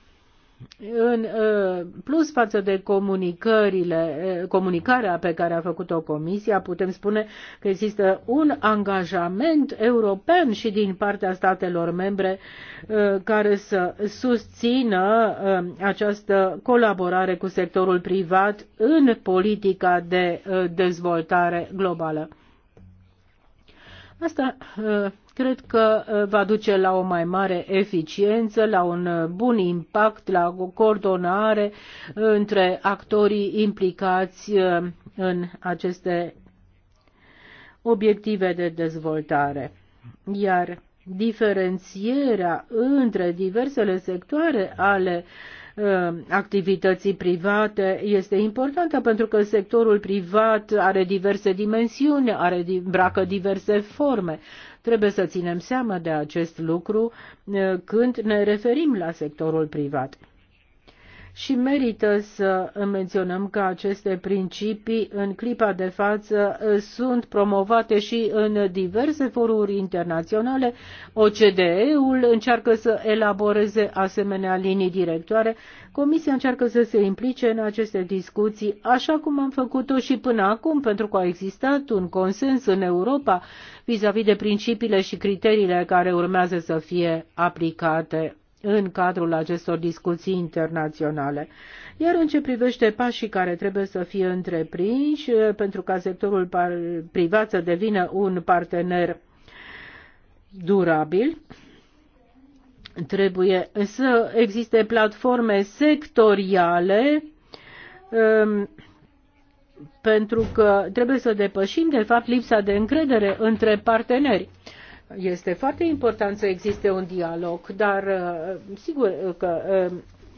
în uh, plus față de comunicările, uh, comunicarea pe care a făcut-o Comisia, putem spune că există un angajament european și din partea statelor membre uh, care să susțină această colaborare cu sectorul privat în politica de dezvoltare globală. Asta cred că uh, va duce la o mai mare eficiență, la un uh, bun impact, la o coordonare uh, între actorii implicați în aceste obiective de dezvoltare. Iar diferențierea între diversele sectoare ale activității private este importantă pentru că sectorul privat are diverse dimensiuni, are, îmbracă diverse forme. Trebuie să ținem seama de acest lucru eh, când ne referim la sectorul privat și merită să menționăm că aceste principii în clipa de față uh, sunt promovate și în diverse foruri internaționale. OCDE-ul încearcă să elaboreze asemenea linii directoare. Comisia încearcă să se implice în aceste discuții, așa cum am făcut-o și până acum, pentru că a existat un consens în Europa vis-a-vis -vis de principiile și criteriile care urmează să fie aplicate în cadrul acestor discuții internaționale. Iar în ce privește pașii care trebuie să fie întreprinși eh, pentru ca sectorul privat să devină un partener durabil, trebuie să existe platforme sectoriale ehm, pentru că trebuie să depășim, de fapt, lipsa de încredere între parteneri este foarte important să existe un dialog, dar uh, sigur că uh,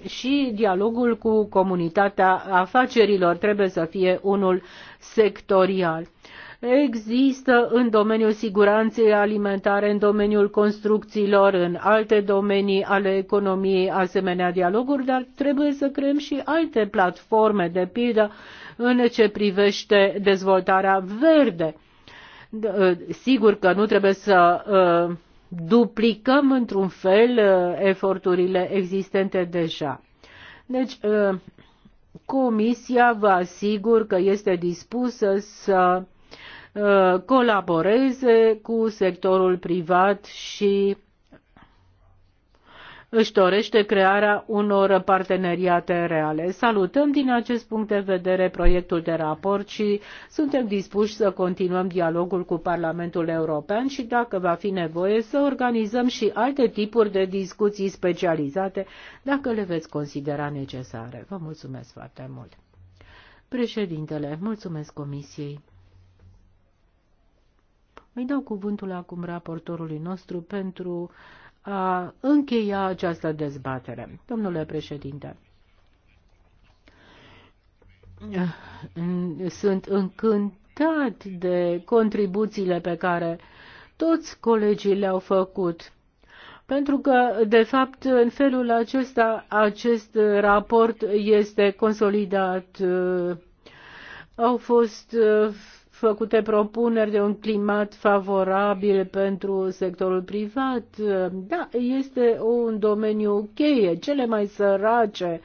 și dialogul cu comunitatea afacerilor trebuie să fie unul sectorial. Există în domeniul siguranței alimentare, în domeniul construcțiilor, în alte domenii ale economiei asemenea dialoguri, dar trebuie să creăm și alte platforme, de pildă, în ce privește dezvoltarea verde da, ă, sigur că nu trebuie să ă, duplicăm într-un fel ă, eforturile existente deja. Deci, Comisia vă asigur că este dispusă să colaboreze cu sectorul privat și își dorește crearea unor parteneriate reale. Salutăm din acest punct de vedere proiectul de raport și suntem dispuși să continuăm dialogul cu Parlamentul European și dacă va fi nevoie să organizăm și alte tipuri de discuții specializate dacă le veți considera necesare. Vă mulțumesc foarte mult. Președintele, mulțumesc Comisiei. Îi dau cuvântul acum raportorului nostru pentru a încheia această dezbatere. Domnule președinte, sunt încântat de contribuțiile pe care toți colegii le-au făcut. Pentru că, de fapt, în felul acesta, acest raport este consolidat. Au fost făcute propuneri de un climat favorabil pentru sectorul privat. Da, este un domeniu cheie. Cele mai sărace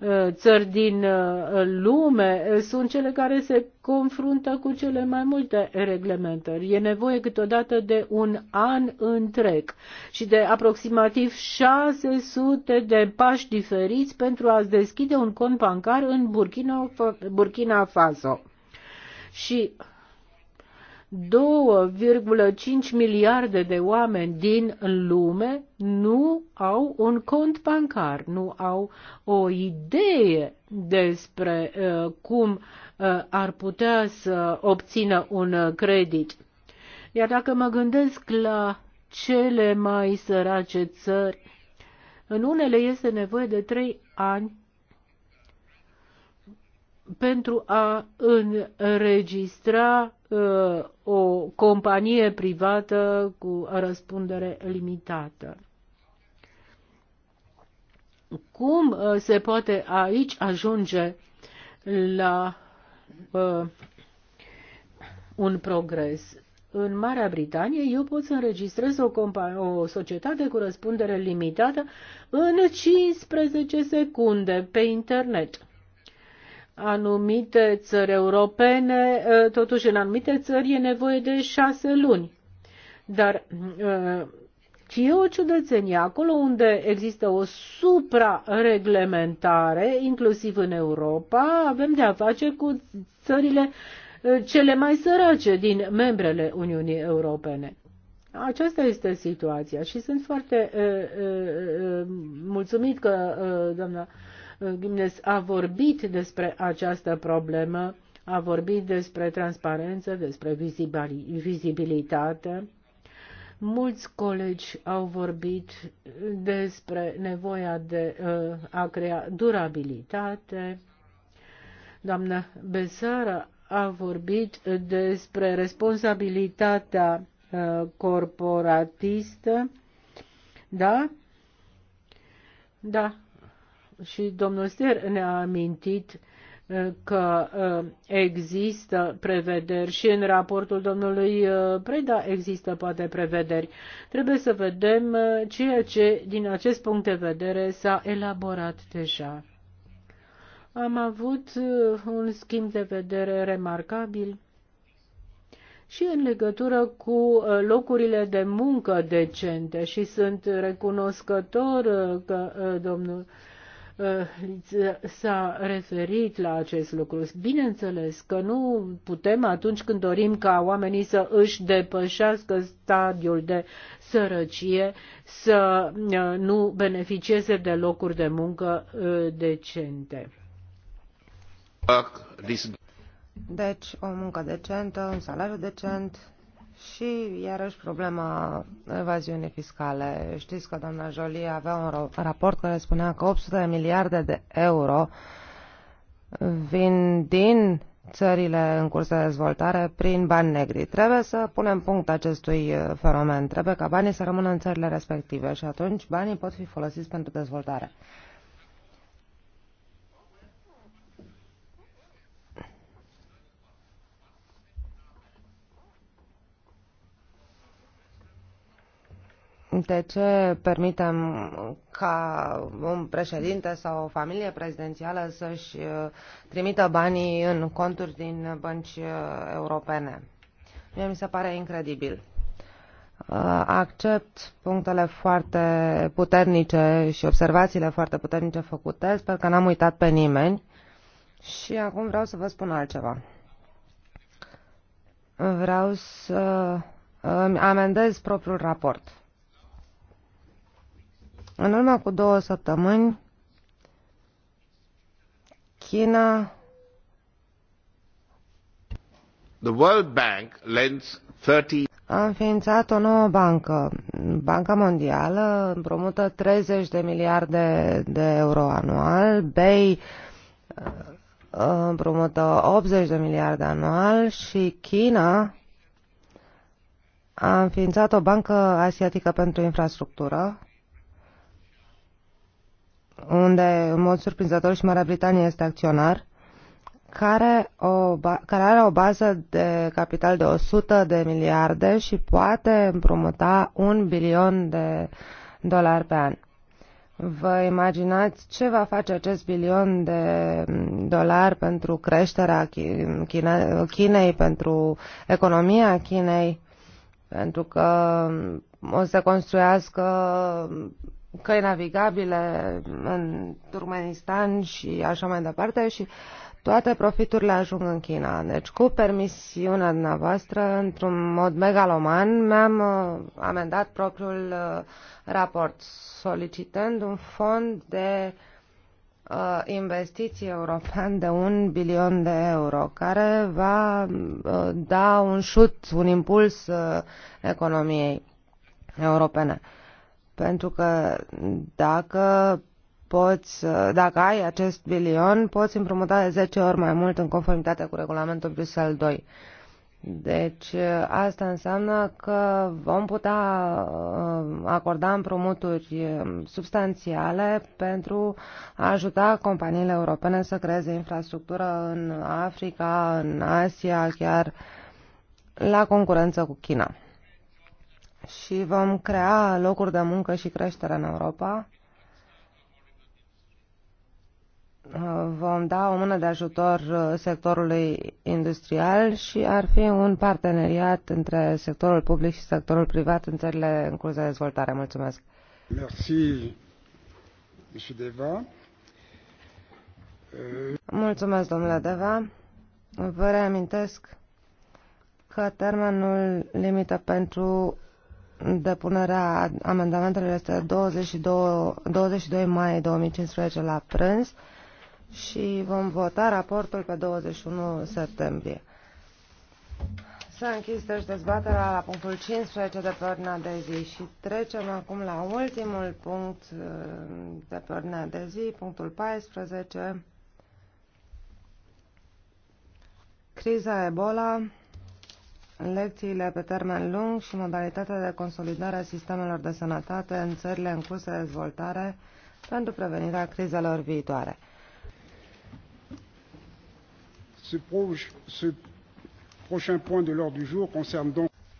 uh, țări din uh, lume sunt cele care se confruntă cu cele mai multe reglementări. E nevoie câteodată de un an întreg și de aproximativ 600 de pași diferiți pentru a-ți deschide un cont bancar în Burkina, Burkina Faso. Și 2,5 miliarde de oameni din lume nu au un cont bancar, nu au o idee despre uh, cum uh, ar putea să obțină un uh, credit. Iar dacă mă gândesc la cele mai sărace țări, în unele este nevoie de trei ani pentru a înregistra Uh, o companie privată cu răspundere limitată. Cum uh, se poate aici ajunge la uh, un progres? În Marea Britanie eu pot să înregistrez o, o societate cu răspundere limitată în 15 secunde pe internet anumite țări europene, ă, totuși în anumite țări e nevoie de șase luni. Dar ă, ce e o ciudățenie acolo unde există o suprareglementare, inclusiv în Europa, avem de a face cu țările ă, cele mai sărace din membrele Uniunii Europene. Aceasta este situația și sunt foarte e, e, mulțumit că e, doamna Gimnes a vorbit despre această problemă, a vorbit despre transparență, despre vizibilitate. Mulți colegi au vorbit despre nevoia de uh, a crea durabilitate. Doamna Besara a vorbit despre responsabilitatea uh, corporatistă. Da? Da, și domnul Ster ne-a amintit uh, că uh, există prevederi și în raportul domnului uh, Preda există poate prevederi. Trebuie să vedem ceea ce din acest punct de vedere s-a elaborat deja. Am avut un schimb de vedere remarcabil și în legătură cu locurile de muncă decente și sunt recunoscător că domnul Eh, s-a referit la acest lucru. Bineînțeles că nu putem atunci când dorim ca oamenii să își depășească stadiul de sărăcie, să eh, nu beneficieze de locuri de muncă eh, decente. Deci, o muncă decentă, un salariu decent, și iarăși problema evaziunii fiscale. Știți că doamna Jolie avea un raport care spunea că 800 de miliarde de euro vin din țările în curs de dezvoltare prin bani negri. Trebuie să punem punct acestui uh, fenomen. Trebuie ca banii să rămână în țările respective și atunci banii pot fi folosiți pentru dezvoltare. De ce permitem ca un președinte sau o familie prezidențială să-și uh, trimită banii în conturi din bănci uh, europene? Mie mi se pare incredibil. Uh, accept punctele foarte puternice și observațiile foarte puternice făcute. Sper că n-am uitat pe nimeni. Și acum vreau să vă spun altceva. Vreau să amendez propriul raport. În urmă cu două săptămâni, China The World Bank lends 30 a înființat o nouă bancă. Banca Mondială împrumută 30 de miliarde de euro anual, BEI uh, împrumută 80 de miliarde anual și China a înființat o bancă asiatică pentru infrastructură unde în mod surprinzător și Marea Britanie este acționar, care, o, care are o bază de capital de 100 de miliarde și poate împrumuta un bilion de dolari pe an. Vă imaginați ce va face acest bilion de dolari pentru creșterea Chinei, pentru economia Chinei, pentru că o să construiască căi navigabile în Turkmenistan și așa mai departe și toate profiturile ajung în China. Deci, cu permisiunea dumneavoastră, într-un mod megaloman, mi-am uh, amendat propriul uh, raport, solicitând un fond de uh, investiții european de un bilion de euro, care va uh, da un șut, un impuls uh, economiei europene. Uh, pentru că dacă poți, dacă ai acest bilion, poți împrumuta de 10 ori mai mult în conformitate cu regulamentul Bruxelles 2. Deci asta înseamnă că vom putea uh, acorda împrumuturi uh, substanțiale pentru a ajuta companiile europene să creeze infrastructură în Africa, în Asia, chiar la concurență cu China și vom crea locuri de muncă și creștere în Europa. Vom da o mână de ajutor sectorului industrial și ar fi un parteneriat între sectorul public și sectorul privat în țările în curs de dezvoltare. Mulțumesc! Merci, Deva. Uh, mulțumesc, domnule Deva. Vă reamintesc că termenul limită pentru Depunerea amendamentelor este 22, 22 mai 2015 la prânz și vom vota raportul pe 21 septembrie. S-a închis deci dezbaterea la punctul 15 de pe ordinea de zi și trecem acum la ultimul punct uh, de pe ordinea de zi, punctul 14, criza Ebola. Lecțiile pe termen lung și modalitatea de consolidare a sistemelor de sănătate în țările în curs de dezvoltare pentru prevenirea crizelor viitoare.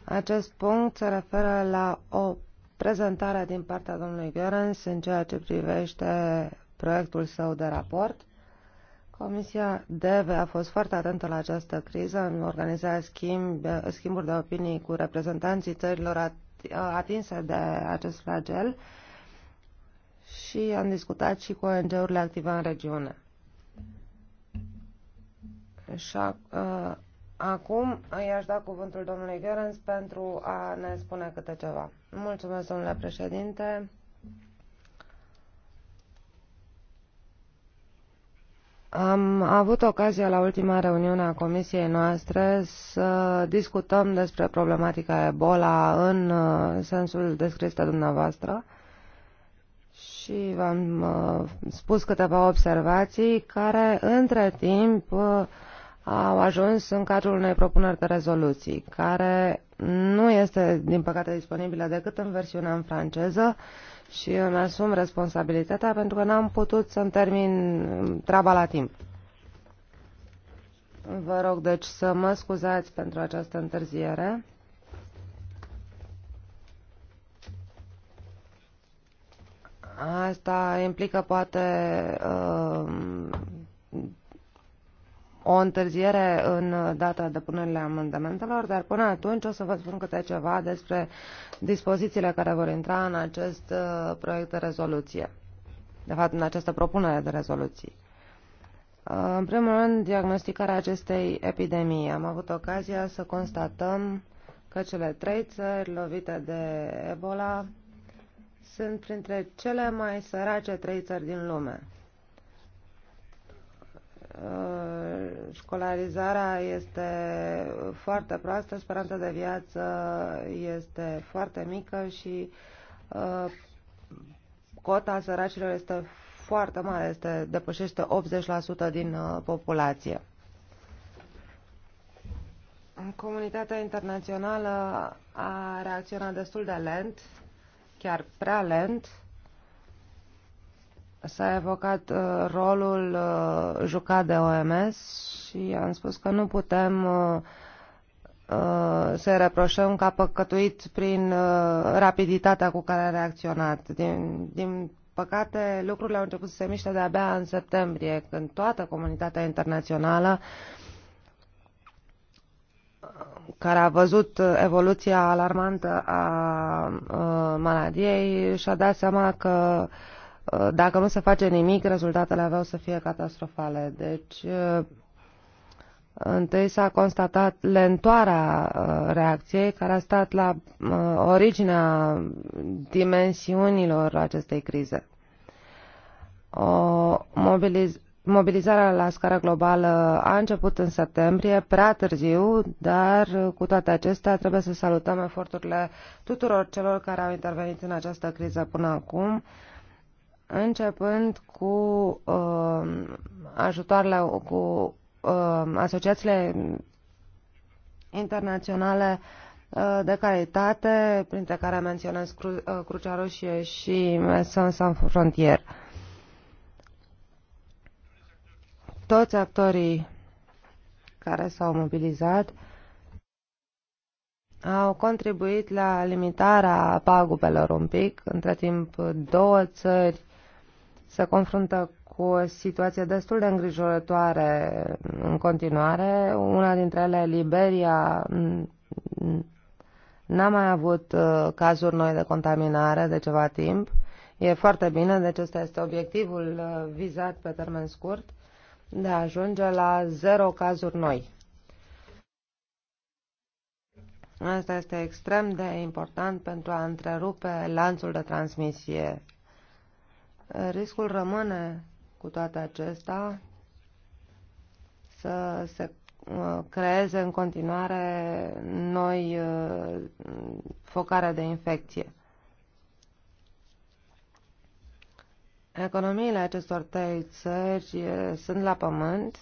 Acest punct se referă la o prezentare din partea domnului Görens în ceea ce privește proiectul său de raport Comisia DEVE a fost foarte atentă la această criză, organiza schimb, schimburi de opinii cu reprezentanții țărilor atinse de acest flagel și am discutat și cu ONG-urile active în regiune. Și a, uh, acum i-aș da cuvântul domnului Gerens pentru a ne spune câte ceva. Mulțumesc, domnule președinte. Am avut ocazia la ultima reuniune a comisiei noastre să discutăm despre problematica Ebola în uh, sensul descris de dumneavoastră și v-am uh, spus câteva observații care între timp uh, au ajuns în cadrul unei propuneri de rezoluții care nu este din păcate disponibilă decât în versiunea în franceză și îmi asum responsabilitatea pentru că n-am putut să-mi termin um, treaba la timp. Vă rog deci să mă scuzați pentru această întârziere. Asta implică poate uh, o întârziere în data depunerii amendamentelor, dar până atunci o să vă spun câte ceva despre dispozițiile care vor intra în acest uh, proiect de rezoluție, de fapt în această propunere de rezoluție. Uh, în primul rând, diagnosticarea acestei epidemii. Am avut ocazia să constatăm că cele trei țări lovite de Ebola sunt printre cele mai sărace trei țări din lume. Uh, școlarizarea este foarte proastă, speranța de viață este foarte mică și uh, cota săracilor este foarte mare, este, depășește 80% din uh, populație. Comunitatea internațională a reacționat destul de lent, chiar prea lent, S-a evocat uh, rolul uh, jucat de OMS și am spus că nu putem uh, uh, să reproșăm că a păcătuit prin uh, rapiditatea cu care a reacționat. Din, din păcate, lucrurile au început să se miște de-abia în septembrie, când toată comunitatea internațională care a văzut uh, evoluția alarmantă a uh, maladiei și-a dat seama că uh, Uh, dacă nu se face nimic, rezultatele aveau să fie catastrofale. Deci, uh, întâi s-a constatat lentoarea uh, reacției care a stat la originea dimensiunilor acestei crize. O mobiliz mobilizarea la scară globală a început în septembrie, prea târziu, dar cu toate acestea trebuie să salutăm eforturile tuturor celor care au intervenit în această criză până acum, începând cu uh, ajutoarele, cu uh, asociațiile internaționale uh, de caritate, printre care menționez Cru uh, Crucea Roșie și Maison Sans Frontier. Toți actorii care s-au mobilizat au contribuit la limitarea pagubelor un pic. Între timp, două țări se confruntă cu o situație destul de îngrijorătoare în continuare. Una dintre ele, Liberia, n-a mai avut uh, cazuri noi de contaminare de ceva timp. E foarte bine, deci ăsta este obiectivul uh, vizat pe termen scurt, de a ajunge la zero cazuri noi. Asta este extrem de important pentru a întrerupe lanțul de transmisie Riscul rămâne cu toate acestea să se uh, creeze în continuare noi uh, focare de infecție. Economiile acestor trei țări uh, sunt la pământ,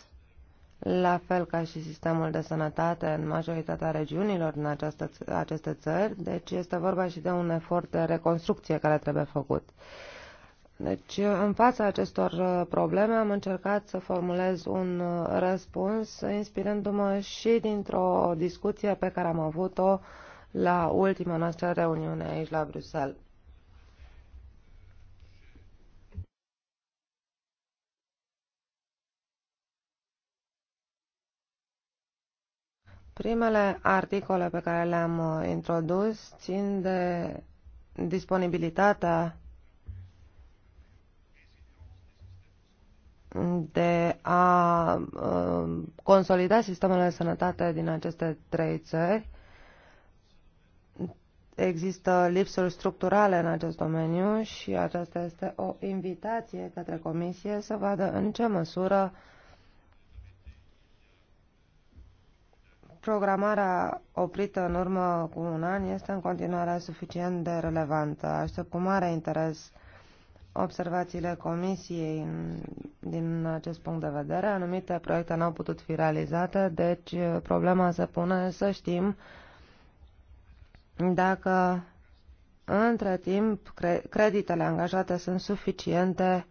la fel ca și sistemul de sănătate în majoritatea regiunilor în această, aceste țări, deci este vorba și de un efort de reconstrucție care trebuie făcut. Deci, în fața acestor uh, probleme am încercat să formulez un uh, răspuns, inspirându-mă și dintr-o discuție pe care am avut-o la ultima noastră reuniune aici la Bruxelles. Primele articole pe care le-am uh, introdus țin de disponibilitatea de a um, consolida sistemele de sănătate din aceste trei țări. Există lipsuri structurale în acest domeniu și aceasta este o invitație către Comisie să vadă în ce măsură programarea oprită în urmă cu un an este în continuare suficient de relevantă. Aștept cu mare interes observațiile comisiei din acest punct de vedere. Anumite proiecte n-au putut fi realizate, deci uh, problema se pune să știm dacă între timp creditele angajate sunt suficiente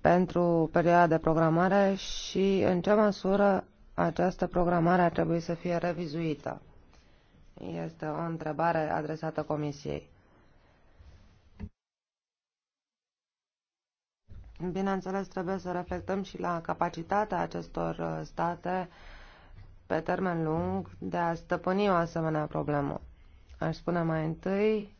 pentru perioada de programare și în ce măsură această programare ar trebui să fie revizuită. Este o întrebare adresată Comisiei. Bineînțeles, trebuie să reflectăm și la capacitatea acestor uh, state pe termen lung de a stăpâni o asemenea problemă. Aș spune mai întâi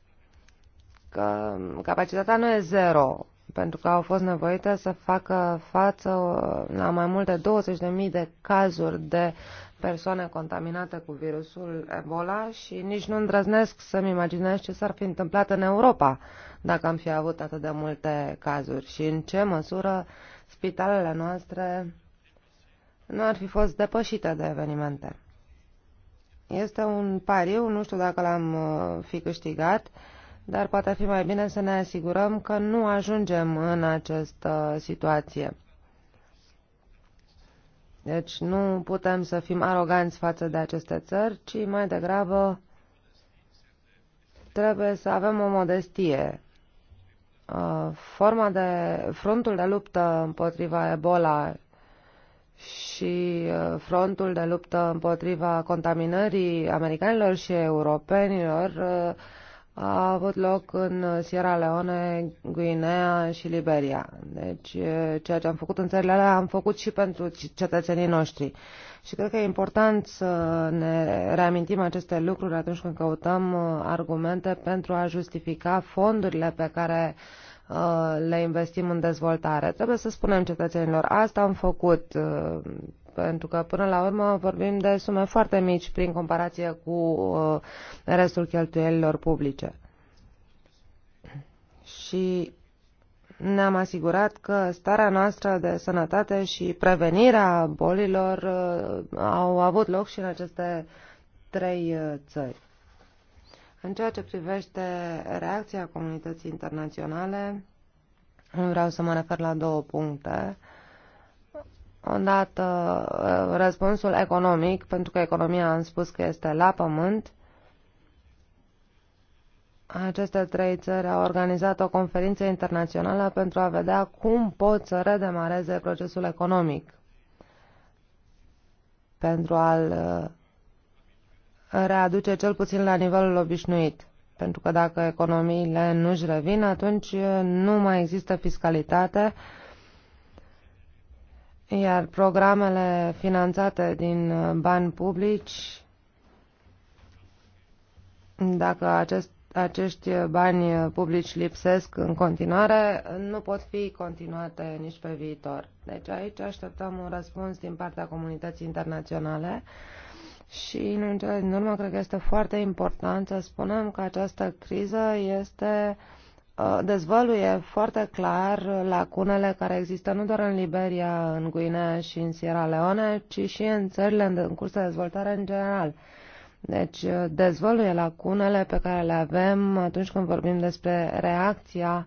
că capacitatea nu e zero, pentru că au fost nevoite să facă față uh, la mai mult de 20.000 de cazuri de persoane contaminate cu virusul Ebola și nici nu îndrăznesc să-mi imaginez ce s-ar fi întâmplat în Europa dacă am fi avut atât de multe cazuri și în ce măsură spitalele noastre nu ar fi fost depășite de evenimente. Este un pariu, nu știu dacă l-am uh, fi câștigat, dar poate fi mai bine să ne asigurăm că nu ajungem în această situație. Deci nu putem să fim aroganți față de aceste țări, ci mai degrabă trebuie să avem o modestie. Uh, forma de frontul de luptă împotriva Ebola și uh, frontul de luptă împotriva contaminării americanilor și europenilor uh, a avut loc în Sierra Leone, Guinea și Liberia. Deci ceea ce am făcut în țările alea am făcut și pentru cetățenii noștri. Și cred că e important să ne reamintim aceste lucruri atunci când căutăm uh, argumente pentru a justifica fondurile pe care uh, le investim în dezvoltare. Trebuie să spunem cetățenilor, asta am făcut uh, pentru că până la urmă vorbim de sume foarte mici prin comparație cu uh, restul cheltuielilor publice. Și ne-am asigurat că starea noastră de sănătate și prevenirea bolilor uh, au avut loc și în aceste trei uh, țări. În ceea ce privește reacția comunității internaționale, vreau să mă refer la două puncte. Uh, Odată uh, răspunsul economic, pentru că economia am spus că este la pământ. Aceste trei țări au organizat o conferință internațională pentru a vedea cum pot să redemareze procesul economic pentru a-l uh, readuce cel puțin la nivelul obișnuit. Pentru că dacă economiile nu-și revin, atunci uh, nu mai există fiscalitate, iar programele finanțate din uh, bani publici, dacă acest, acești bani uh, publici lipsesc în continuare, nu pot fi continuate nici pe viitor. Deci aici așteptăm un răspuns din partea comunității internaționale și, în cele din urmă, cred că este foarte important să spunem că această criză este uh, Uh, dezvăluie foarte clar lacunele care există nu doar în Liberia, în Guinea și în Sierra Leone, ci și în țările în curs de dezvoltare în general. Deci uh, dezvăluie lacunele pe care le avem atunci când vorbim despre reacția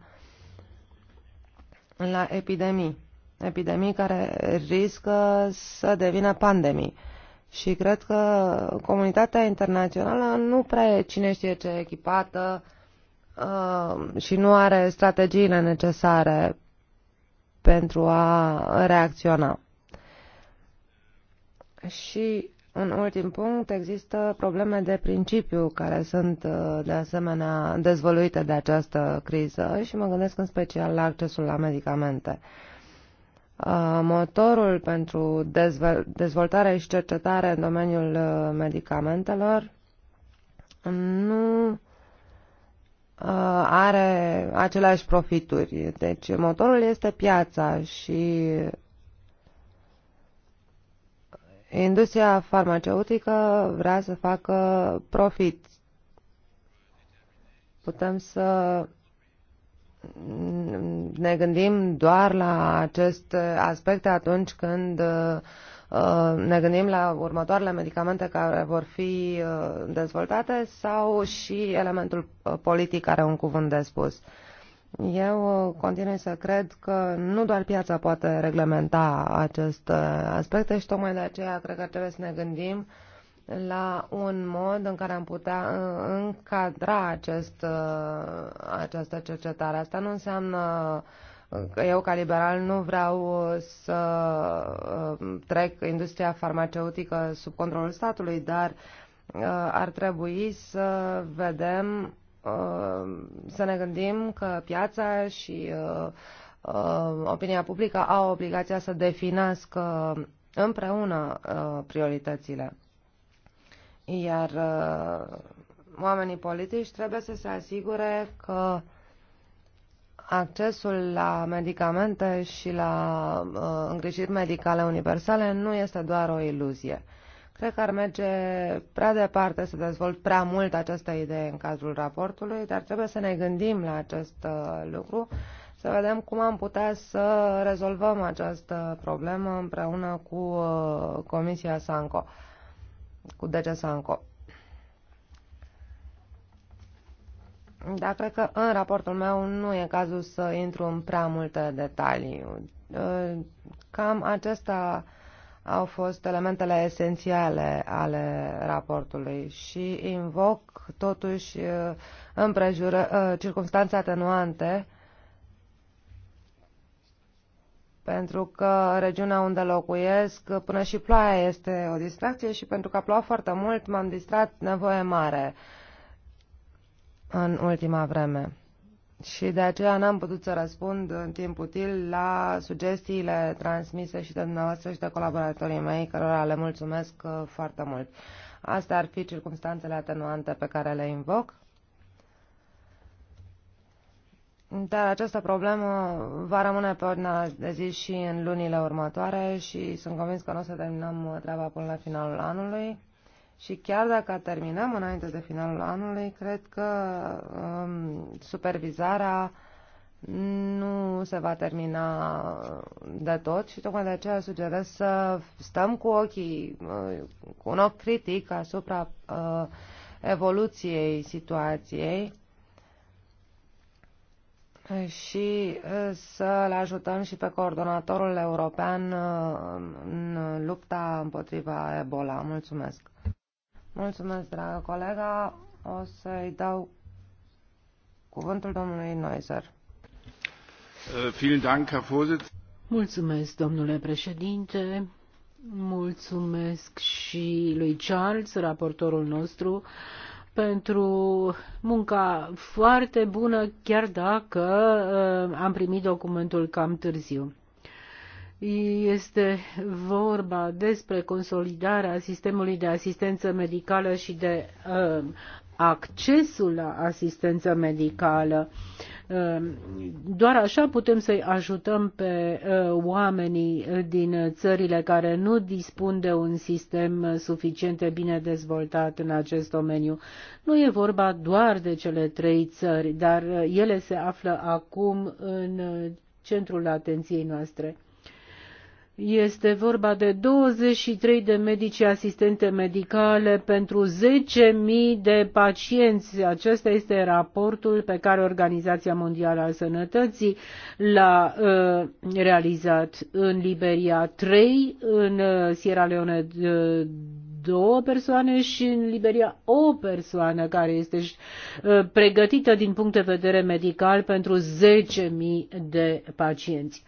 la epidemii. Epidemii care riscă să devină pandemii. Și cred că comunitatea internațională nu prea e cine știe ce echipată uh, Uh, și nu are strategiile necesare pentru a reacționa. Și un ultim punct, există probleme de principiu care sunt uh, de asemenea dezvoluite de această criză și mă gândesc în special la accesul la medicamente. Uh, motorul pentru dezvoltare și cercetare în domeniul medicamentelor nu Uh, are aceleași profituri. Deci motorul este piața și industria farmaceutică vrea să facă profit. Putem să ne gândim doar la aceste aspecte atunci când uh, Uh, ne gândim la următoarele medicamente care vor fi uh, dezvoltate sau și elementul uh, politic are un cuvânt de spus. Eu continui să cred că nu doar piața poate reglementa aceste aspecte și tocmai de aceea cred că trebuie să ne gândim la un mod în care am putea încadra acest, această cercetare. Asta nu înseamnă uh, eu, ca liberal, nu vreau uh, să uh, trec industria farmaceutică sub controlul statului, dar uh, ar trebui să vedem, să ne gândim că piața și opinia publică au obligația să definească împreună prioritățile. Iar oamenii politici trebuie să se asigure că uh, accesul la medicamente și la uh, îngrijiri medicale universale nu este doar o iluzie. Cred că ar merge prea departe să dezvolt prea mult această idee în cadrul raportului, dar trebuie să ne gândim la acest uh, lucru, să vedem cum am putea să rezolvăm această problemă împreună cu uh, Comisia Sanco, cu DG Sanco. Dar cred că în raportul meu nu e cazul să intru în prea multe detalii. Uh, cam acesta au fost elementele esențiale ale raportului și invoc totuși uh, împrejură, uh, circunstanțe atenuante pentru că regiunea unde locuiesc până și ploaia este o distracție și pentru că a plouat foarte mult m-am distrat nevoie mare. Uh, în ultima vreme. Și de aceea n-am putut să răspund în timp util la sugestiile transmise și de dumneavoastră și de colaboratorii mei, cărora le mulțumesc uh, foarte mult. Astea ar fi circumstanțele atenuante pe care le invoc. Dar această problemă va rămâne pe ordinea de zi și în lunile următoare și sunt convins că nu o să terminăm treaba până la finalul anului. Și chiar dacă terminăm înainte de finalul anului, cred că um, supervizarea nu se va termina de tot și tocmai de aceea sugerez să stăm cu ochii, uh, cu un ochi critic asupra uh, evoluției situației și uh, să-l ajutăm și pe coordonatorul european uh, în lupta împotriva Ebola. Mulțumesc! Mulțumesc, dragă colega. O să-i dau cuvântul domnului Neuser. Äh, Mulțumesc, domnule președinte. Mulțumesc și lui Charles, raportorul nostru, pentru munca foarte bună, chiar dacă äh, am primit documentul cam târziu este vorba despre consolidarea sistemului de asistență medicală și de uh, accesul la asistență medicală. Uh, doar așa putem să-i ajutăm pe uh, oamenii din țările care nu dispun de un sistem suficient de bine dezvoltat în acest domeniu. Nu e vorba doar de cele trei țări, dar uh, ele se află acum în uh, centrul atenției noastre. Este vorba de 23 de medici asistente medicale pentru 10.000 de pacienți. Acesta este raportul pe care Organizația Mondială a Sănătății l-a uh, realizat în Liberia 3, în uh, Sierra Leone uh, două persoane și în Liberia o persoană care este uh, pregătită din punct de vedere medical pentru 10.000 de pacienți.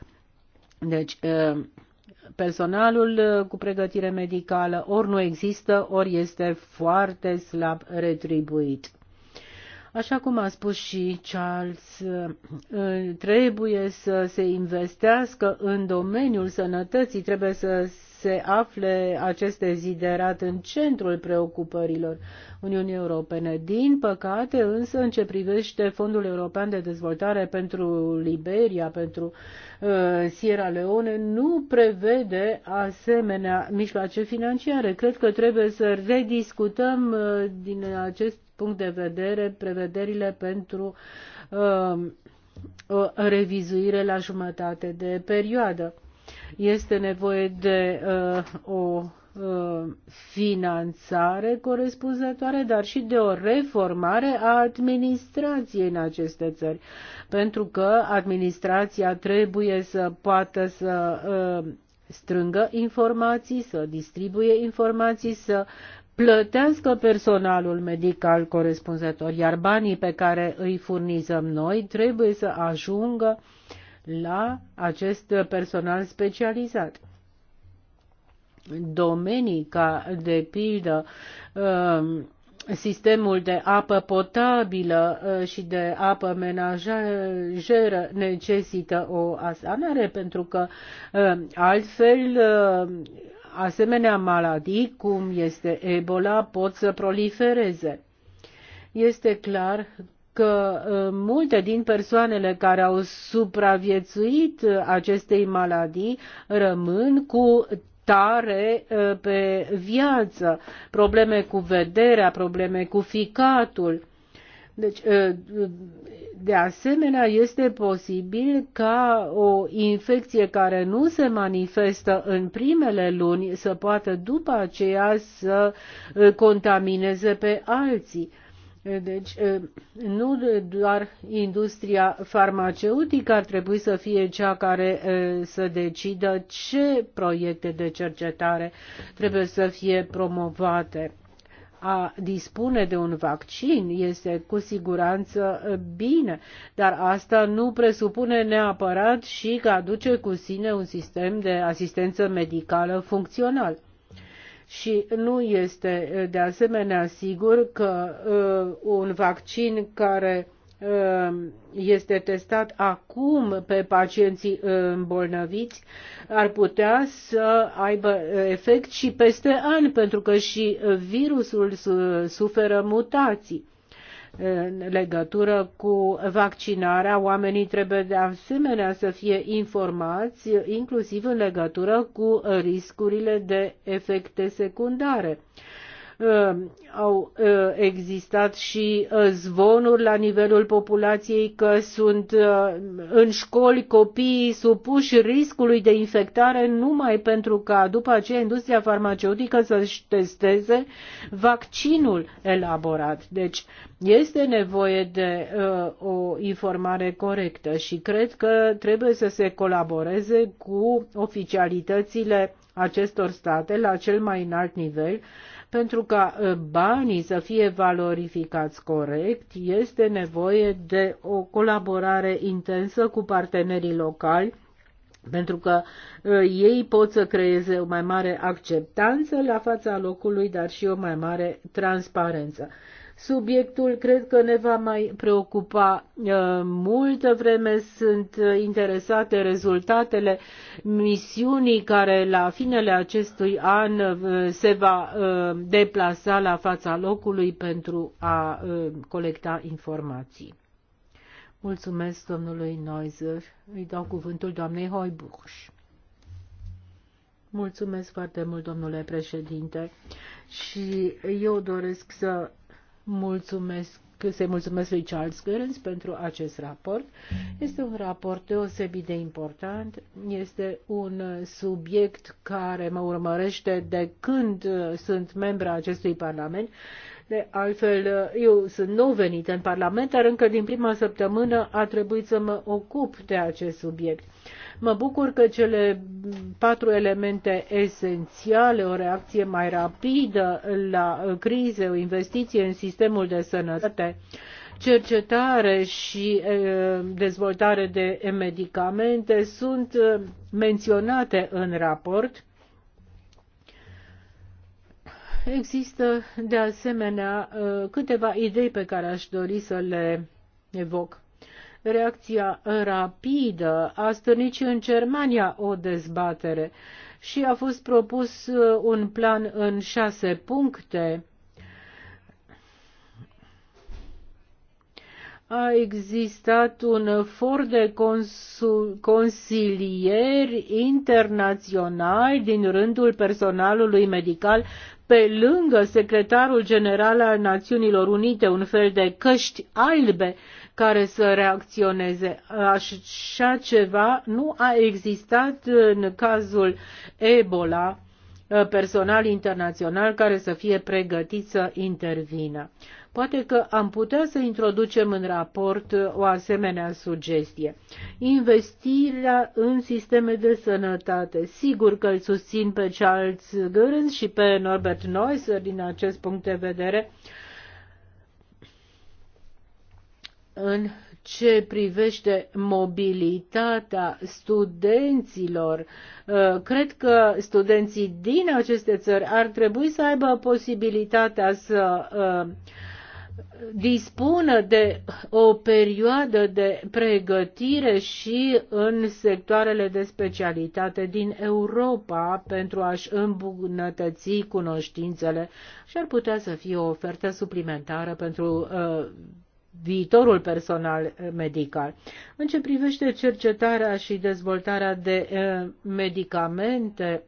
Deci, uh, personalul uh, cu pregătire medicală ori nu există, ori este foarte slab retribuit. Așa cum a spus și Charles, uh, trebuie să se investească în domeniul sănătății, trebuie să se afle acest deziderat în centrul preocupărilor Uniunii Europene. Din păcate, însă, în ce privește Fondul European de Dezvoltare pentru Liberia, pentru uh, Sierra Leone, nu prevede asemenea mijloace financiare. Cred că trebuie să rediscutăm uh, din acest punct de vedere prevederile pentru uh, o revizuire la jumătate de perioadă. Este nevoie de uh, o uh, finanțare corespunzătoare, dar și de o reformare a administrației în aceste țări, pentru că administrația trebuie să poată să uh, strângă informații, să distribuie informații, să plătească personalul medical corespunzător, iar banii pe care îi furnizăm noi trebuie să ajungă uh, la acest personal specializat. Domenii ca, de pildă, um, sistemul de apă potabilă uh, și de apă menajeră necesită o asanare pentru că um, altfel uh, asemenea maladii cum este Ebola pot să prolifereze. Este clar că ă, multe din persoanele care au supraviețuit acestei maladii rămân cu tare ă, pe viață, probleme cu vederea, probleme cu ficatul. Deci, ă, de asemenea, este posibil ca o infecție care nu se manifestă în primele luni să poată după aceea să contamineze pe alții. Deci, nu doar industria farmaceutică ar trebui să fie cea care să decidă ce proiecte de cercetare trebuie să fie promovate. A dispune de un vaccin este cu siguranță bine, dar asta nu presupune neapărat și că aduce cu sine un sistem de asistență medicală funcțional și nu este eh, de asemenea sigur că eh, un vaccin care eh, este testat acum pe pacienții îmbolnăviți ar putea să aibă efect și peste ani, pentru că și virusul suferă mutații în legătură cu vaccinarea. Oamenii trebuie de asemenea să fie informați, inclusiv în legătură cu riscurile de efecte secundare. Uh, au uh, existat și uh, zvonuri la nivelul populației că sunt în școli copiii supuși riscului de infectare numai pentru ca după aceea industria farmaceutică să-și testeze vaccinul elaborat. Deci este nevoie de o informare corectă și cred că trebuie să se colaboreze cu oficialitățile acestor state la cel mai înalt nivel pentru ca ă, banii să fie valorificați corect, este nevoie de o colaborare intensă cu partenerii locali, pentru că ă, ei pot să creeze o mai mare acceptanță la fața locului, dar și o mai mare transparență. Subiectul cred că ne va mai preocupa uh, multă vreme. Sunt interesate rezultatele misiunii care la finele acestui an uh, se va uh, deplasa la fața locului pentru a colecta informații. Mulțumesc domnului Noizer. Îi dau cuvântul doamnei Hoibuch. Mulțumesc foarte mult, domnule președinte, și eu doresc să mulțumesc să mulțumesc lui Charles Gerens pentru acest raport. Este un raport deosebit de important, este un subiect care mă urmărește de când sunt membra acestui Parlament. De altfel, eu sunt nou venit în Parlament, dar încă din prima săptămână a trebuit să mă ocup de acest subiect. Mă bucur că cele patru elemente esențiale, o reacție mai rapidă la crize, o investiție în sistemul de sănătate, cercetare și dezvoltare de medicamente sunt menționate în raport. Există, de asemenea, câteva idei pe care aș dori să le evoc reacția rapidă a stârnit și în Germania o dezbatere și a fost propus uh, un plan în șase puncte. a existat un for de consilieri internaționali din rândul personalului medical pe lângă secretarul general al Națiunilor Unite, un fel de căști albe care să reacționeze. Așa ceva nu a existat în cazul Ebola personal internațional care să fie pregătit să intervină. Poate că am putea să introducem în raport o asemenea sugestie. Investirea în sisteme de sănătate. Sigur că îl susțin pe Charles Gurens și pe Norbert Neusser din acest punct de vedere, în ce privește mobilitatea studenților, uh, cred că studenții din aceste țări ar trebui să aibă posibilitatea să uh, dispună de o perioadă de pregătire și în sectoarele de specialitate din Europa pentru a-și îmbunătăți cunoștințele și ar putea să fie o ofertă suplimentară pentru uh, viitorul personal eh, medical. În ce privește cercetarea și dezvoltarea de eh, medicamente,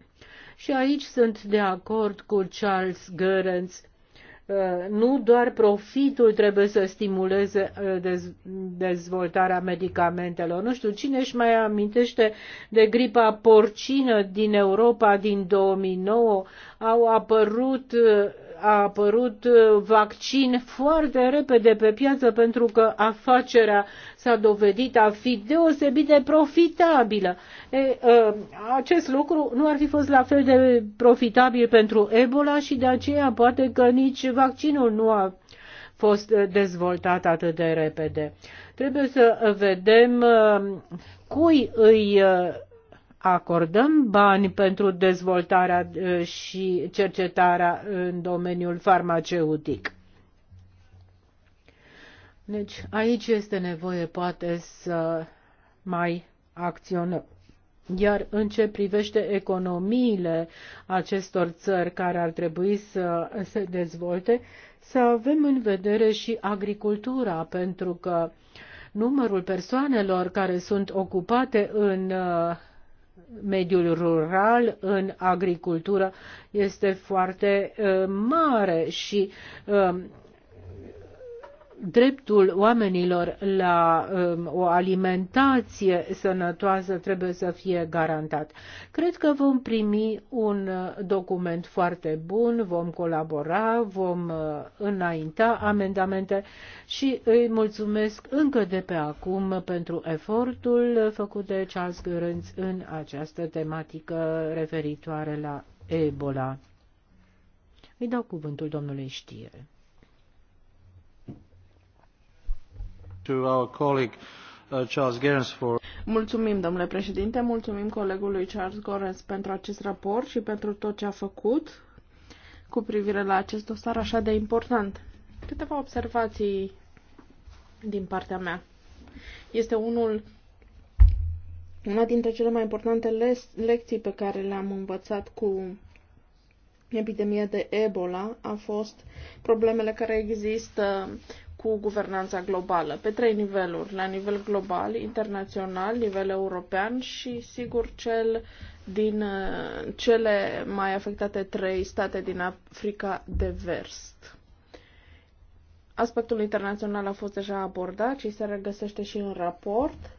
și aici sunt de acord cu Charles Goerens, eh, nu doar profitul trebuie să stimuleze dezvoltarea medicamentelor. Nu știu cine își mai amintește de gripa porcină din Europa din 2009. Au apărut a apărut uh, vaccin foarte repede pe piață pentru că afacerea s-a dovedit a fi deosebit de profitabilă. E, uh, acest lucru nu ar fi fost la fel de profitabil pentru Ebola și de aceea poate că nici vaccinul nu a fost uh, dezvoltat atât de repede. Trebuie să vedem cui îi acordăm bani pentru dezvoltarea și cercetarea în domeniul farmaceutic. Deci aici este nevoie poate să mai acționăm. Iar în ce privește economiile acestor țări care ar trebui să se dezvolte, să avem în vedere și agricultura, pentru că numărul persoanelor care sunt ocupate în mediul rural, în agricultură, este foarte uh, mare și uh, dreptul oamenilor la um, o alimentație sănătoasă trebuie să fie garantat. Cred că vom primi un uh, document foarte bun, vom colabora, vom uh, înainta amendamente și îi mulțumesc încă de pe acum pentru efortul făcut de Charles Gărânț în această tematică referitoare la Ebola. Îi dau cuvântul domnului Știere. Uh, mulțumim, domnule președinte, mulțumim colegului Charles goerens pentru acest raport și pentru tot ce a făcut cu privire la acest dosar așa de important. Câteva observații din partea mea. Este unul una dintre cele mai importante le lecții pe care le-am învățat cu epidemia de Ebola a fost problemele care există cu guvernanța globală, pe trei niveluri, la nivel global, internațional, nivel european și, sigur, cel din uh, cele mai afectate trei state din Africa de vest. Aspectul internațional a fost deja abordat și se regăsește și în raport.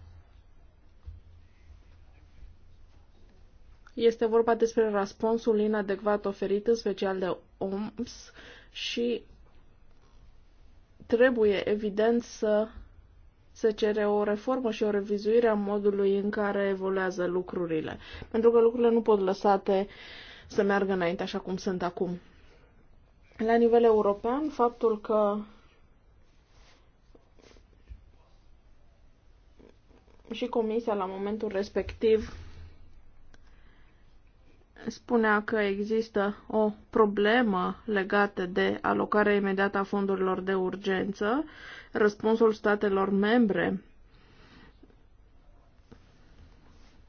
Este vorba despre răspunsul inadecvat oferit în special de OMS și trebuie evident să se cere o reformă și o revizuire a modului în care evoluează lucrurile, pentru că lucrurile nu pot lăsate să meargă înainte așa cum sunt acum. La nivel european, faptul că și Comisia la momentul respectiv spunea că există o problemă legată de alocarea imediată a fondurilor de urgență, răspunsul statelor membre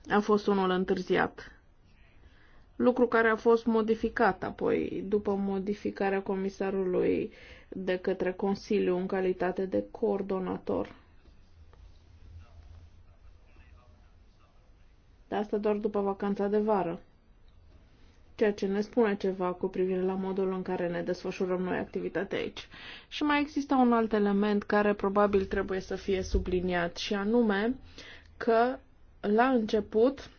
a fost unul întârziat. Lucru care a fost modificat apoi, după modificarea comisarului de către Consiliu în calitate de coordonator. De asta doar după vacanța de vară ceea ce ne spune ceva cu privire la modul în care ne desfășurăm noi activitatea aici. Și mai există un alt element care probabil trebuie să fie subliniat și anume că la început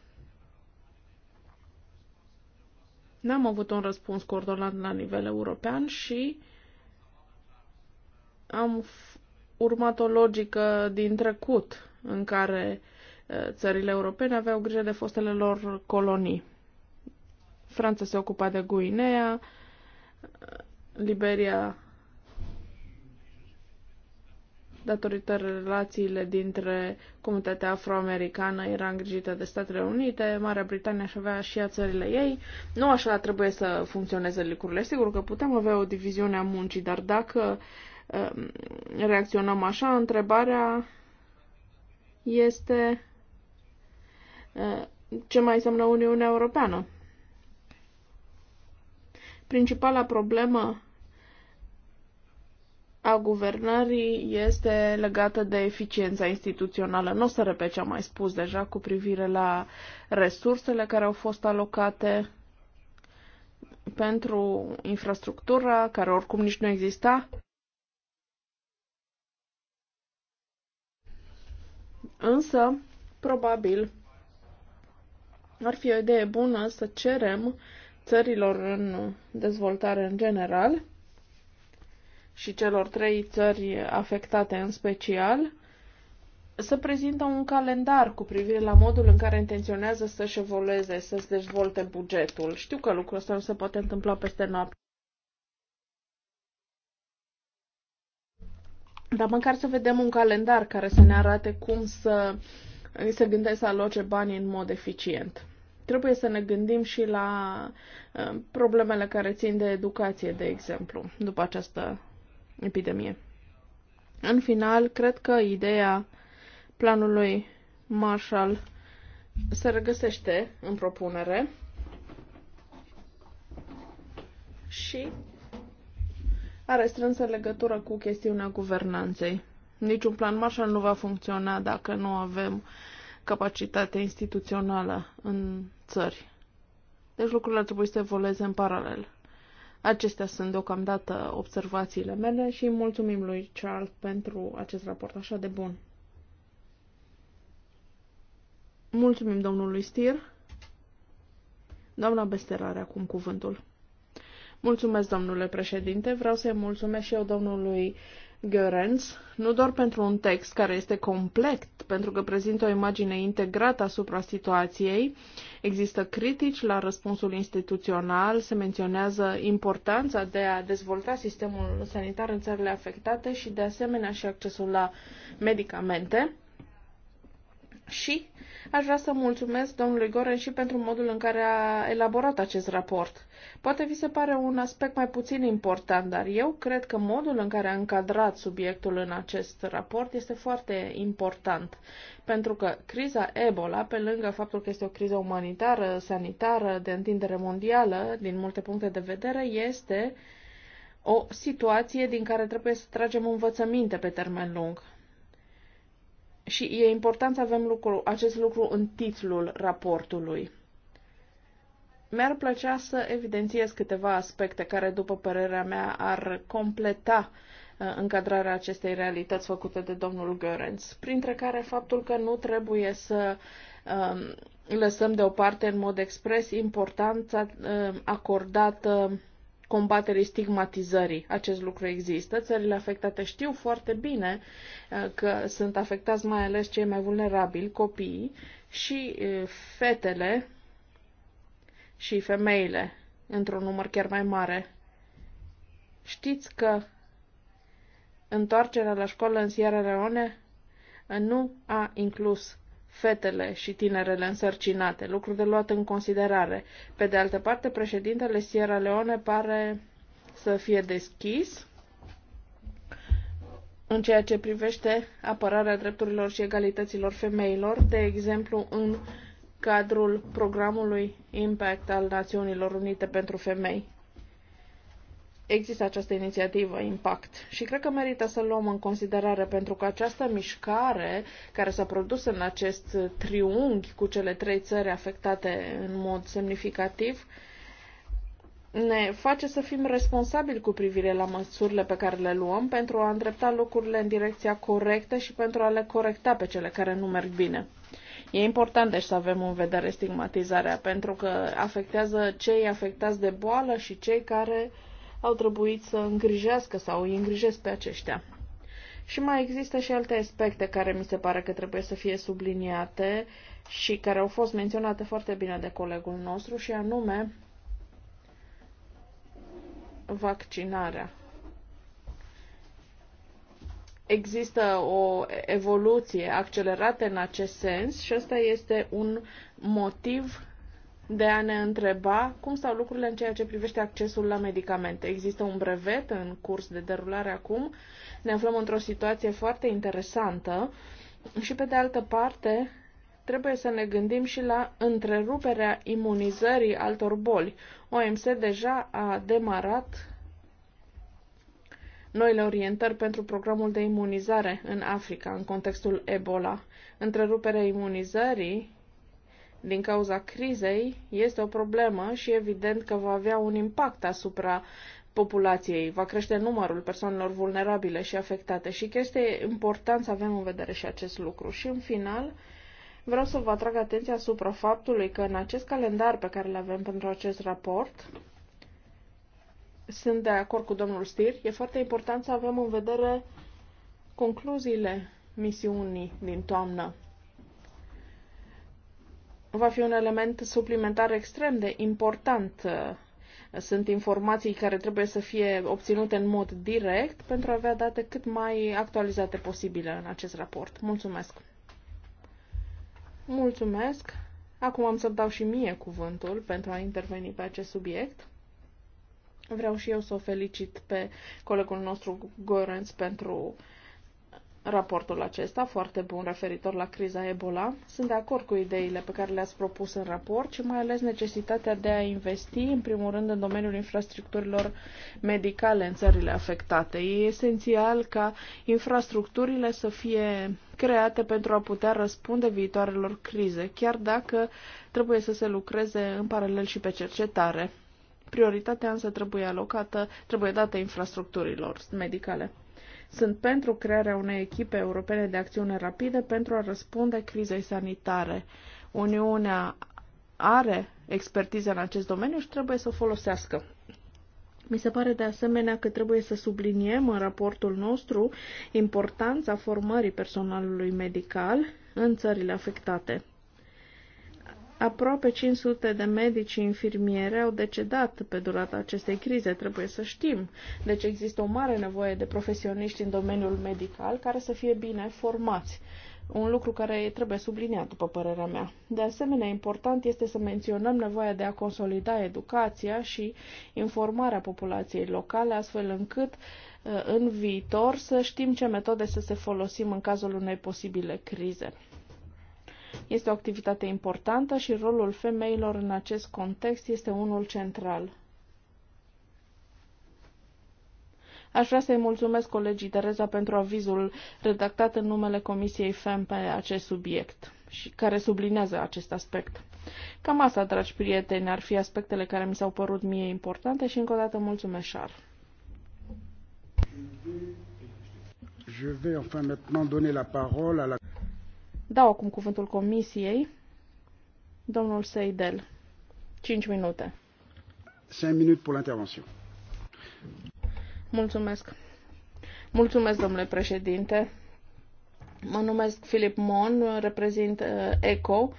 n-am avut un răspuns coordonat la nivel european și am urmat o logică din trecut în care uh, țările europene aveau grijă de fostele lor colonii. Franța se ocupa de Guinea, Liberia datorită relațiile dintre comunitatea afroamericană era îngrijită de Statele Unite, Marea Britanie aș avea și a țările ei. Nu așa trebuie să funcționeze lucrurile. Sigur că putem avea o diviziune a muncii, dar dacă um, reacționăm așa, întrebarea este uh, ce mai înseamnă Uniunea Europeană. Principala problemă a guvernării este legată de eficiența instituțională. Nu o să repet ce am mai spus deja cu privire la resursele care au fost alocate pentru infrastructura, care oricum nici nu exista. Însă, probabil, ar fi o idee bună să cerem țărilor în dezvoltare în general și celor trei țări afectate în special, să prezintă un calendar cu privire la modul în care intenționează să-și evolueze, să-și dezvolte bugetul. Știu că lucrul ăsta nu se poate întâmpla peste noapte. Dar măcar să vedem un calendar care să ne arate cum să se gândesc să aloce banii în mod eficient. Trebuie să ne gândim și la uh, problemele care țin de educație, de exemplu, după această epidemie. În final, cred că ideea planului Marshall se regăsește în propunere și are strânsă legătură cu chestiunea guvernanței. Niciun plan Marshall nu va funcționa dacă nu avem uh, capacitatea instituțională în țări. Deci lucrurile ar trebui să evolueze în paralel. Acestea sunt deocamdată observațiile mele și mulțumim lui Charles pentru acest raport așa de bun. Mulțumim domnului Stir. Doamna Bester are acum cuvântul. Mulțumesc, domnule președinte. Vreau să-i mulțumesc și eu domnului Görens, nu doar pentru un text care este complet, pentru că prezintă o imagine integrată asupra situației, există critici la răspunsul instituțional, se menționează importanța de a dezvolta sistemul sanitar în țările afectate și de asemenea și accesul la medicamente. Și aș vrea să mulțumesc domnului Goren și pentru modul în care a elaborat acest raport. Poate vi se pare un aspect mai puțin important, dar eu cred că modul în care a încadrat subiectul în acest raport este foarte important, pentru că criza Ebola, pe lângă faptul că este o criză umanitară, sanitară, de întindere mondială, din multe puncte de vedere, este o situație din care trebuie să tragem învățăminte pe termen lung. Și e important să avem lucru, acest lucru în titlul raportului. Mi-ar plăcea să evidențiez câteva aspecte care, după părerea mea, ar completa uh, încadrarea acestei realități făcute de domnul Görens, printre care faptul că nu trebuie să um, lăsăm deoparte în mod expres importanța um, acordată combaterii stigmatizării. Acest lucru există. Țările afectate știu foarte bine uh, că sunt afectați mai ales cei mai vulnerabili, copiii și uh, fetele și femeile, într-un număr chiar mai mare. Știți că întoarcerea la școală în Sierra Leone uh, nu a inclus fetele și tinerele însărcinate, lucru de luat în considerare. Pe de altă parte, președintele Sierra Leone pare să fie deschis în ceea ce privește apărarea drepturilor și egalităților femeilor, de exemplu în cadrul programului Impact al Națiunilor Unite pentru Femei există această inițiativă Impact și cred că merită să luăm în considerare pentru că această mișcare care s-a produs în acest triunghi cu cele trei țări afectate în mod semnificativ ne face să fim responsabili cu privire la măsurile pe care le luăm pentru a îndrepta lucrurile în direcția corectă și pentru a le corecta pe cele care nu merg bine. E important deci să avem în vedere stigmatizarea pentru că afectează cei afectați de boală și cei care uh, au trebuit să îngrijească sau îi îngrijesc pe aceștia. Și mai există și alte aspecte care mi se pare că trebuie să fie subliniate și care au fost menționate foarte bine de colegul nostru și anume vaccinarea. Există o evoluție accelerată în acest sens și ăsta este un motiv de a ne întreba cum stau lucrurile în ceea ce privește accesul la medicamente. Există un brevet în curs de derulare acum. Ne aflăm într-o situație foarte interesantă și, pe de altă parte, trebuie să ne gândim și la întreruperea imunizării altor boli. OMC deja a demarat noile orientări pentru programul de imunizare în Africa, în contextul Ebola. Întreruperea imunizării din cauza crizei este o problemă și evident că va avea un impact asupra populației, va crește numărul persoanelor vulnerabile și afectate și că este important să avem în vedere și acest lucru. Și în final, vreau să vă atrag atenția asupra faptului că în acest calendar pe care îl avem pentru acest raport, sunt de acord cu domnul Stir, e foarte important să avem în vedere concluziile misiunii din toamnă va fi un element suplimentar extrem de important. Sunt informații care trebuie să fie obținute în mod direct pentru a avea date cât mai actualizate posibile în acest raport. Mulțumesc! Mulțumesc! Acum am să dau și mie cuvântul pentru a interveni pe acest subiect. Vreau și eu să o felicit pe colegul nostru Gorenț pentru uh, raportul acesta, foarte bun referitor la criza Ebola. Sunt de acord cu ideile pe care le-ați propus în raport și mai ales necesitatea de a investi, în primul rând, în domeniul infrastructurilor medicale în țările afectate. E esențial ca infrastructurile să fie create pentru a putea răspunde viitoarelor crize, chiar dacă trebuie să se lucreze în paralel și pe cercetare. Prioritatea însă trebuie alocată, trebuie dată infrastructurilor medicale. Sunt pentru crearea unei echipe europene de acțiune rapidă pentru a răspunde crizei sanitare. Uniunea are expertiză în acest domeniu și trebuie să o folosească. Mi se pare de asemenea că trebuie să subliniem în raportul nostru importanța formării personalului medical în țările afectate. Aproape 500 de medici și infirmiere au decedat pe durata acestei crize, trebuie să știm. Deci există o mare nevoie de profesioniști în domeniul medical care să fie bine formați. Un lucru care trebuie subliniat, după părerea mea. De asemenea, important este să menționăm nevoia de a consolida educația și informarea populației locale, astfel încât uh, în viitor să știm ce metode să se folosim în cazul unei posibile crize. Este o activitate importantă și rolul femeilor în acest context este unul central. Aș vrea să-i mulțumesc colegii Tereza pentru avizul redactat în numele Comisiei FEM pe acest subiect și care sublinează acest aspect. Cam asta, dragi prieteni, ar fi aspectele care mi s-au părut mie importante și încă o dată mulțumesc, Char. Je vais enfin maintenant donner la parole à la Dau acum cuvântul comisiei. Domnul Seidel, 5 minute. 5 minute pentru intervenție. Mulțumesc. Mulțumesc, domnule președinte. Mă numesc Filip Mon, reprezint uh, ECO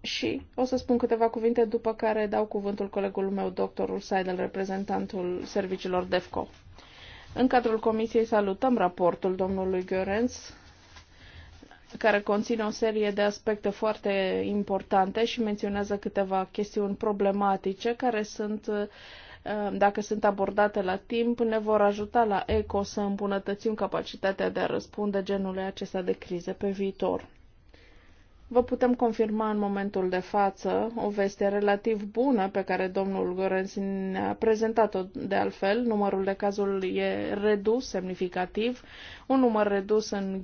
și o să spun câteva cuvinte, după care dau cuvântul colegul meu, doctorul Seidel, reprezentantul serviciilor DEFCO. În cadrul comisiei salutăm raportul domnului Görens care conține o serie de aspecte foarte importante și menționează câteva chestiuni problematice care sunt uh, dacă sunt abordate la timp, ne vor ajuta la ECO să îmbunătățim capacitatea de a răspunde genului acesta de crize pe viitor. Vă putem confirma în momentul de față o veste relativ bună pe care domnul Gorenzi ne-a prezentat-o de altfel. Numărul de cazuri e redus semnificativ, un număr redus în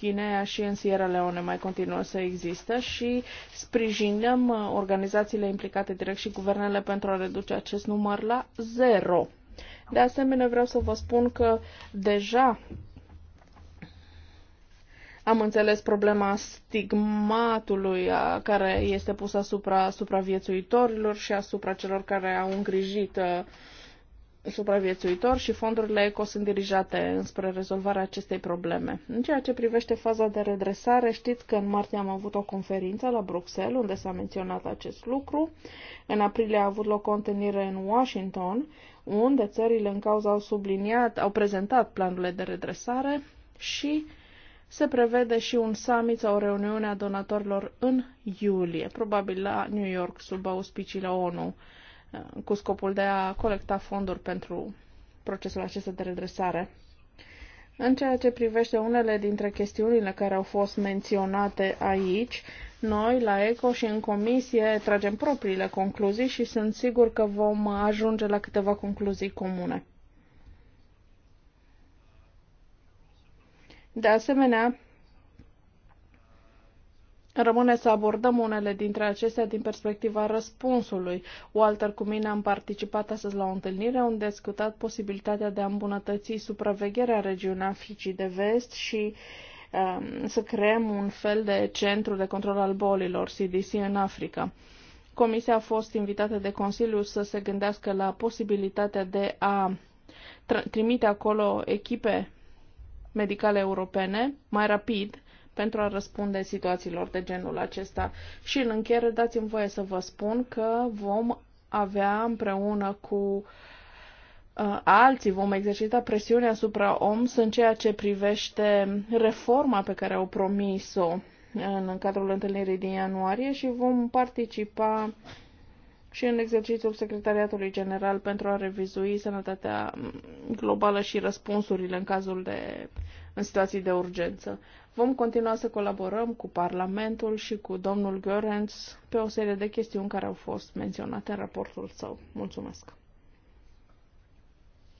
Guinea și în Sierra Leone mai continuă să există și sprijinăm organizațiile implicate direct și guvernele pentru a reduce acest număr la zero. De asemenea, vreau să vă spun că deja am înțeles problema stigmatului a, care este pus asupra supraviețuitorilor și asupra celor care au îngrijit a, și fondurile ECO sunt dirijate înspre rezolvarea acestei probleme. În ceea ce privește faza de redresare, știți că în martie am avut o conferință la Bruxelles unde s-a menționat acest lucru. În aprilie a avut loc o întâlnire în Washington unde țările în cauză au subliniat, au prezentat planurile de redresare și uh, se prevede și un summit sau o reuniune a donatorilor în iulie, probabil la New York, sub auspiciile ONU, cu scopul de a colecta fonduri pentru procesul acesta de redresare. În ceea ce privește unele dintre chestiunile care au fost menționate aici, noi, la ECO și în comisie, tragem propriile concluzii și sunt sigur că vom ajunge la câteva concluzii comune. De asemenea, rămâne să abordăm unele dintre acestea din perspectiva răspunsului. Walter cu mine am participat astăzi la o întâlnire unde am discutat posibilitatea de a îmbunătăți supravegherea regiunii Africii de Vest și um, să creăm un fel de centru de control al bolilor, CDC, în Africa. Comisia a fost invitată de Consiliu să se gândească la posibilitatea de a trimite acolo echipe medicale europene mai rapid pentru a răspunde situațiilor de genul acesta. Și în încheiere dați-mi voie să vă spun că vom avea împreună cu uh, alții, vom exercita presiunea asupra OMS în ceea ce privește reforma pe care au promis-o în cadrul întâlnirii din ianuarie și vom participa și în exercițiul Secretariatului General pentru a revizui sănătatea globală și răspunsurile în cazul de în situații de urgență. Vom continua să colaborăm cu Parlamentul și cu domnul Görens pe o serie de chestiuni care au fost menționate în raportul său. Mulțumesc!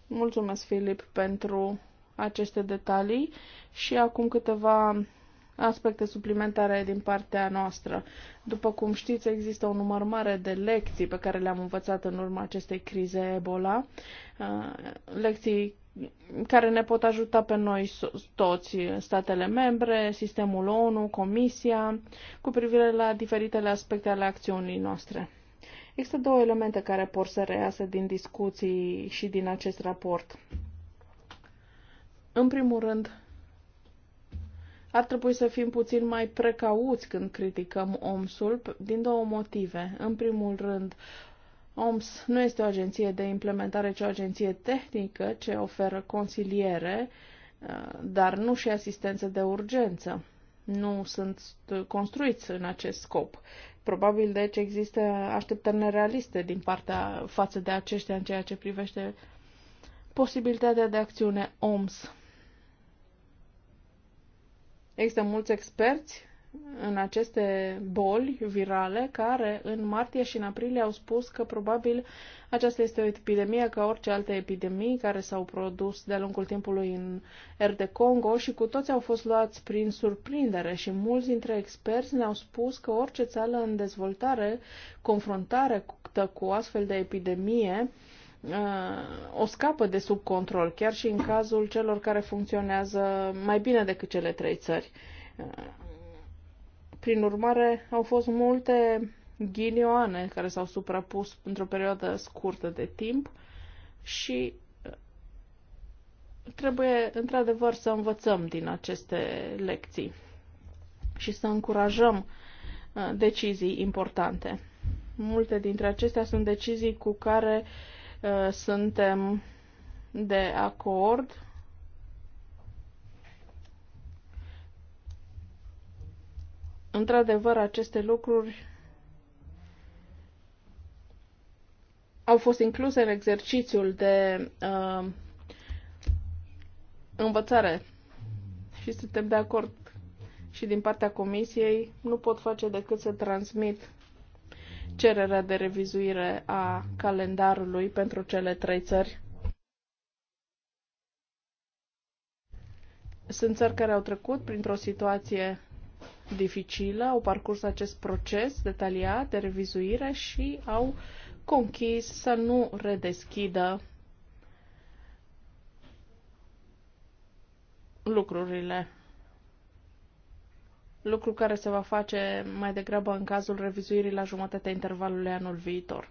Mulțumesc, Filip, pentru aceste detalii și acum câteva aspecte suplimentare din partea noastră. După cum știți, există un număr mare de lecții pe care le-am învățat în urma acestei crize Ebola, uh, lecții care ne pot ajuta pe noi toți, statele membre, sistemul ONU, Comisia, cu privire la diferitele aspecte ale acțiunii noastre. Există două elemente care pot să reiasă din discuții și din acest raport. În primul rând, ar trebui să fim puțin mai precauți când criticăm OMS-ul din două motive. În primul rând, OMS nu este o agenție de implementare, ci o agenție tehnică ce oferă consiliere, uh, dar nu și asistență de urgență. Nu sunt construiți în acest scop. Probabil, deci, există așteptări nerealiste din partea față de aceștia în ceea ce privește posibilitatea de acțiune OMS Există mulți experți în aceste boli virale care în martie și în aprilie au spus că probabil aceasta este o epidemie ca orice alte epidemii care s-au produs de-a lungul timpului în R de Congo și cu toți au fost luați prin surprindere și mulți dintre experți ne-au spus că orice țară în dezvoltare confruntare cu astfel de epidemie Uh, o scapă de sub control, chiar și în cazul celor care funcționează mai bine decât cele trei țări. Uh, prin urmare, au fost multe ghinioane care s-au suprapus într-o perioadă scurtă de timp și uh, trebuie într-adevăr să învățăm din aceste lecții și să încurajăm decizii importante. Multe dintre acestea sunt decizii cu care uh, Uh, suntem de acord într-adevăr, aceste lucruri au fost incluse în exercițiul de uh, învățare și suntem de acord. Și din partea comisiei nu pot face decât să transmit cererea de revizuire a calendarului pentru cele trei țări? Sunt țări care au trecut printr-o situație dificilă, au parcurs acest proces detaliat de revizuire și au conchis să nu redeschidă lucrurile lucru care se va face mai degrabă în cazul revizuirii la jumătatea intervalului anul viitor.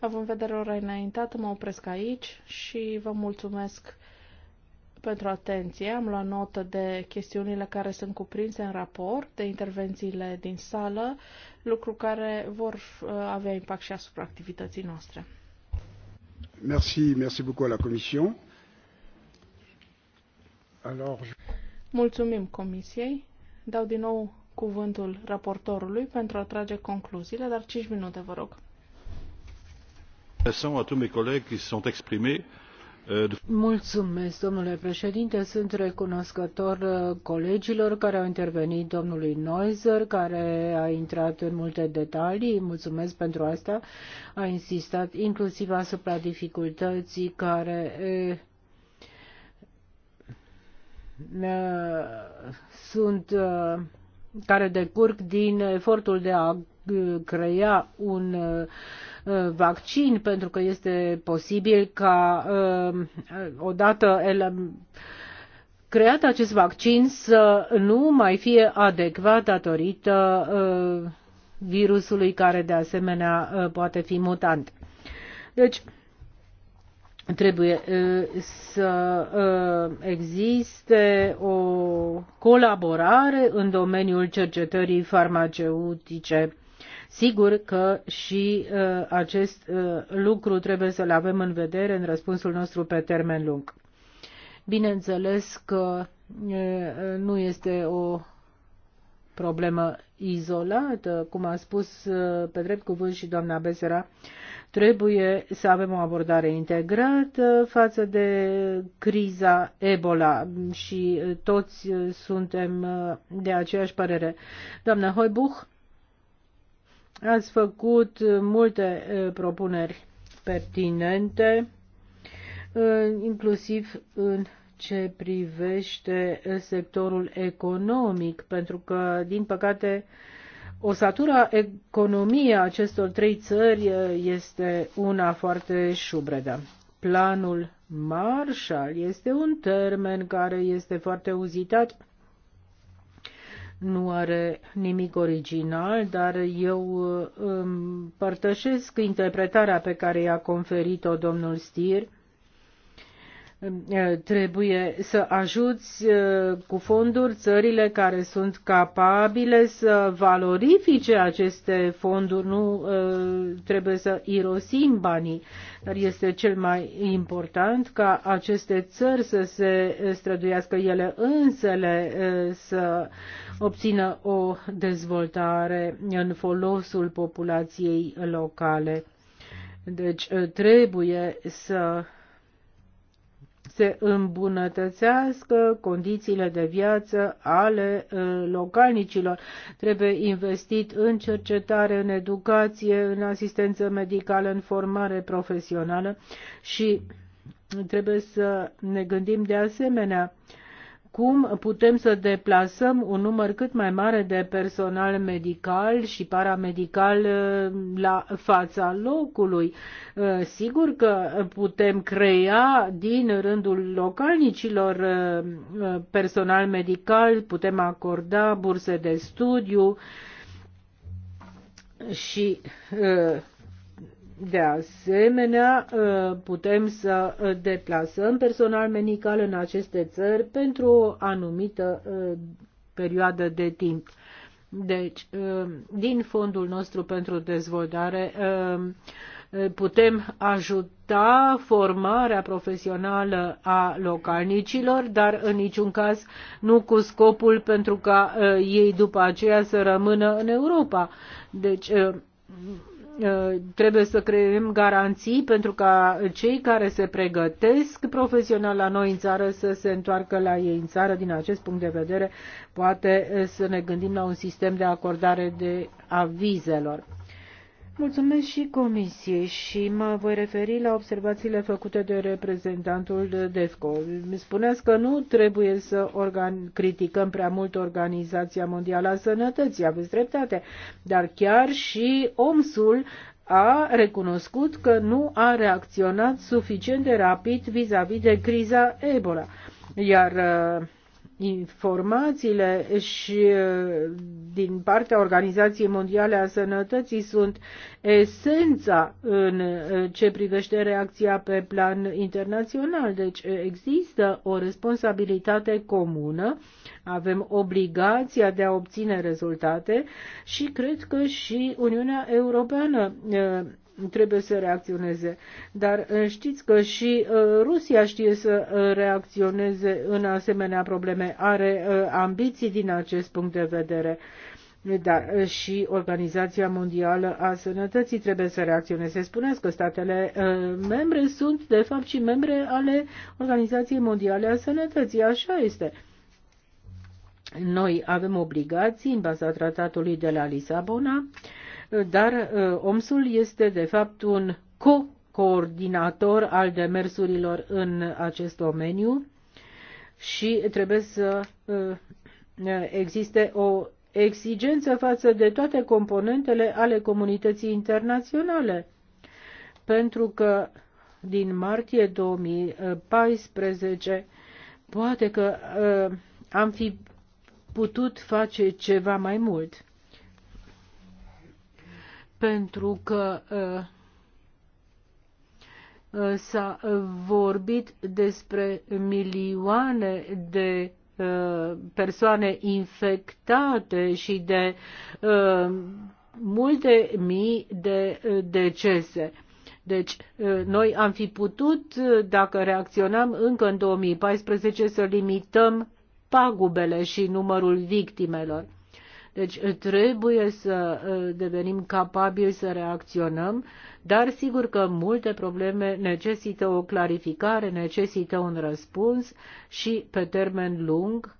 Având vedere ora înaintată, mă opresc aici și vă mulțumesc pentru atenție. Am luat notă de chestiunile care sunt cuprinse în raport, de intervențiile din sală, lucru care vor uh, avea impact și asupra activității noastre. Merci, merci beaucoup la Alors, je... Mulțumim Comisiei dau din nou cuvântul raportorului pentru a trage concluziile, dar 5 minute, vă rog. Euh, Mulțumesc, domnule președinte. Sunt recunoscător uh, colegilor care au intervenit, domnului Neuser, care a intrat în multe detalii. Mulțumesc pentru asta. A insistat inclusiv asupra dificultății care eh, sunt uh, care decurg din efortul de a crea un uh, vaccin, pentru că este posibil ca uh, odată el creat acest vaccin să nu mai fie adecvat datorită virusului care de asemenea poate fi mutant. Deci, trebuie să existe o colaborare în domeniul cercetării farmaceutice. Sigur că și acest lucru trebuie să-l avem în vedere în răspunsul nostru pe termen lung. Bineînțeles că nu este o problemă izolată, cum a spus pe drept cuvânt și doamna Besera, Trebuie să avem o abordare integrată față de criza Ebola și toți suntem de aceeași părere. Doamna Hoibuch, ați făcut multe propuneri pertinente, inclusiv în ce privește sectorul economic, pentru că, din păcate, osatura economiei a acestor trei țări este una foarte șubredă. Planul Marshall este un termen care este foarte uzitat. Nu are nimic original, dar eu uh, împărtășesc interpretarea pe care i-a conferit-o domnul Stier – trebuie să ajuți cu fonduri țările care sunt capabile să valorifice aceste fonduri, nu trebuie să irosim banii, dar este cel mai important ca aceste țări să se străduiască ele însele să obțină o dezvoltare în folosul populației locale. Deci trebuie să se îmbunătățească condițiile de viață ale uh, localnicilor. Trebuie investit în cercetare, în educație, în asistență medicală, în formare profesională și trebuie să ne gândim de asemenea uh, cum putem să deplasăm un număr cât mai mare de personal medical și paramedical uh, la fața locului. Uh, sigur că putem crea din rândul localnicilor uh, personal medical, putem acorda burse de studiu și de asemenea, ă, putem să ă, deplasăm personal medical în aceste țări pentru o anumită ă, perioadă de timp. Deci, din fondul nostru pentru dezvoltare, putem ajuta formarea profesională a localnicilor, dar în niciun caz nu cu scopul pentru ca ei după aceea să rămână în Europa. Deci, Uh, trebuie să creăm garanții pentru ca cei care se pregătesc profesional la noi în țară să se întoarcă la ei în țară. Din acest punct de vedere, poate să ne gândim la un sistem de acordare de avizelor. Mulțumesc și Comisiei și mă voi referi la observațiile făcute de reprezentantul de DEFCO. Spuneați că nu trebuie să organ- criticăm prea mult Organizația Mondială a Sănătății, aveți dreptate, dar chiar și OMS-ul a recunoscut că nu a reacționat suficient de rapid vis-a-vis -vis de criza Ebola. Iar uh, informațiile și uh, din partea Organizației Mondiale a Sănătății sunt esența în uh, ce privește reacția pe plan internațional. Deci uh, există o responsabilitate comună, avem obligația de a obține rezultate și cred că și Uniunea Europeană trebuie să reacționeze. Dar eh, știți că și eh, Rusia știe să eh, reacționeze în asemenea probleme, are ambiții din acest punct de vedere dar și Organizația Mondială a Sănătății trebuie să reacționeze. Spuneți că statele membre sunt, de fapt, și membre ale Organizației Mondiale a Sănătății. Așa este. Noi avem obligații în baza tratatului de la Lisabona dar uh, OMS-ul este de fapt un co-coordinator al demersurilor în acest domeniu și trebuie să uh, existe o exigență față de toate componentele ale comunității internaționale, pentru că din martie 2014 poate că uh, am fi putut face ceva mai mult pentru că uh, uh, s-a vorbit despre milioane de uh, persoane infectate și de multe mii de decese. Deci, noi am fi putut, dacă reacționam încă în 2014, să limităm pagubele și numărul victimelor. Deci eh, trebuie să eh, devenim capabili să reacționăm, dar sigur că multe probleme necesită o clarificare, necesită un răspuns și pe termen lung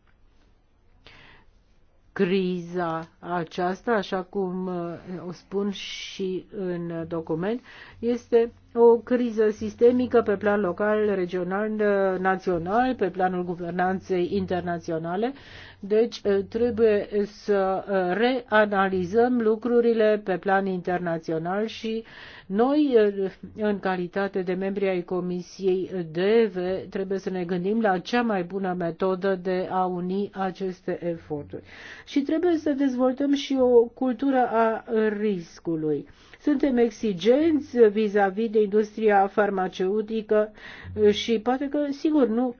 criza aceasta, așa cum eh, o spun și în document, este o criză sistemică pe plan local, regional, național, pe planul guvernanței internaționale. Deci eh, trebuie să eh, reanalizăm lucrurile pe plan internațional și noi, eh, în calitate de membri ai Comisiei DV, trebuie să ne gândim la cea mai bună metodă de a uni aceste eforturi. Și trebuie să dezvoltăm și o cultură a riscului suntem exigenți vis-a-vis -vis de industria farmaceutică și poate că, sigur, nu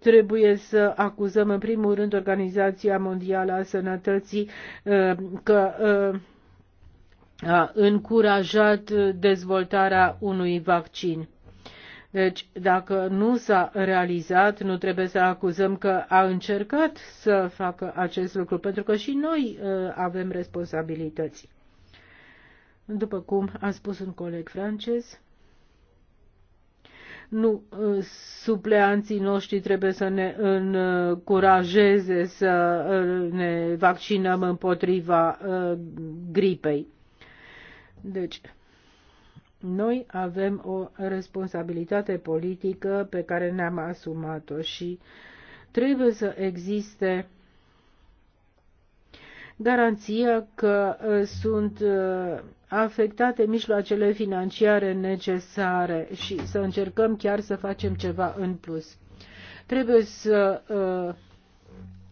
trebuie să acuzăm în primul rând Organizația Mondială a Sănătății că a încurajat dezvoltarea unui vaccin. Deci, dacă nu s-a realizat, nu trebuie să acuzăm că a încercat să facă acest lucru, pentru că și noi uh, avem responsabilități. După cum a spus un coleg francez, nu ă, supleanții noștri trebuie să ne încurajeze să ă, ne vaccinăm împotriva ă, gripei. Deci, noi avem o responsabilitate politică pe care ne-am asumat-o și trebuie să existe uh, garanția că uh, sunt uh, afectate mijloacele financiare necesare și să încercăm chiar să facem ceva în plus. Trebuie să uh,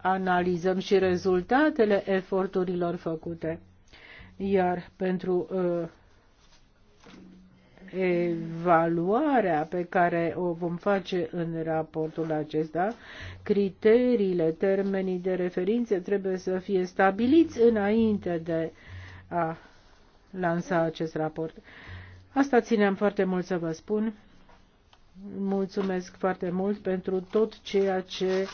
analizăm și rezultatele eforturilor făcute. Iar pentru evaluarea pe care o vom face în raportul acesta, criteriile, termenii de referințe trebuie să fie stabiliți înainte de a lansa acest raport. Asta țineam foarte mult să vă spun. Mulțumesc foarte mult pentru tot ceea ce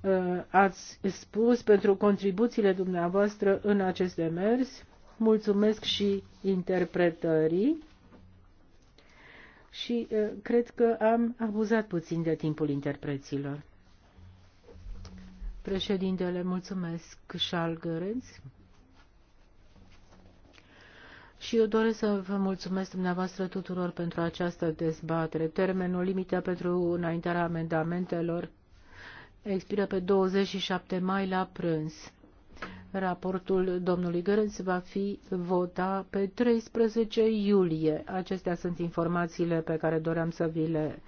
uh, ați spus, pentru contribuțiile dumneavoastră în acest demers. Mulțumesc și interpretării și uh, cred că am abuzat puțin de timpul interpreților. Președintele, mulțumesc, Gărenț. Și eu doresc să vă mulțumesc dumneavoastră tuturor pentru această dezbatere. Termenul limită pentru înaintarea amendamentelor expiră pe 27 mai la prânz. Raportul domnului Gărenț va fi votat pe 13 iulie. Acestea sunt informațiile pe care doream să vi le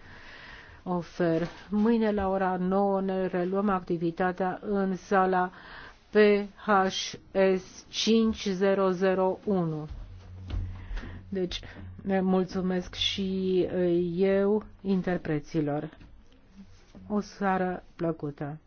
ofer. Mâine la ora 9 ne reluăm activitatea în sala PHS 5001. Deci, ne mulțumesc și eu interpreților. O seară plăcută!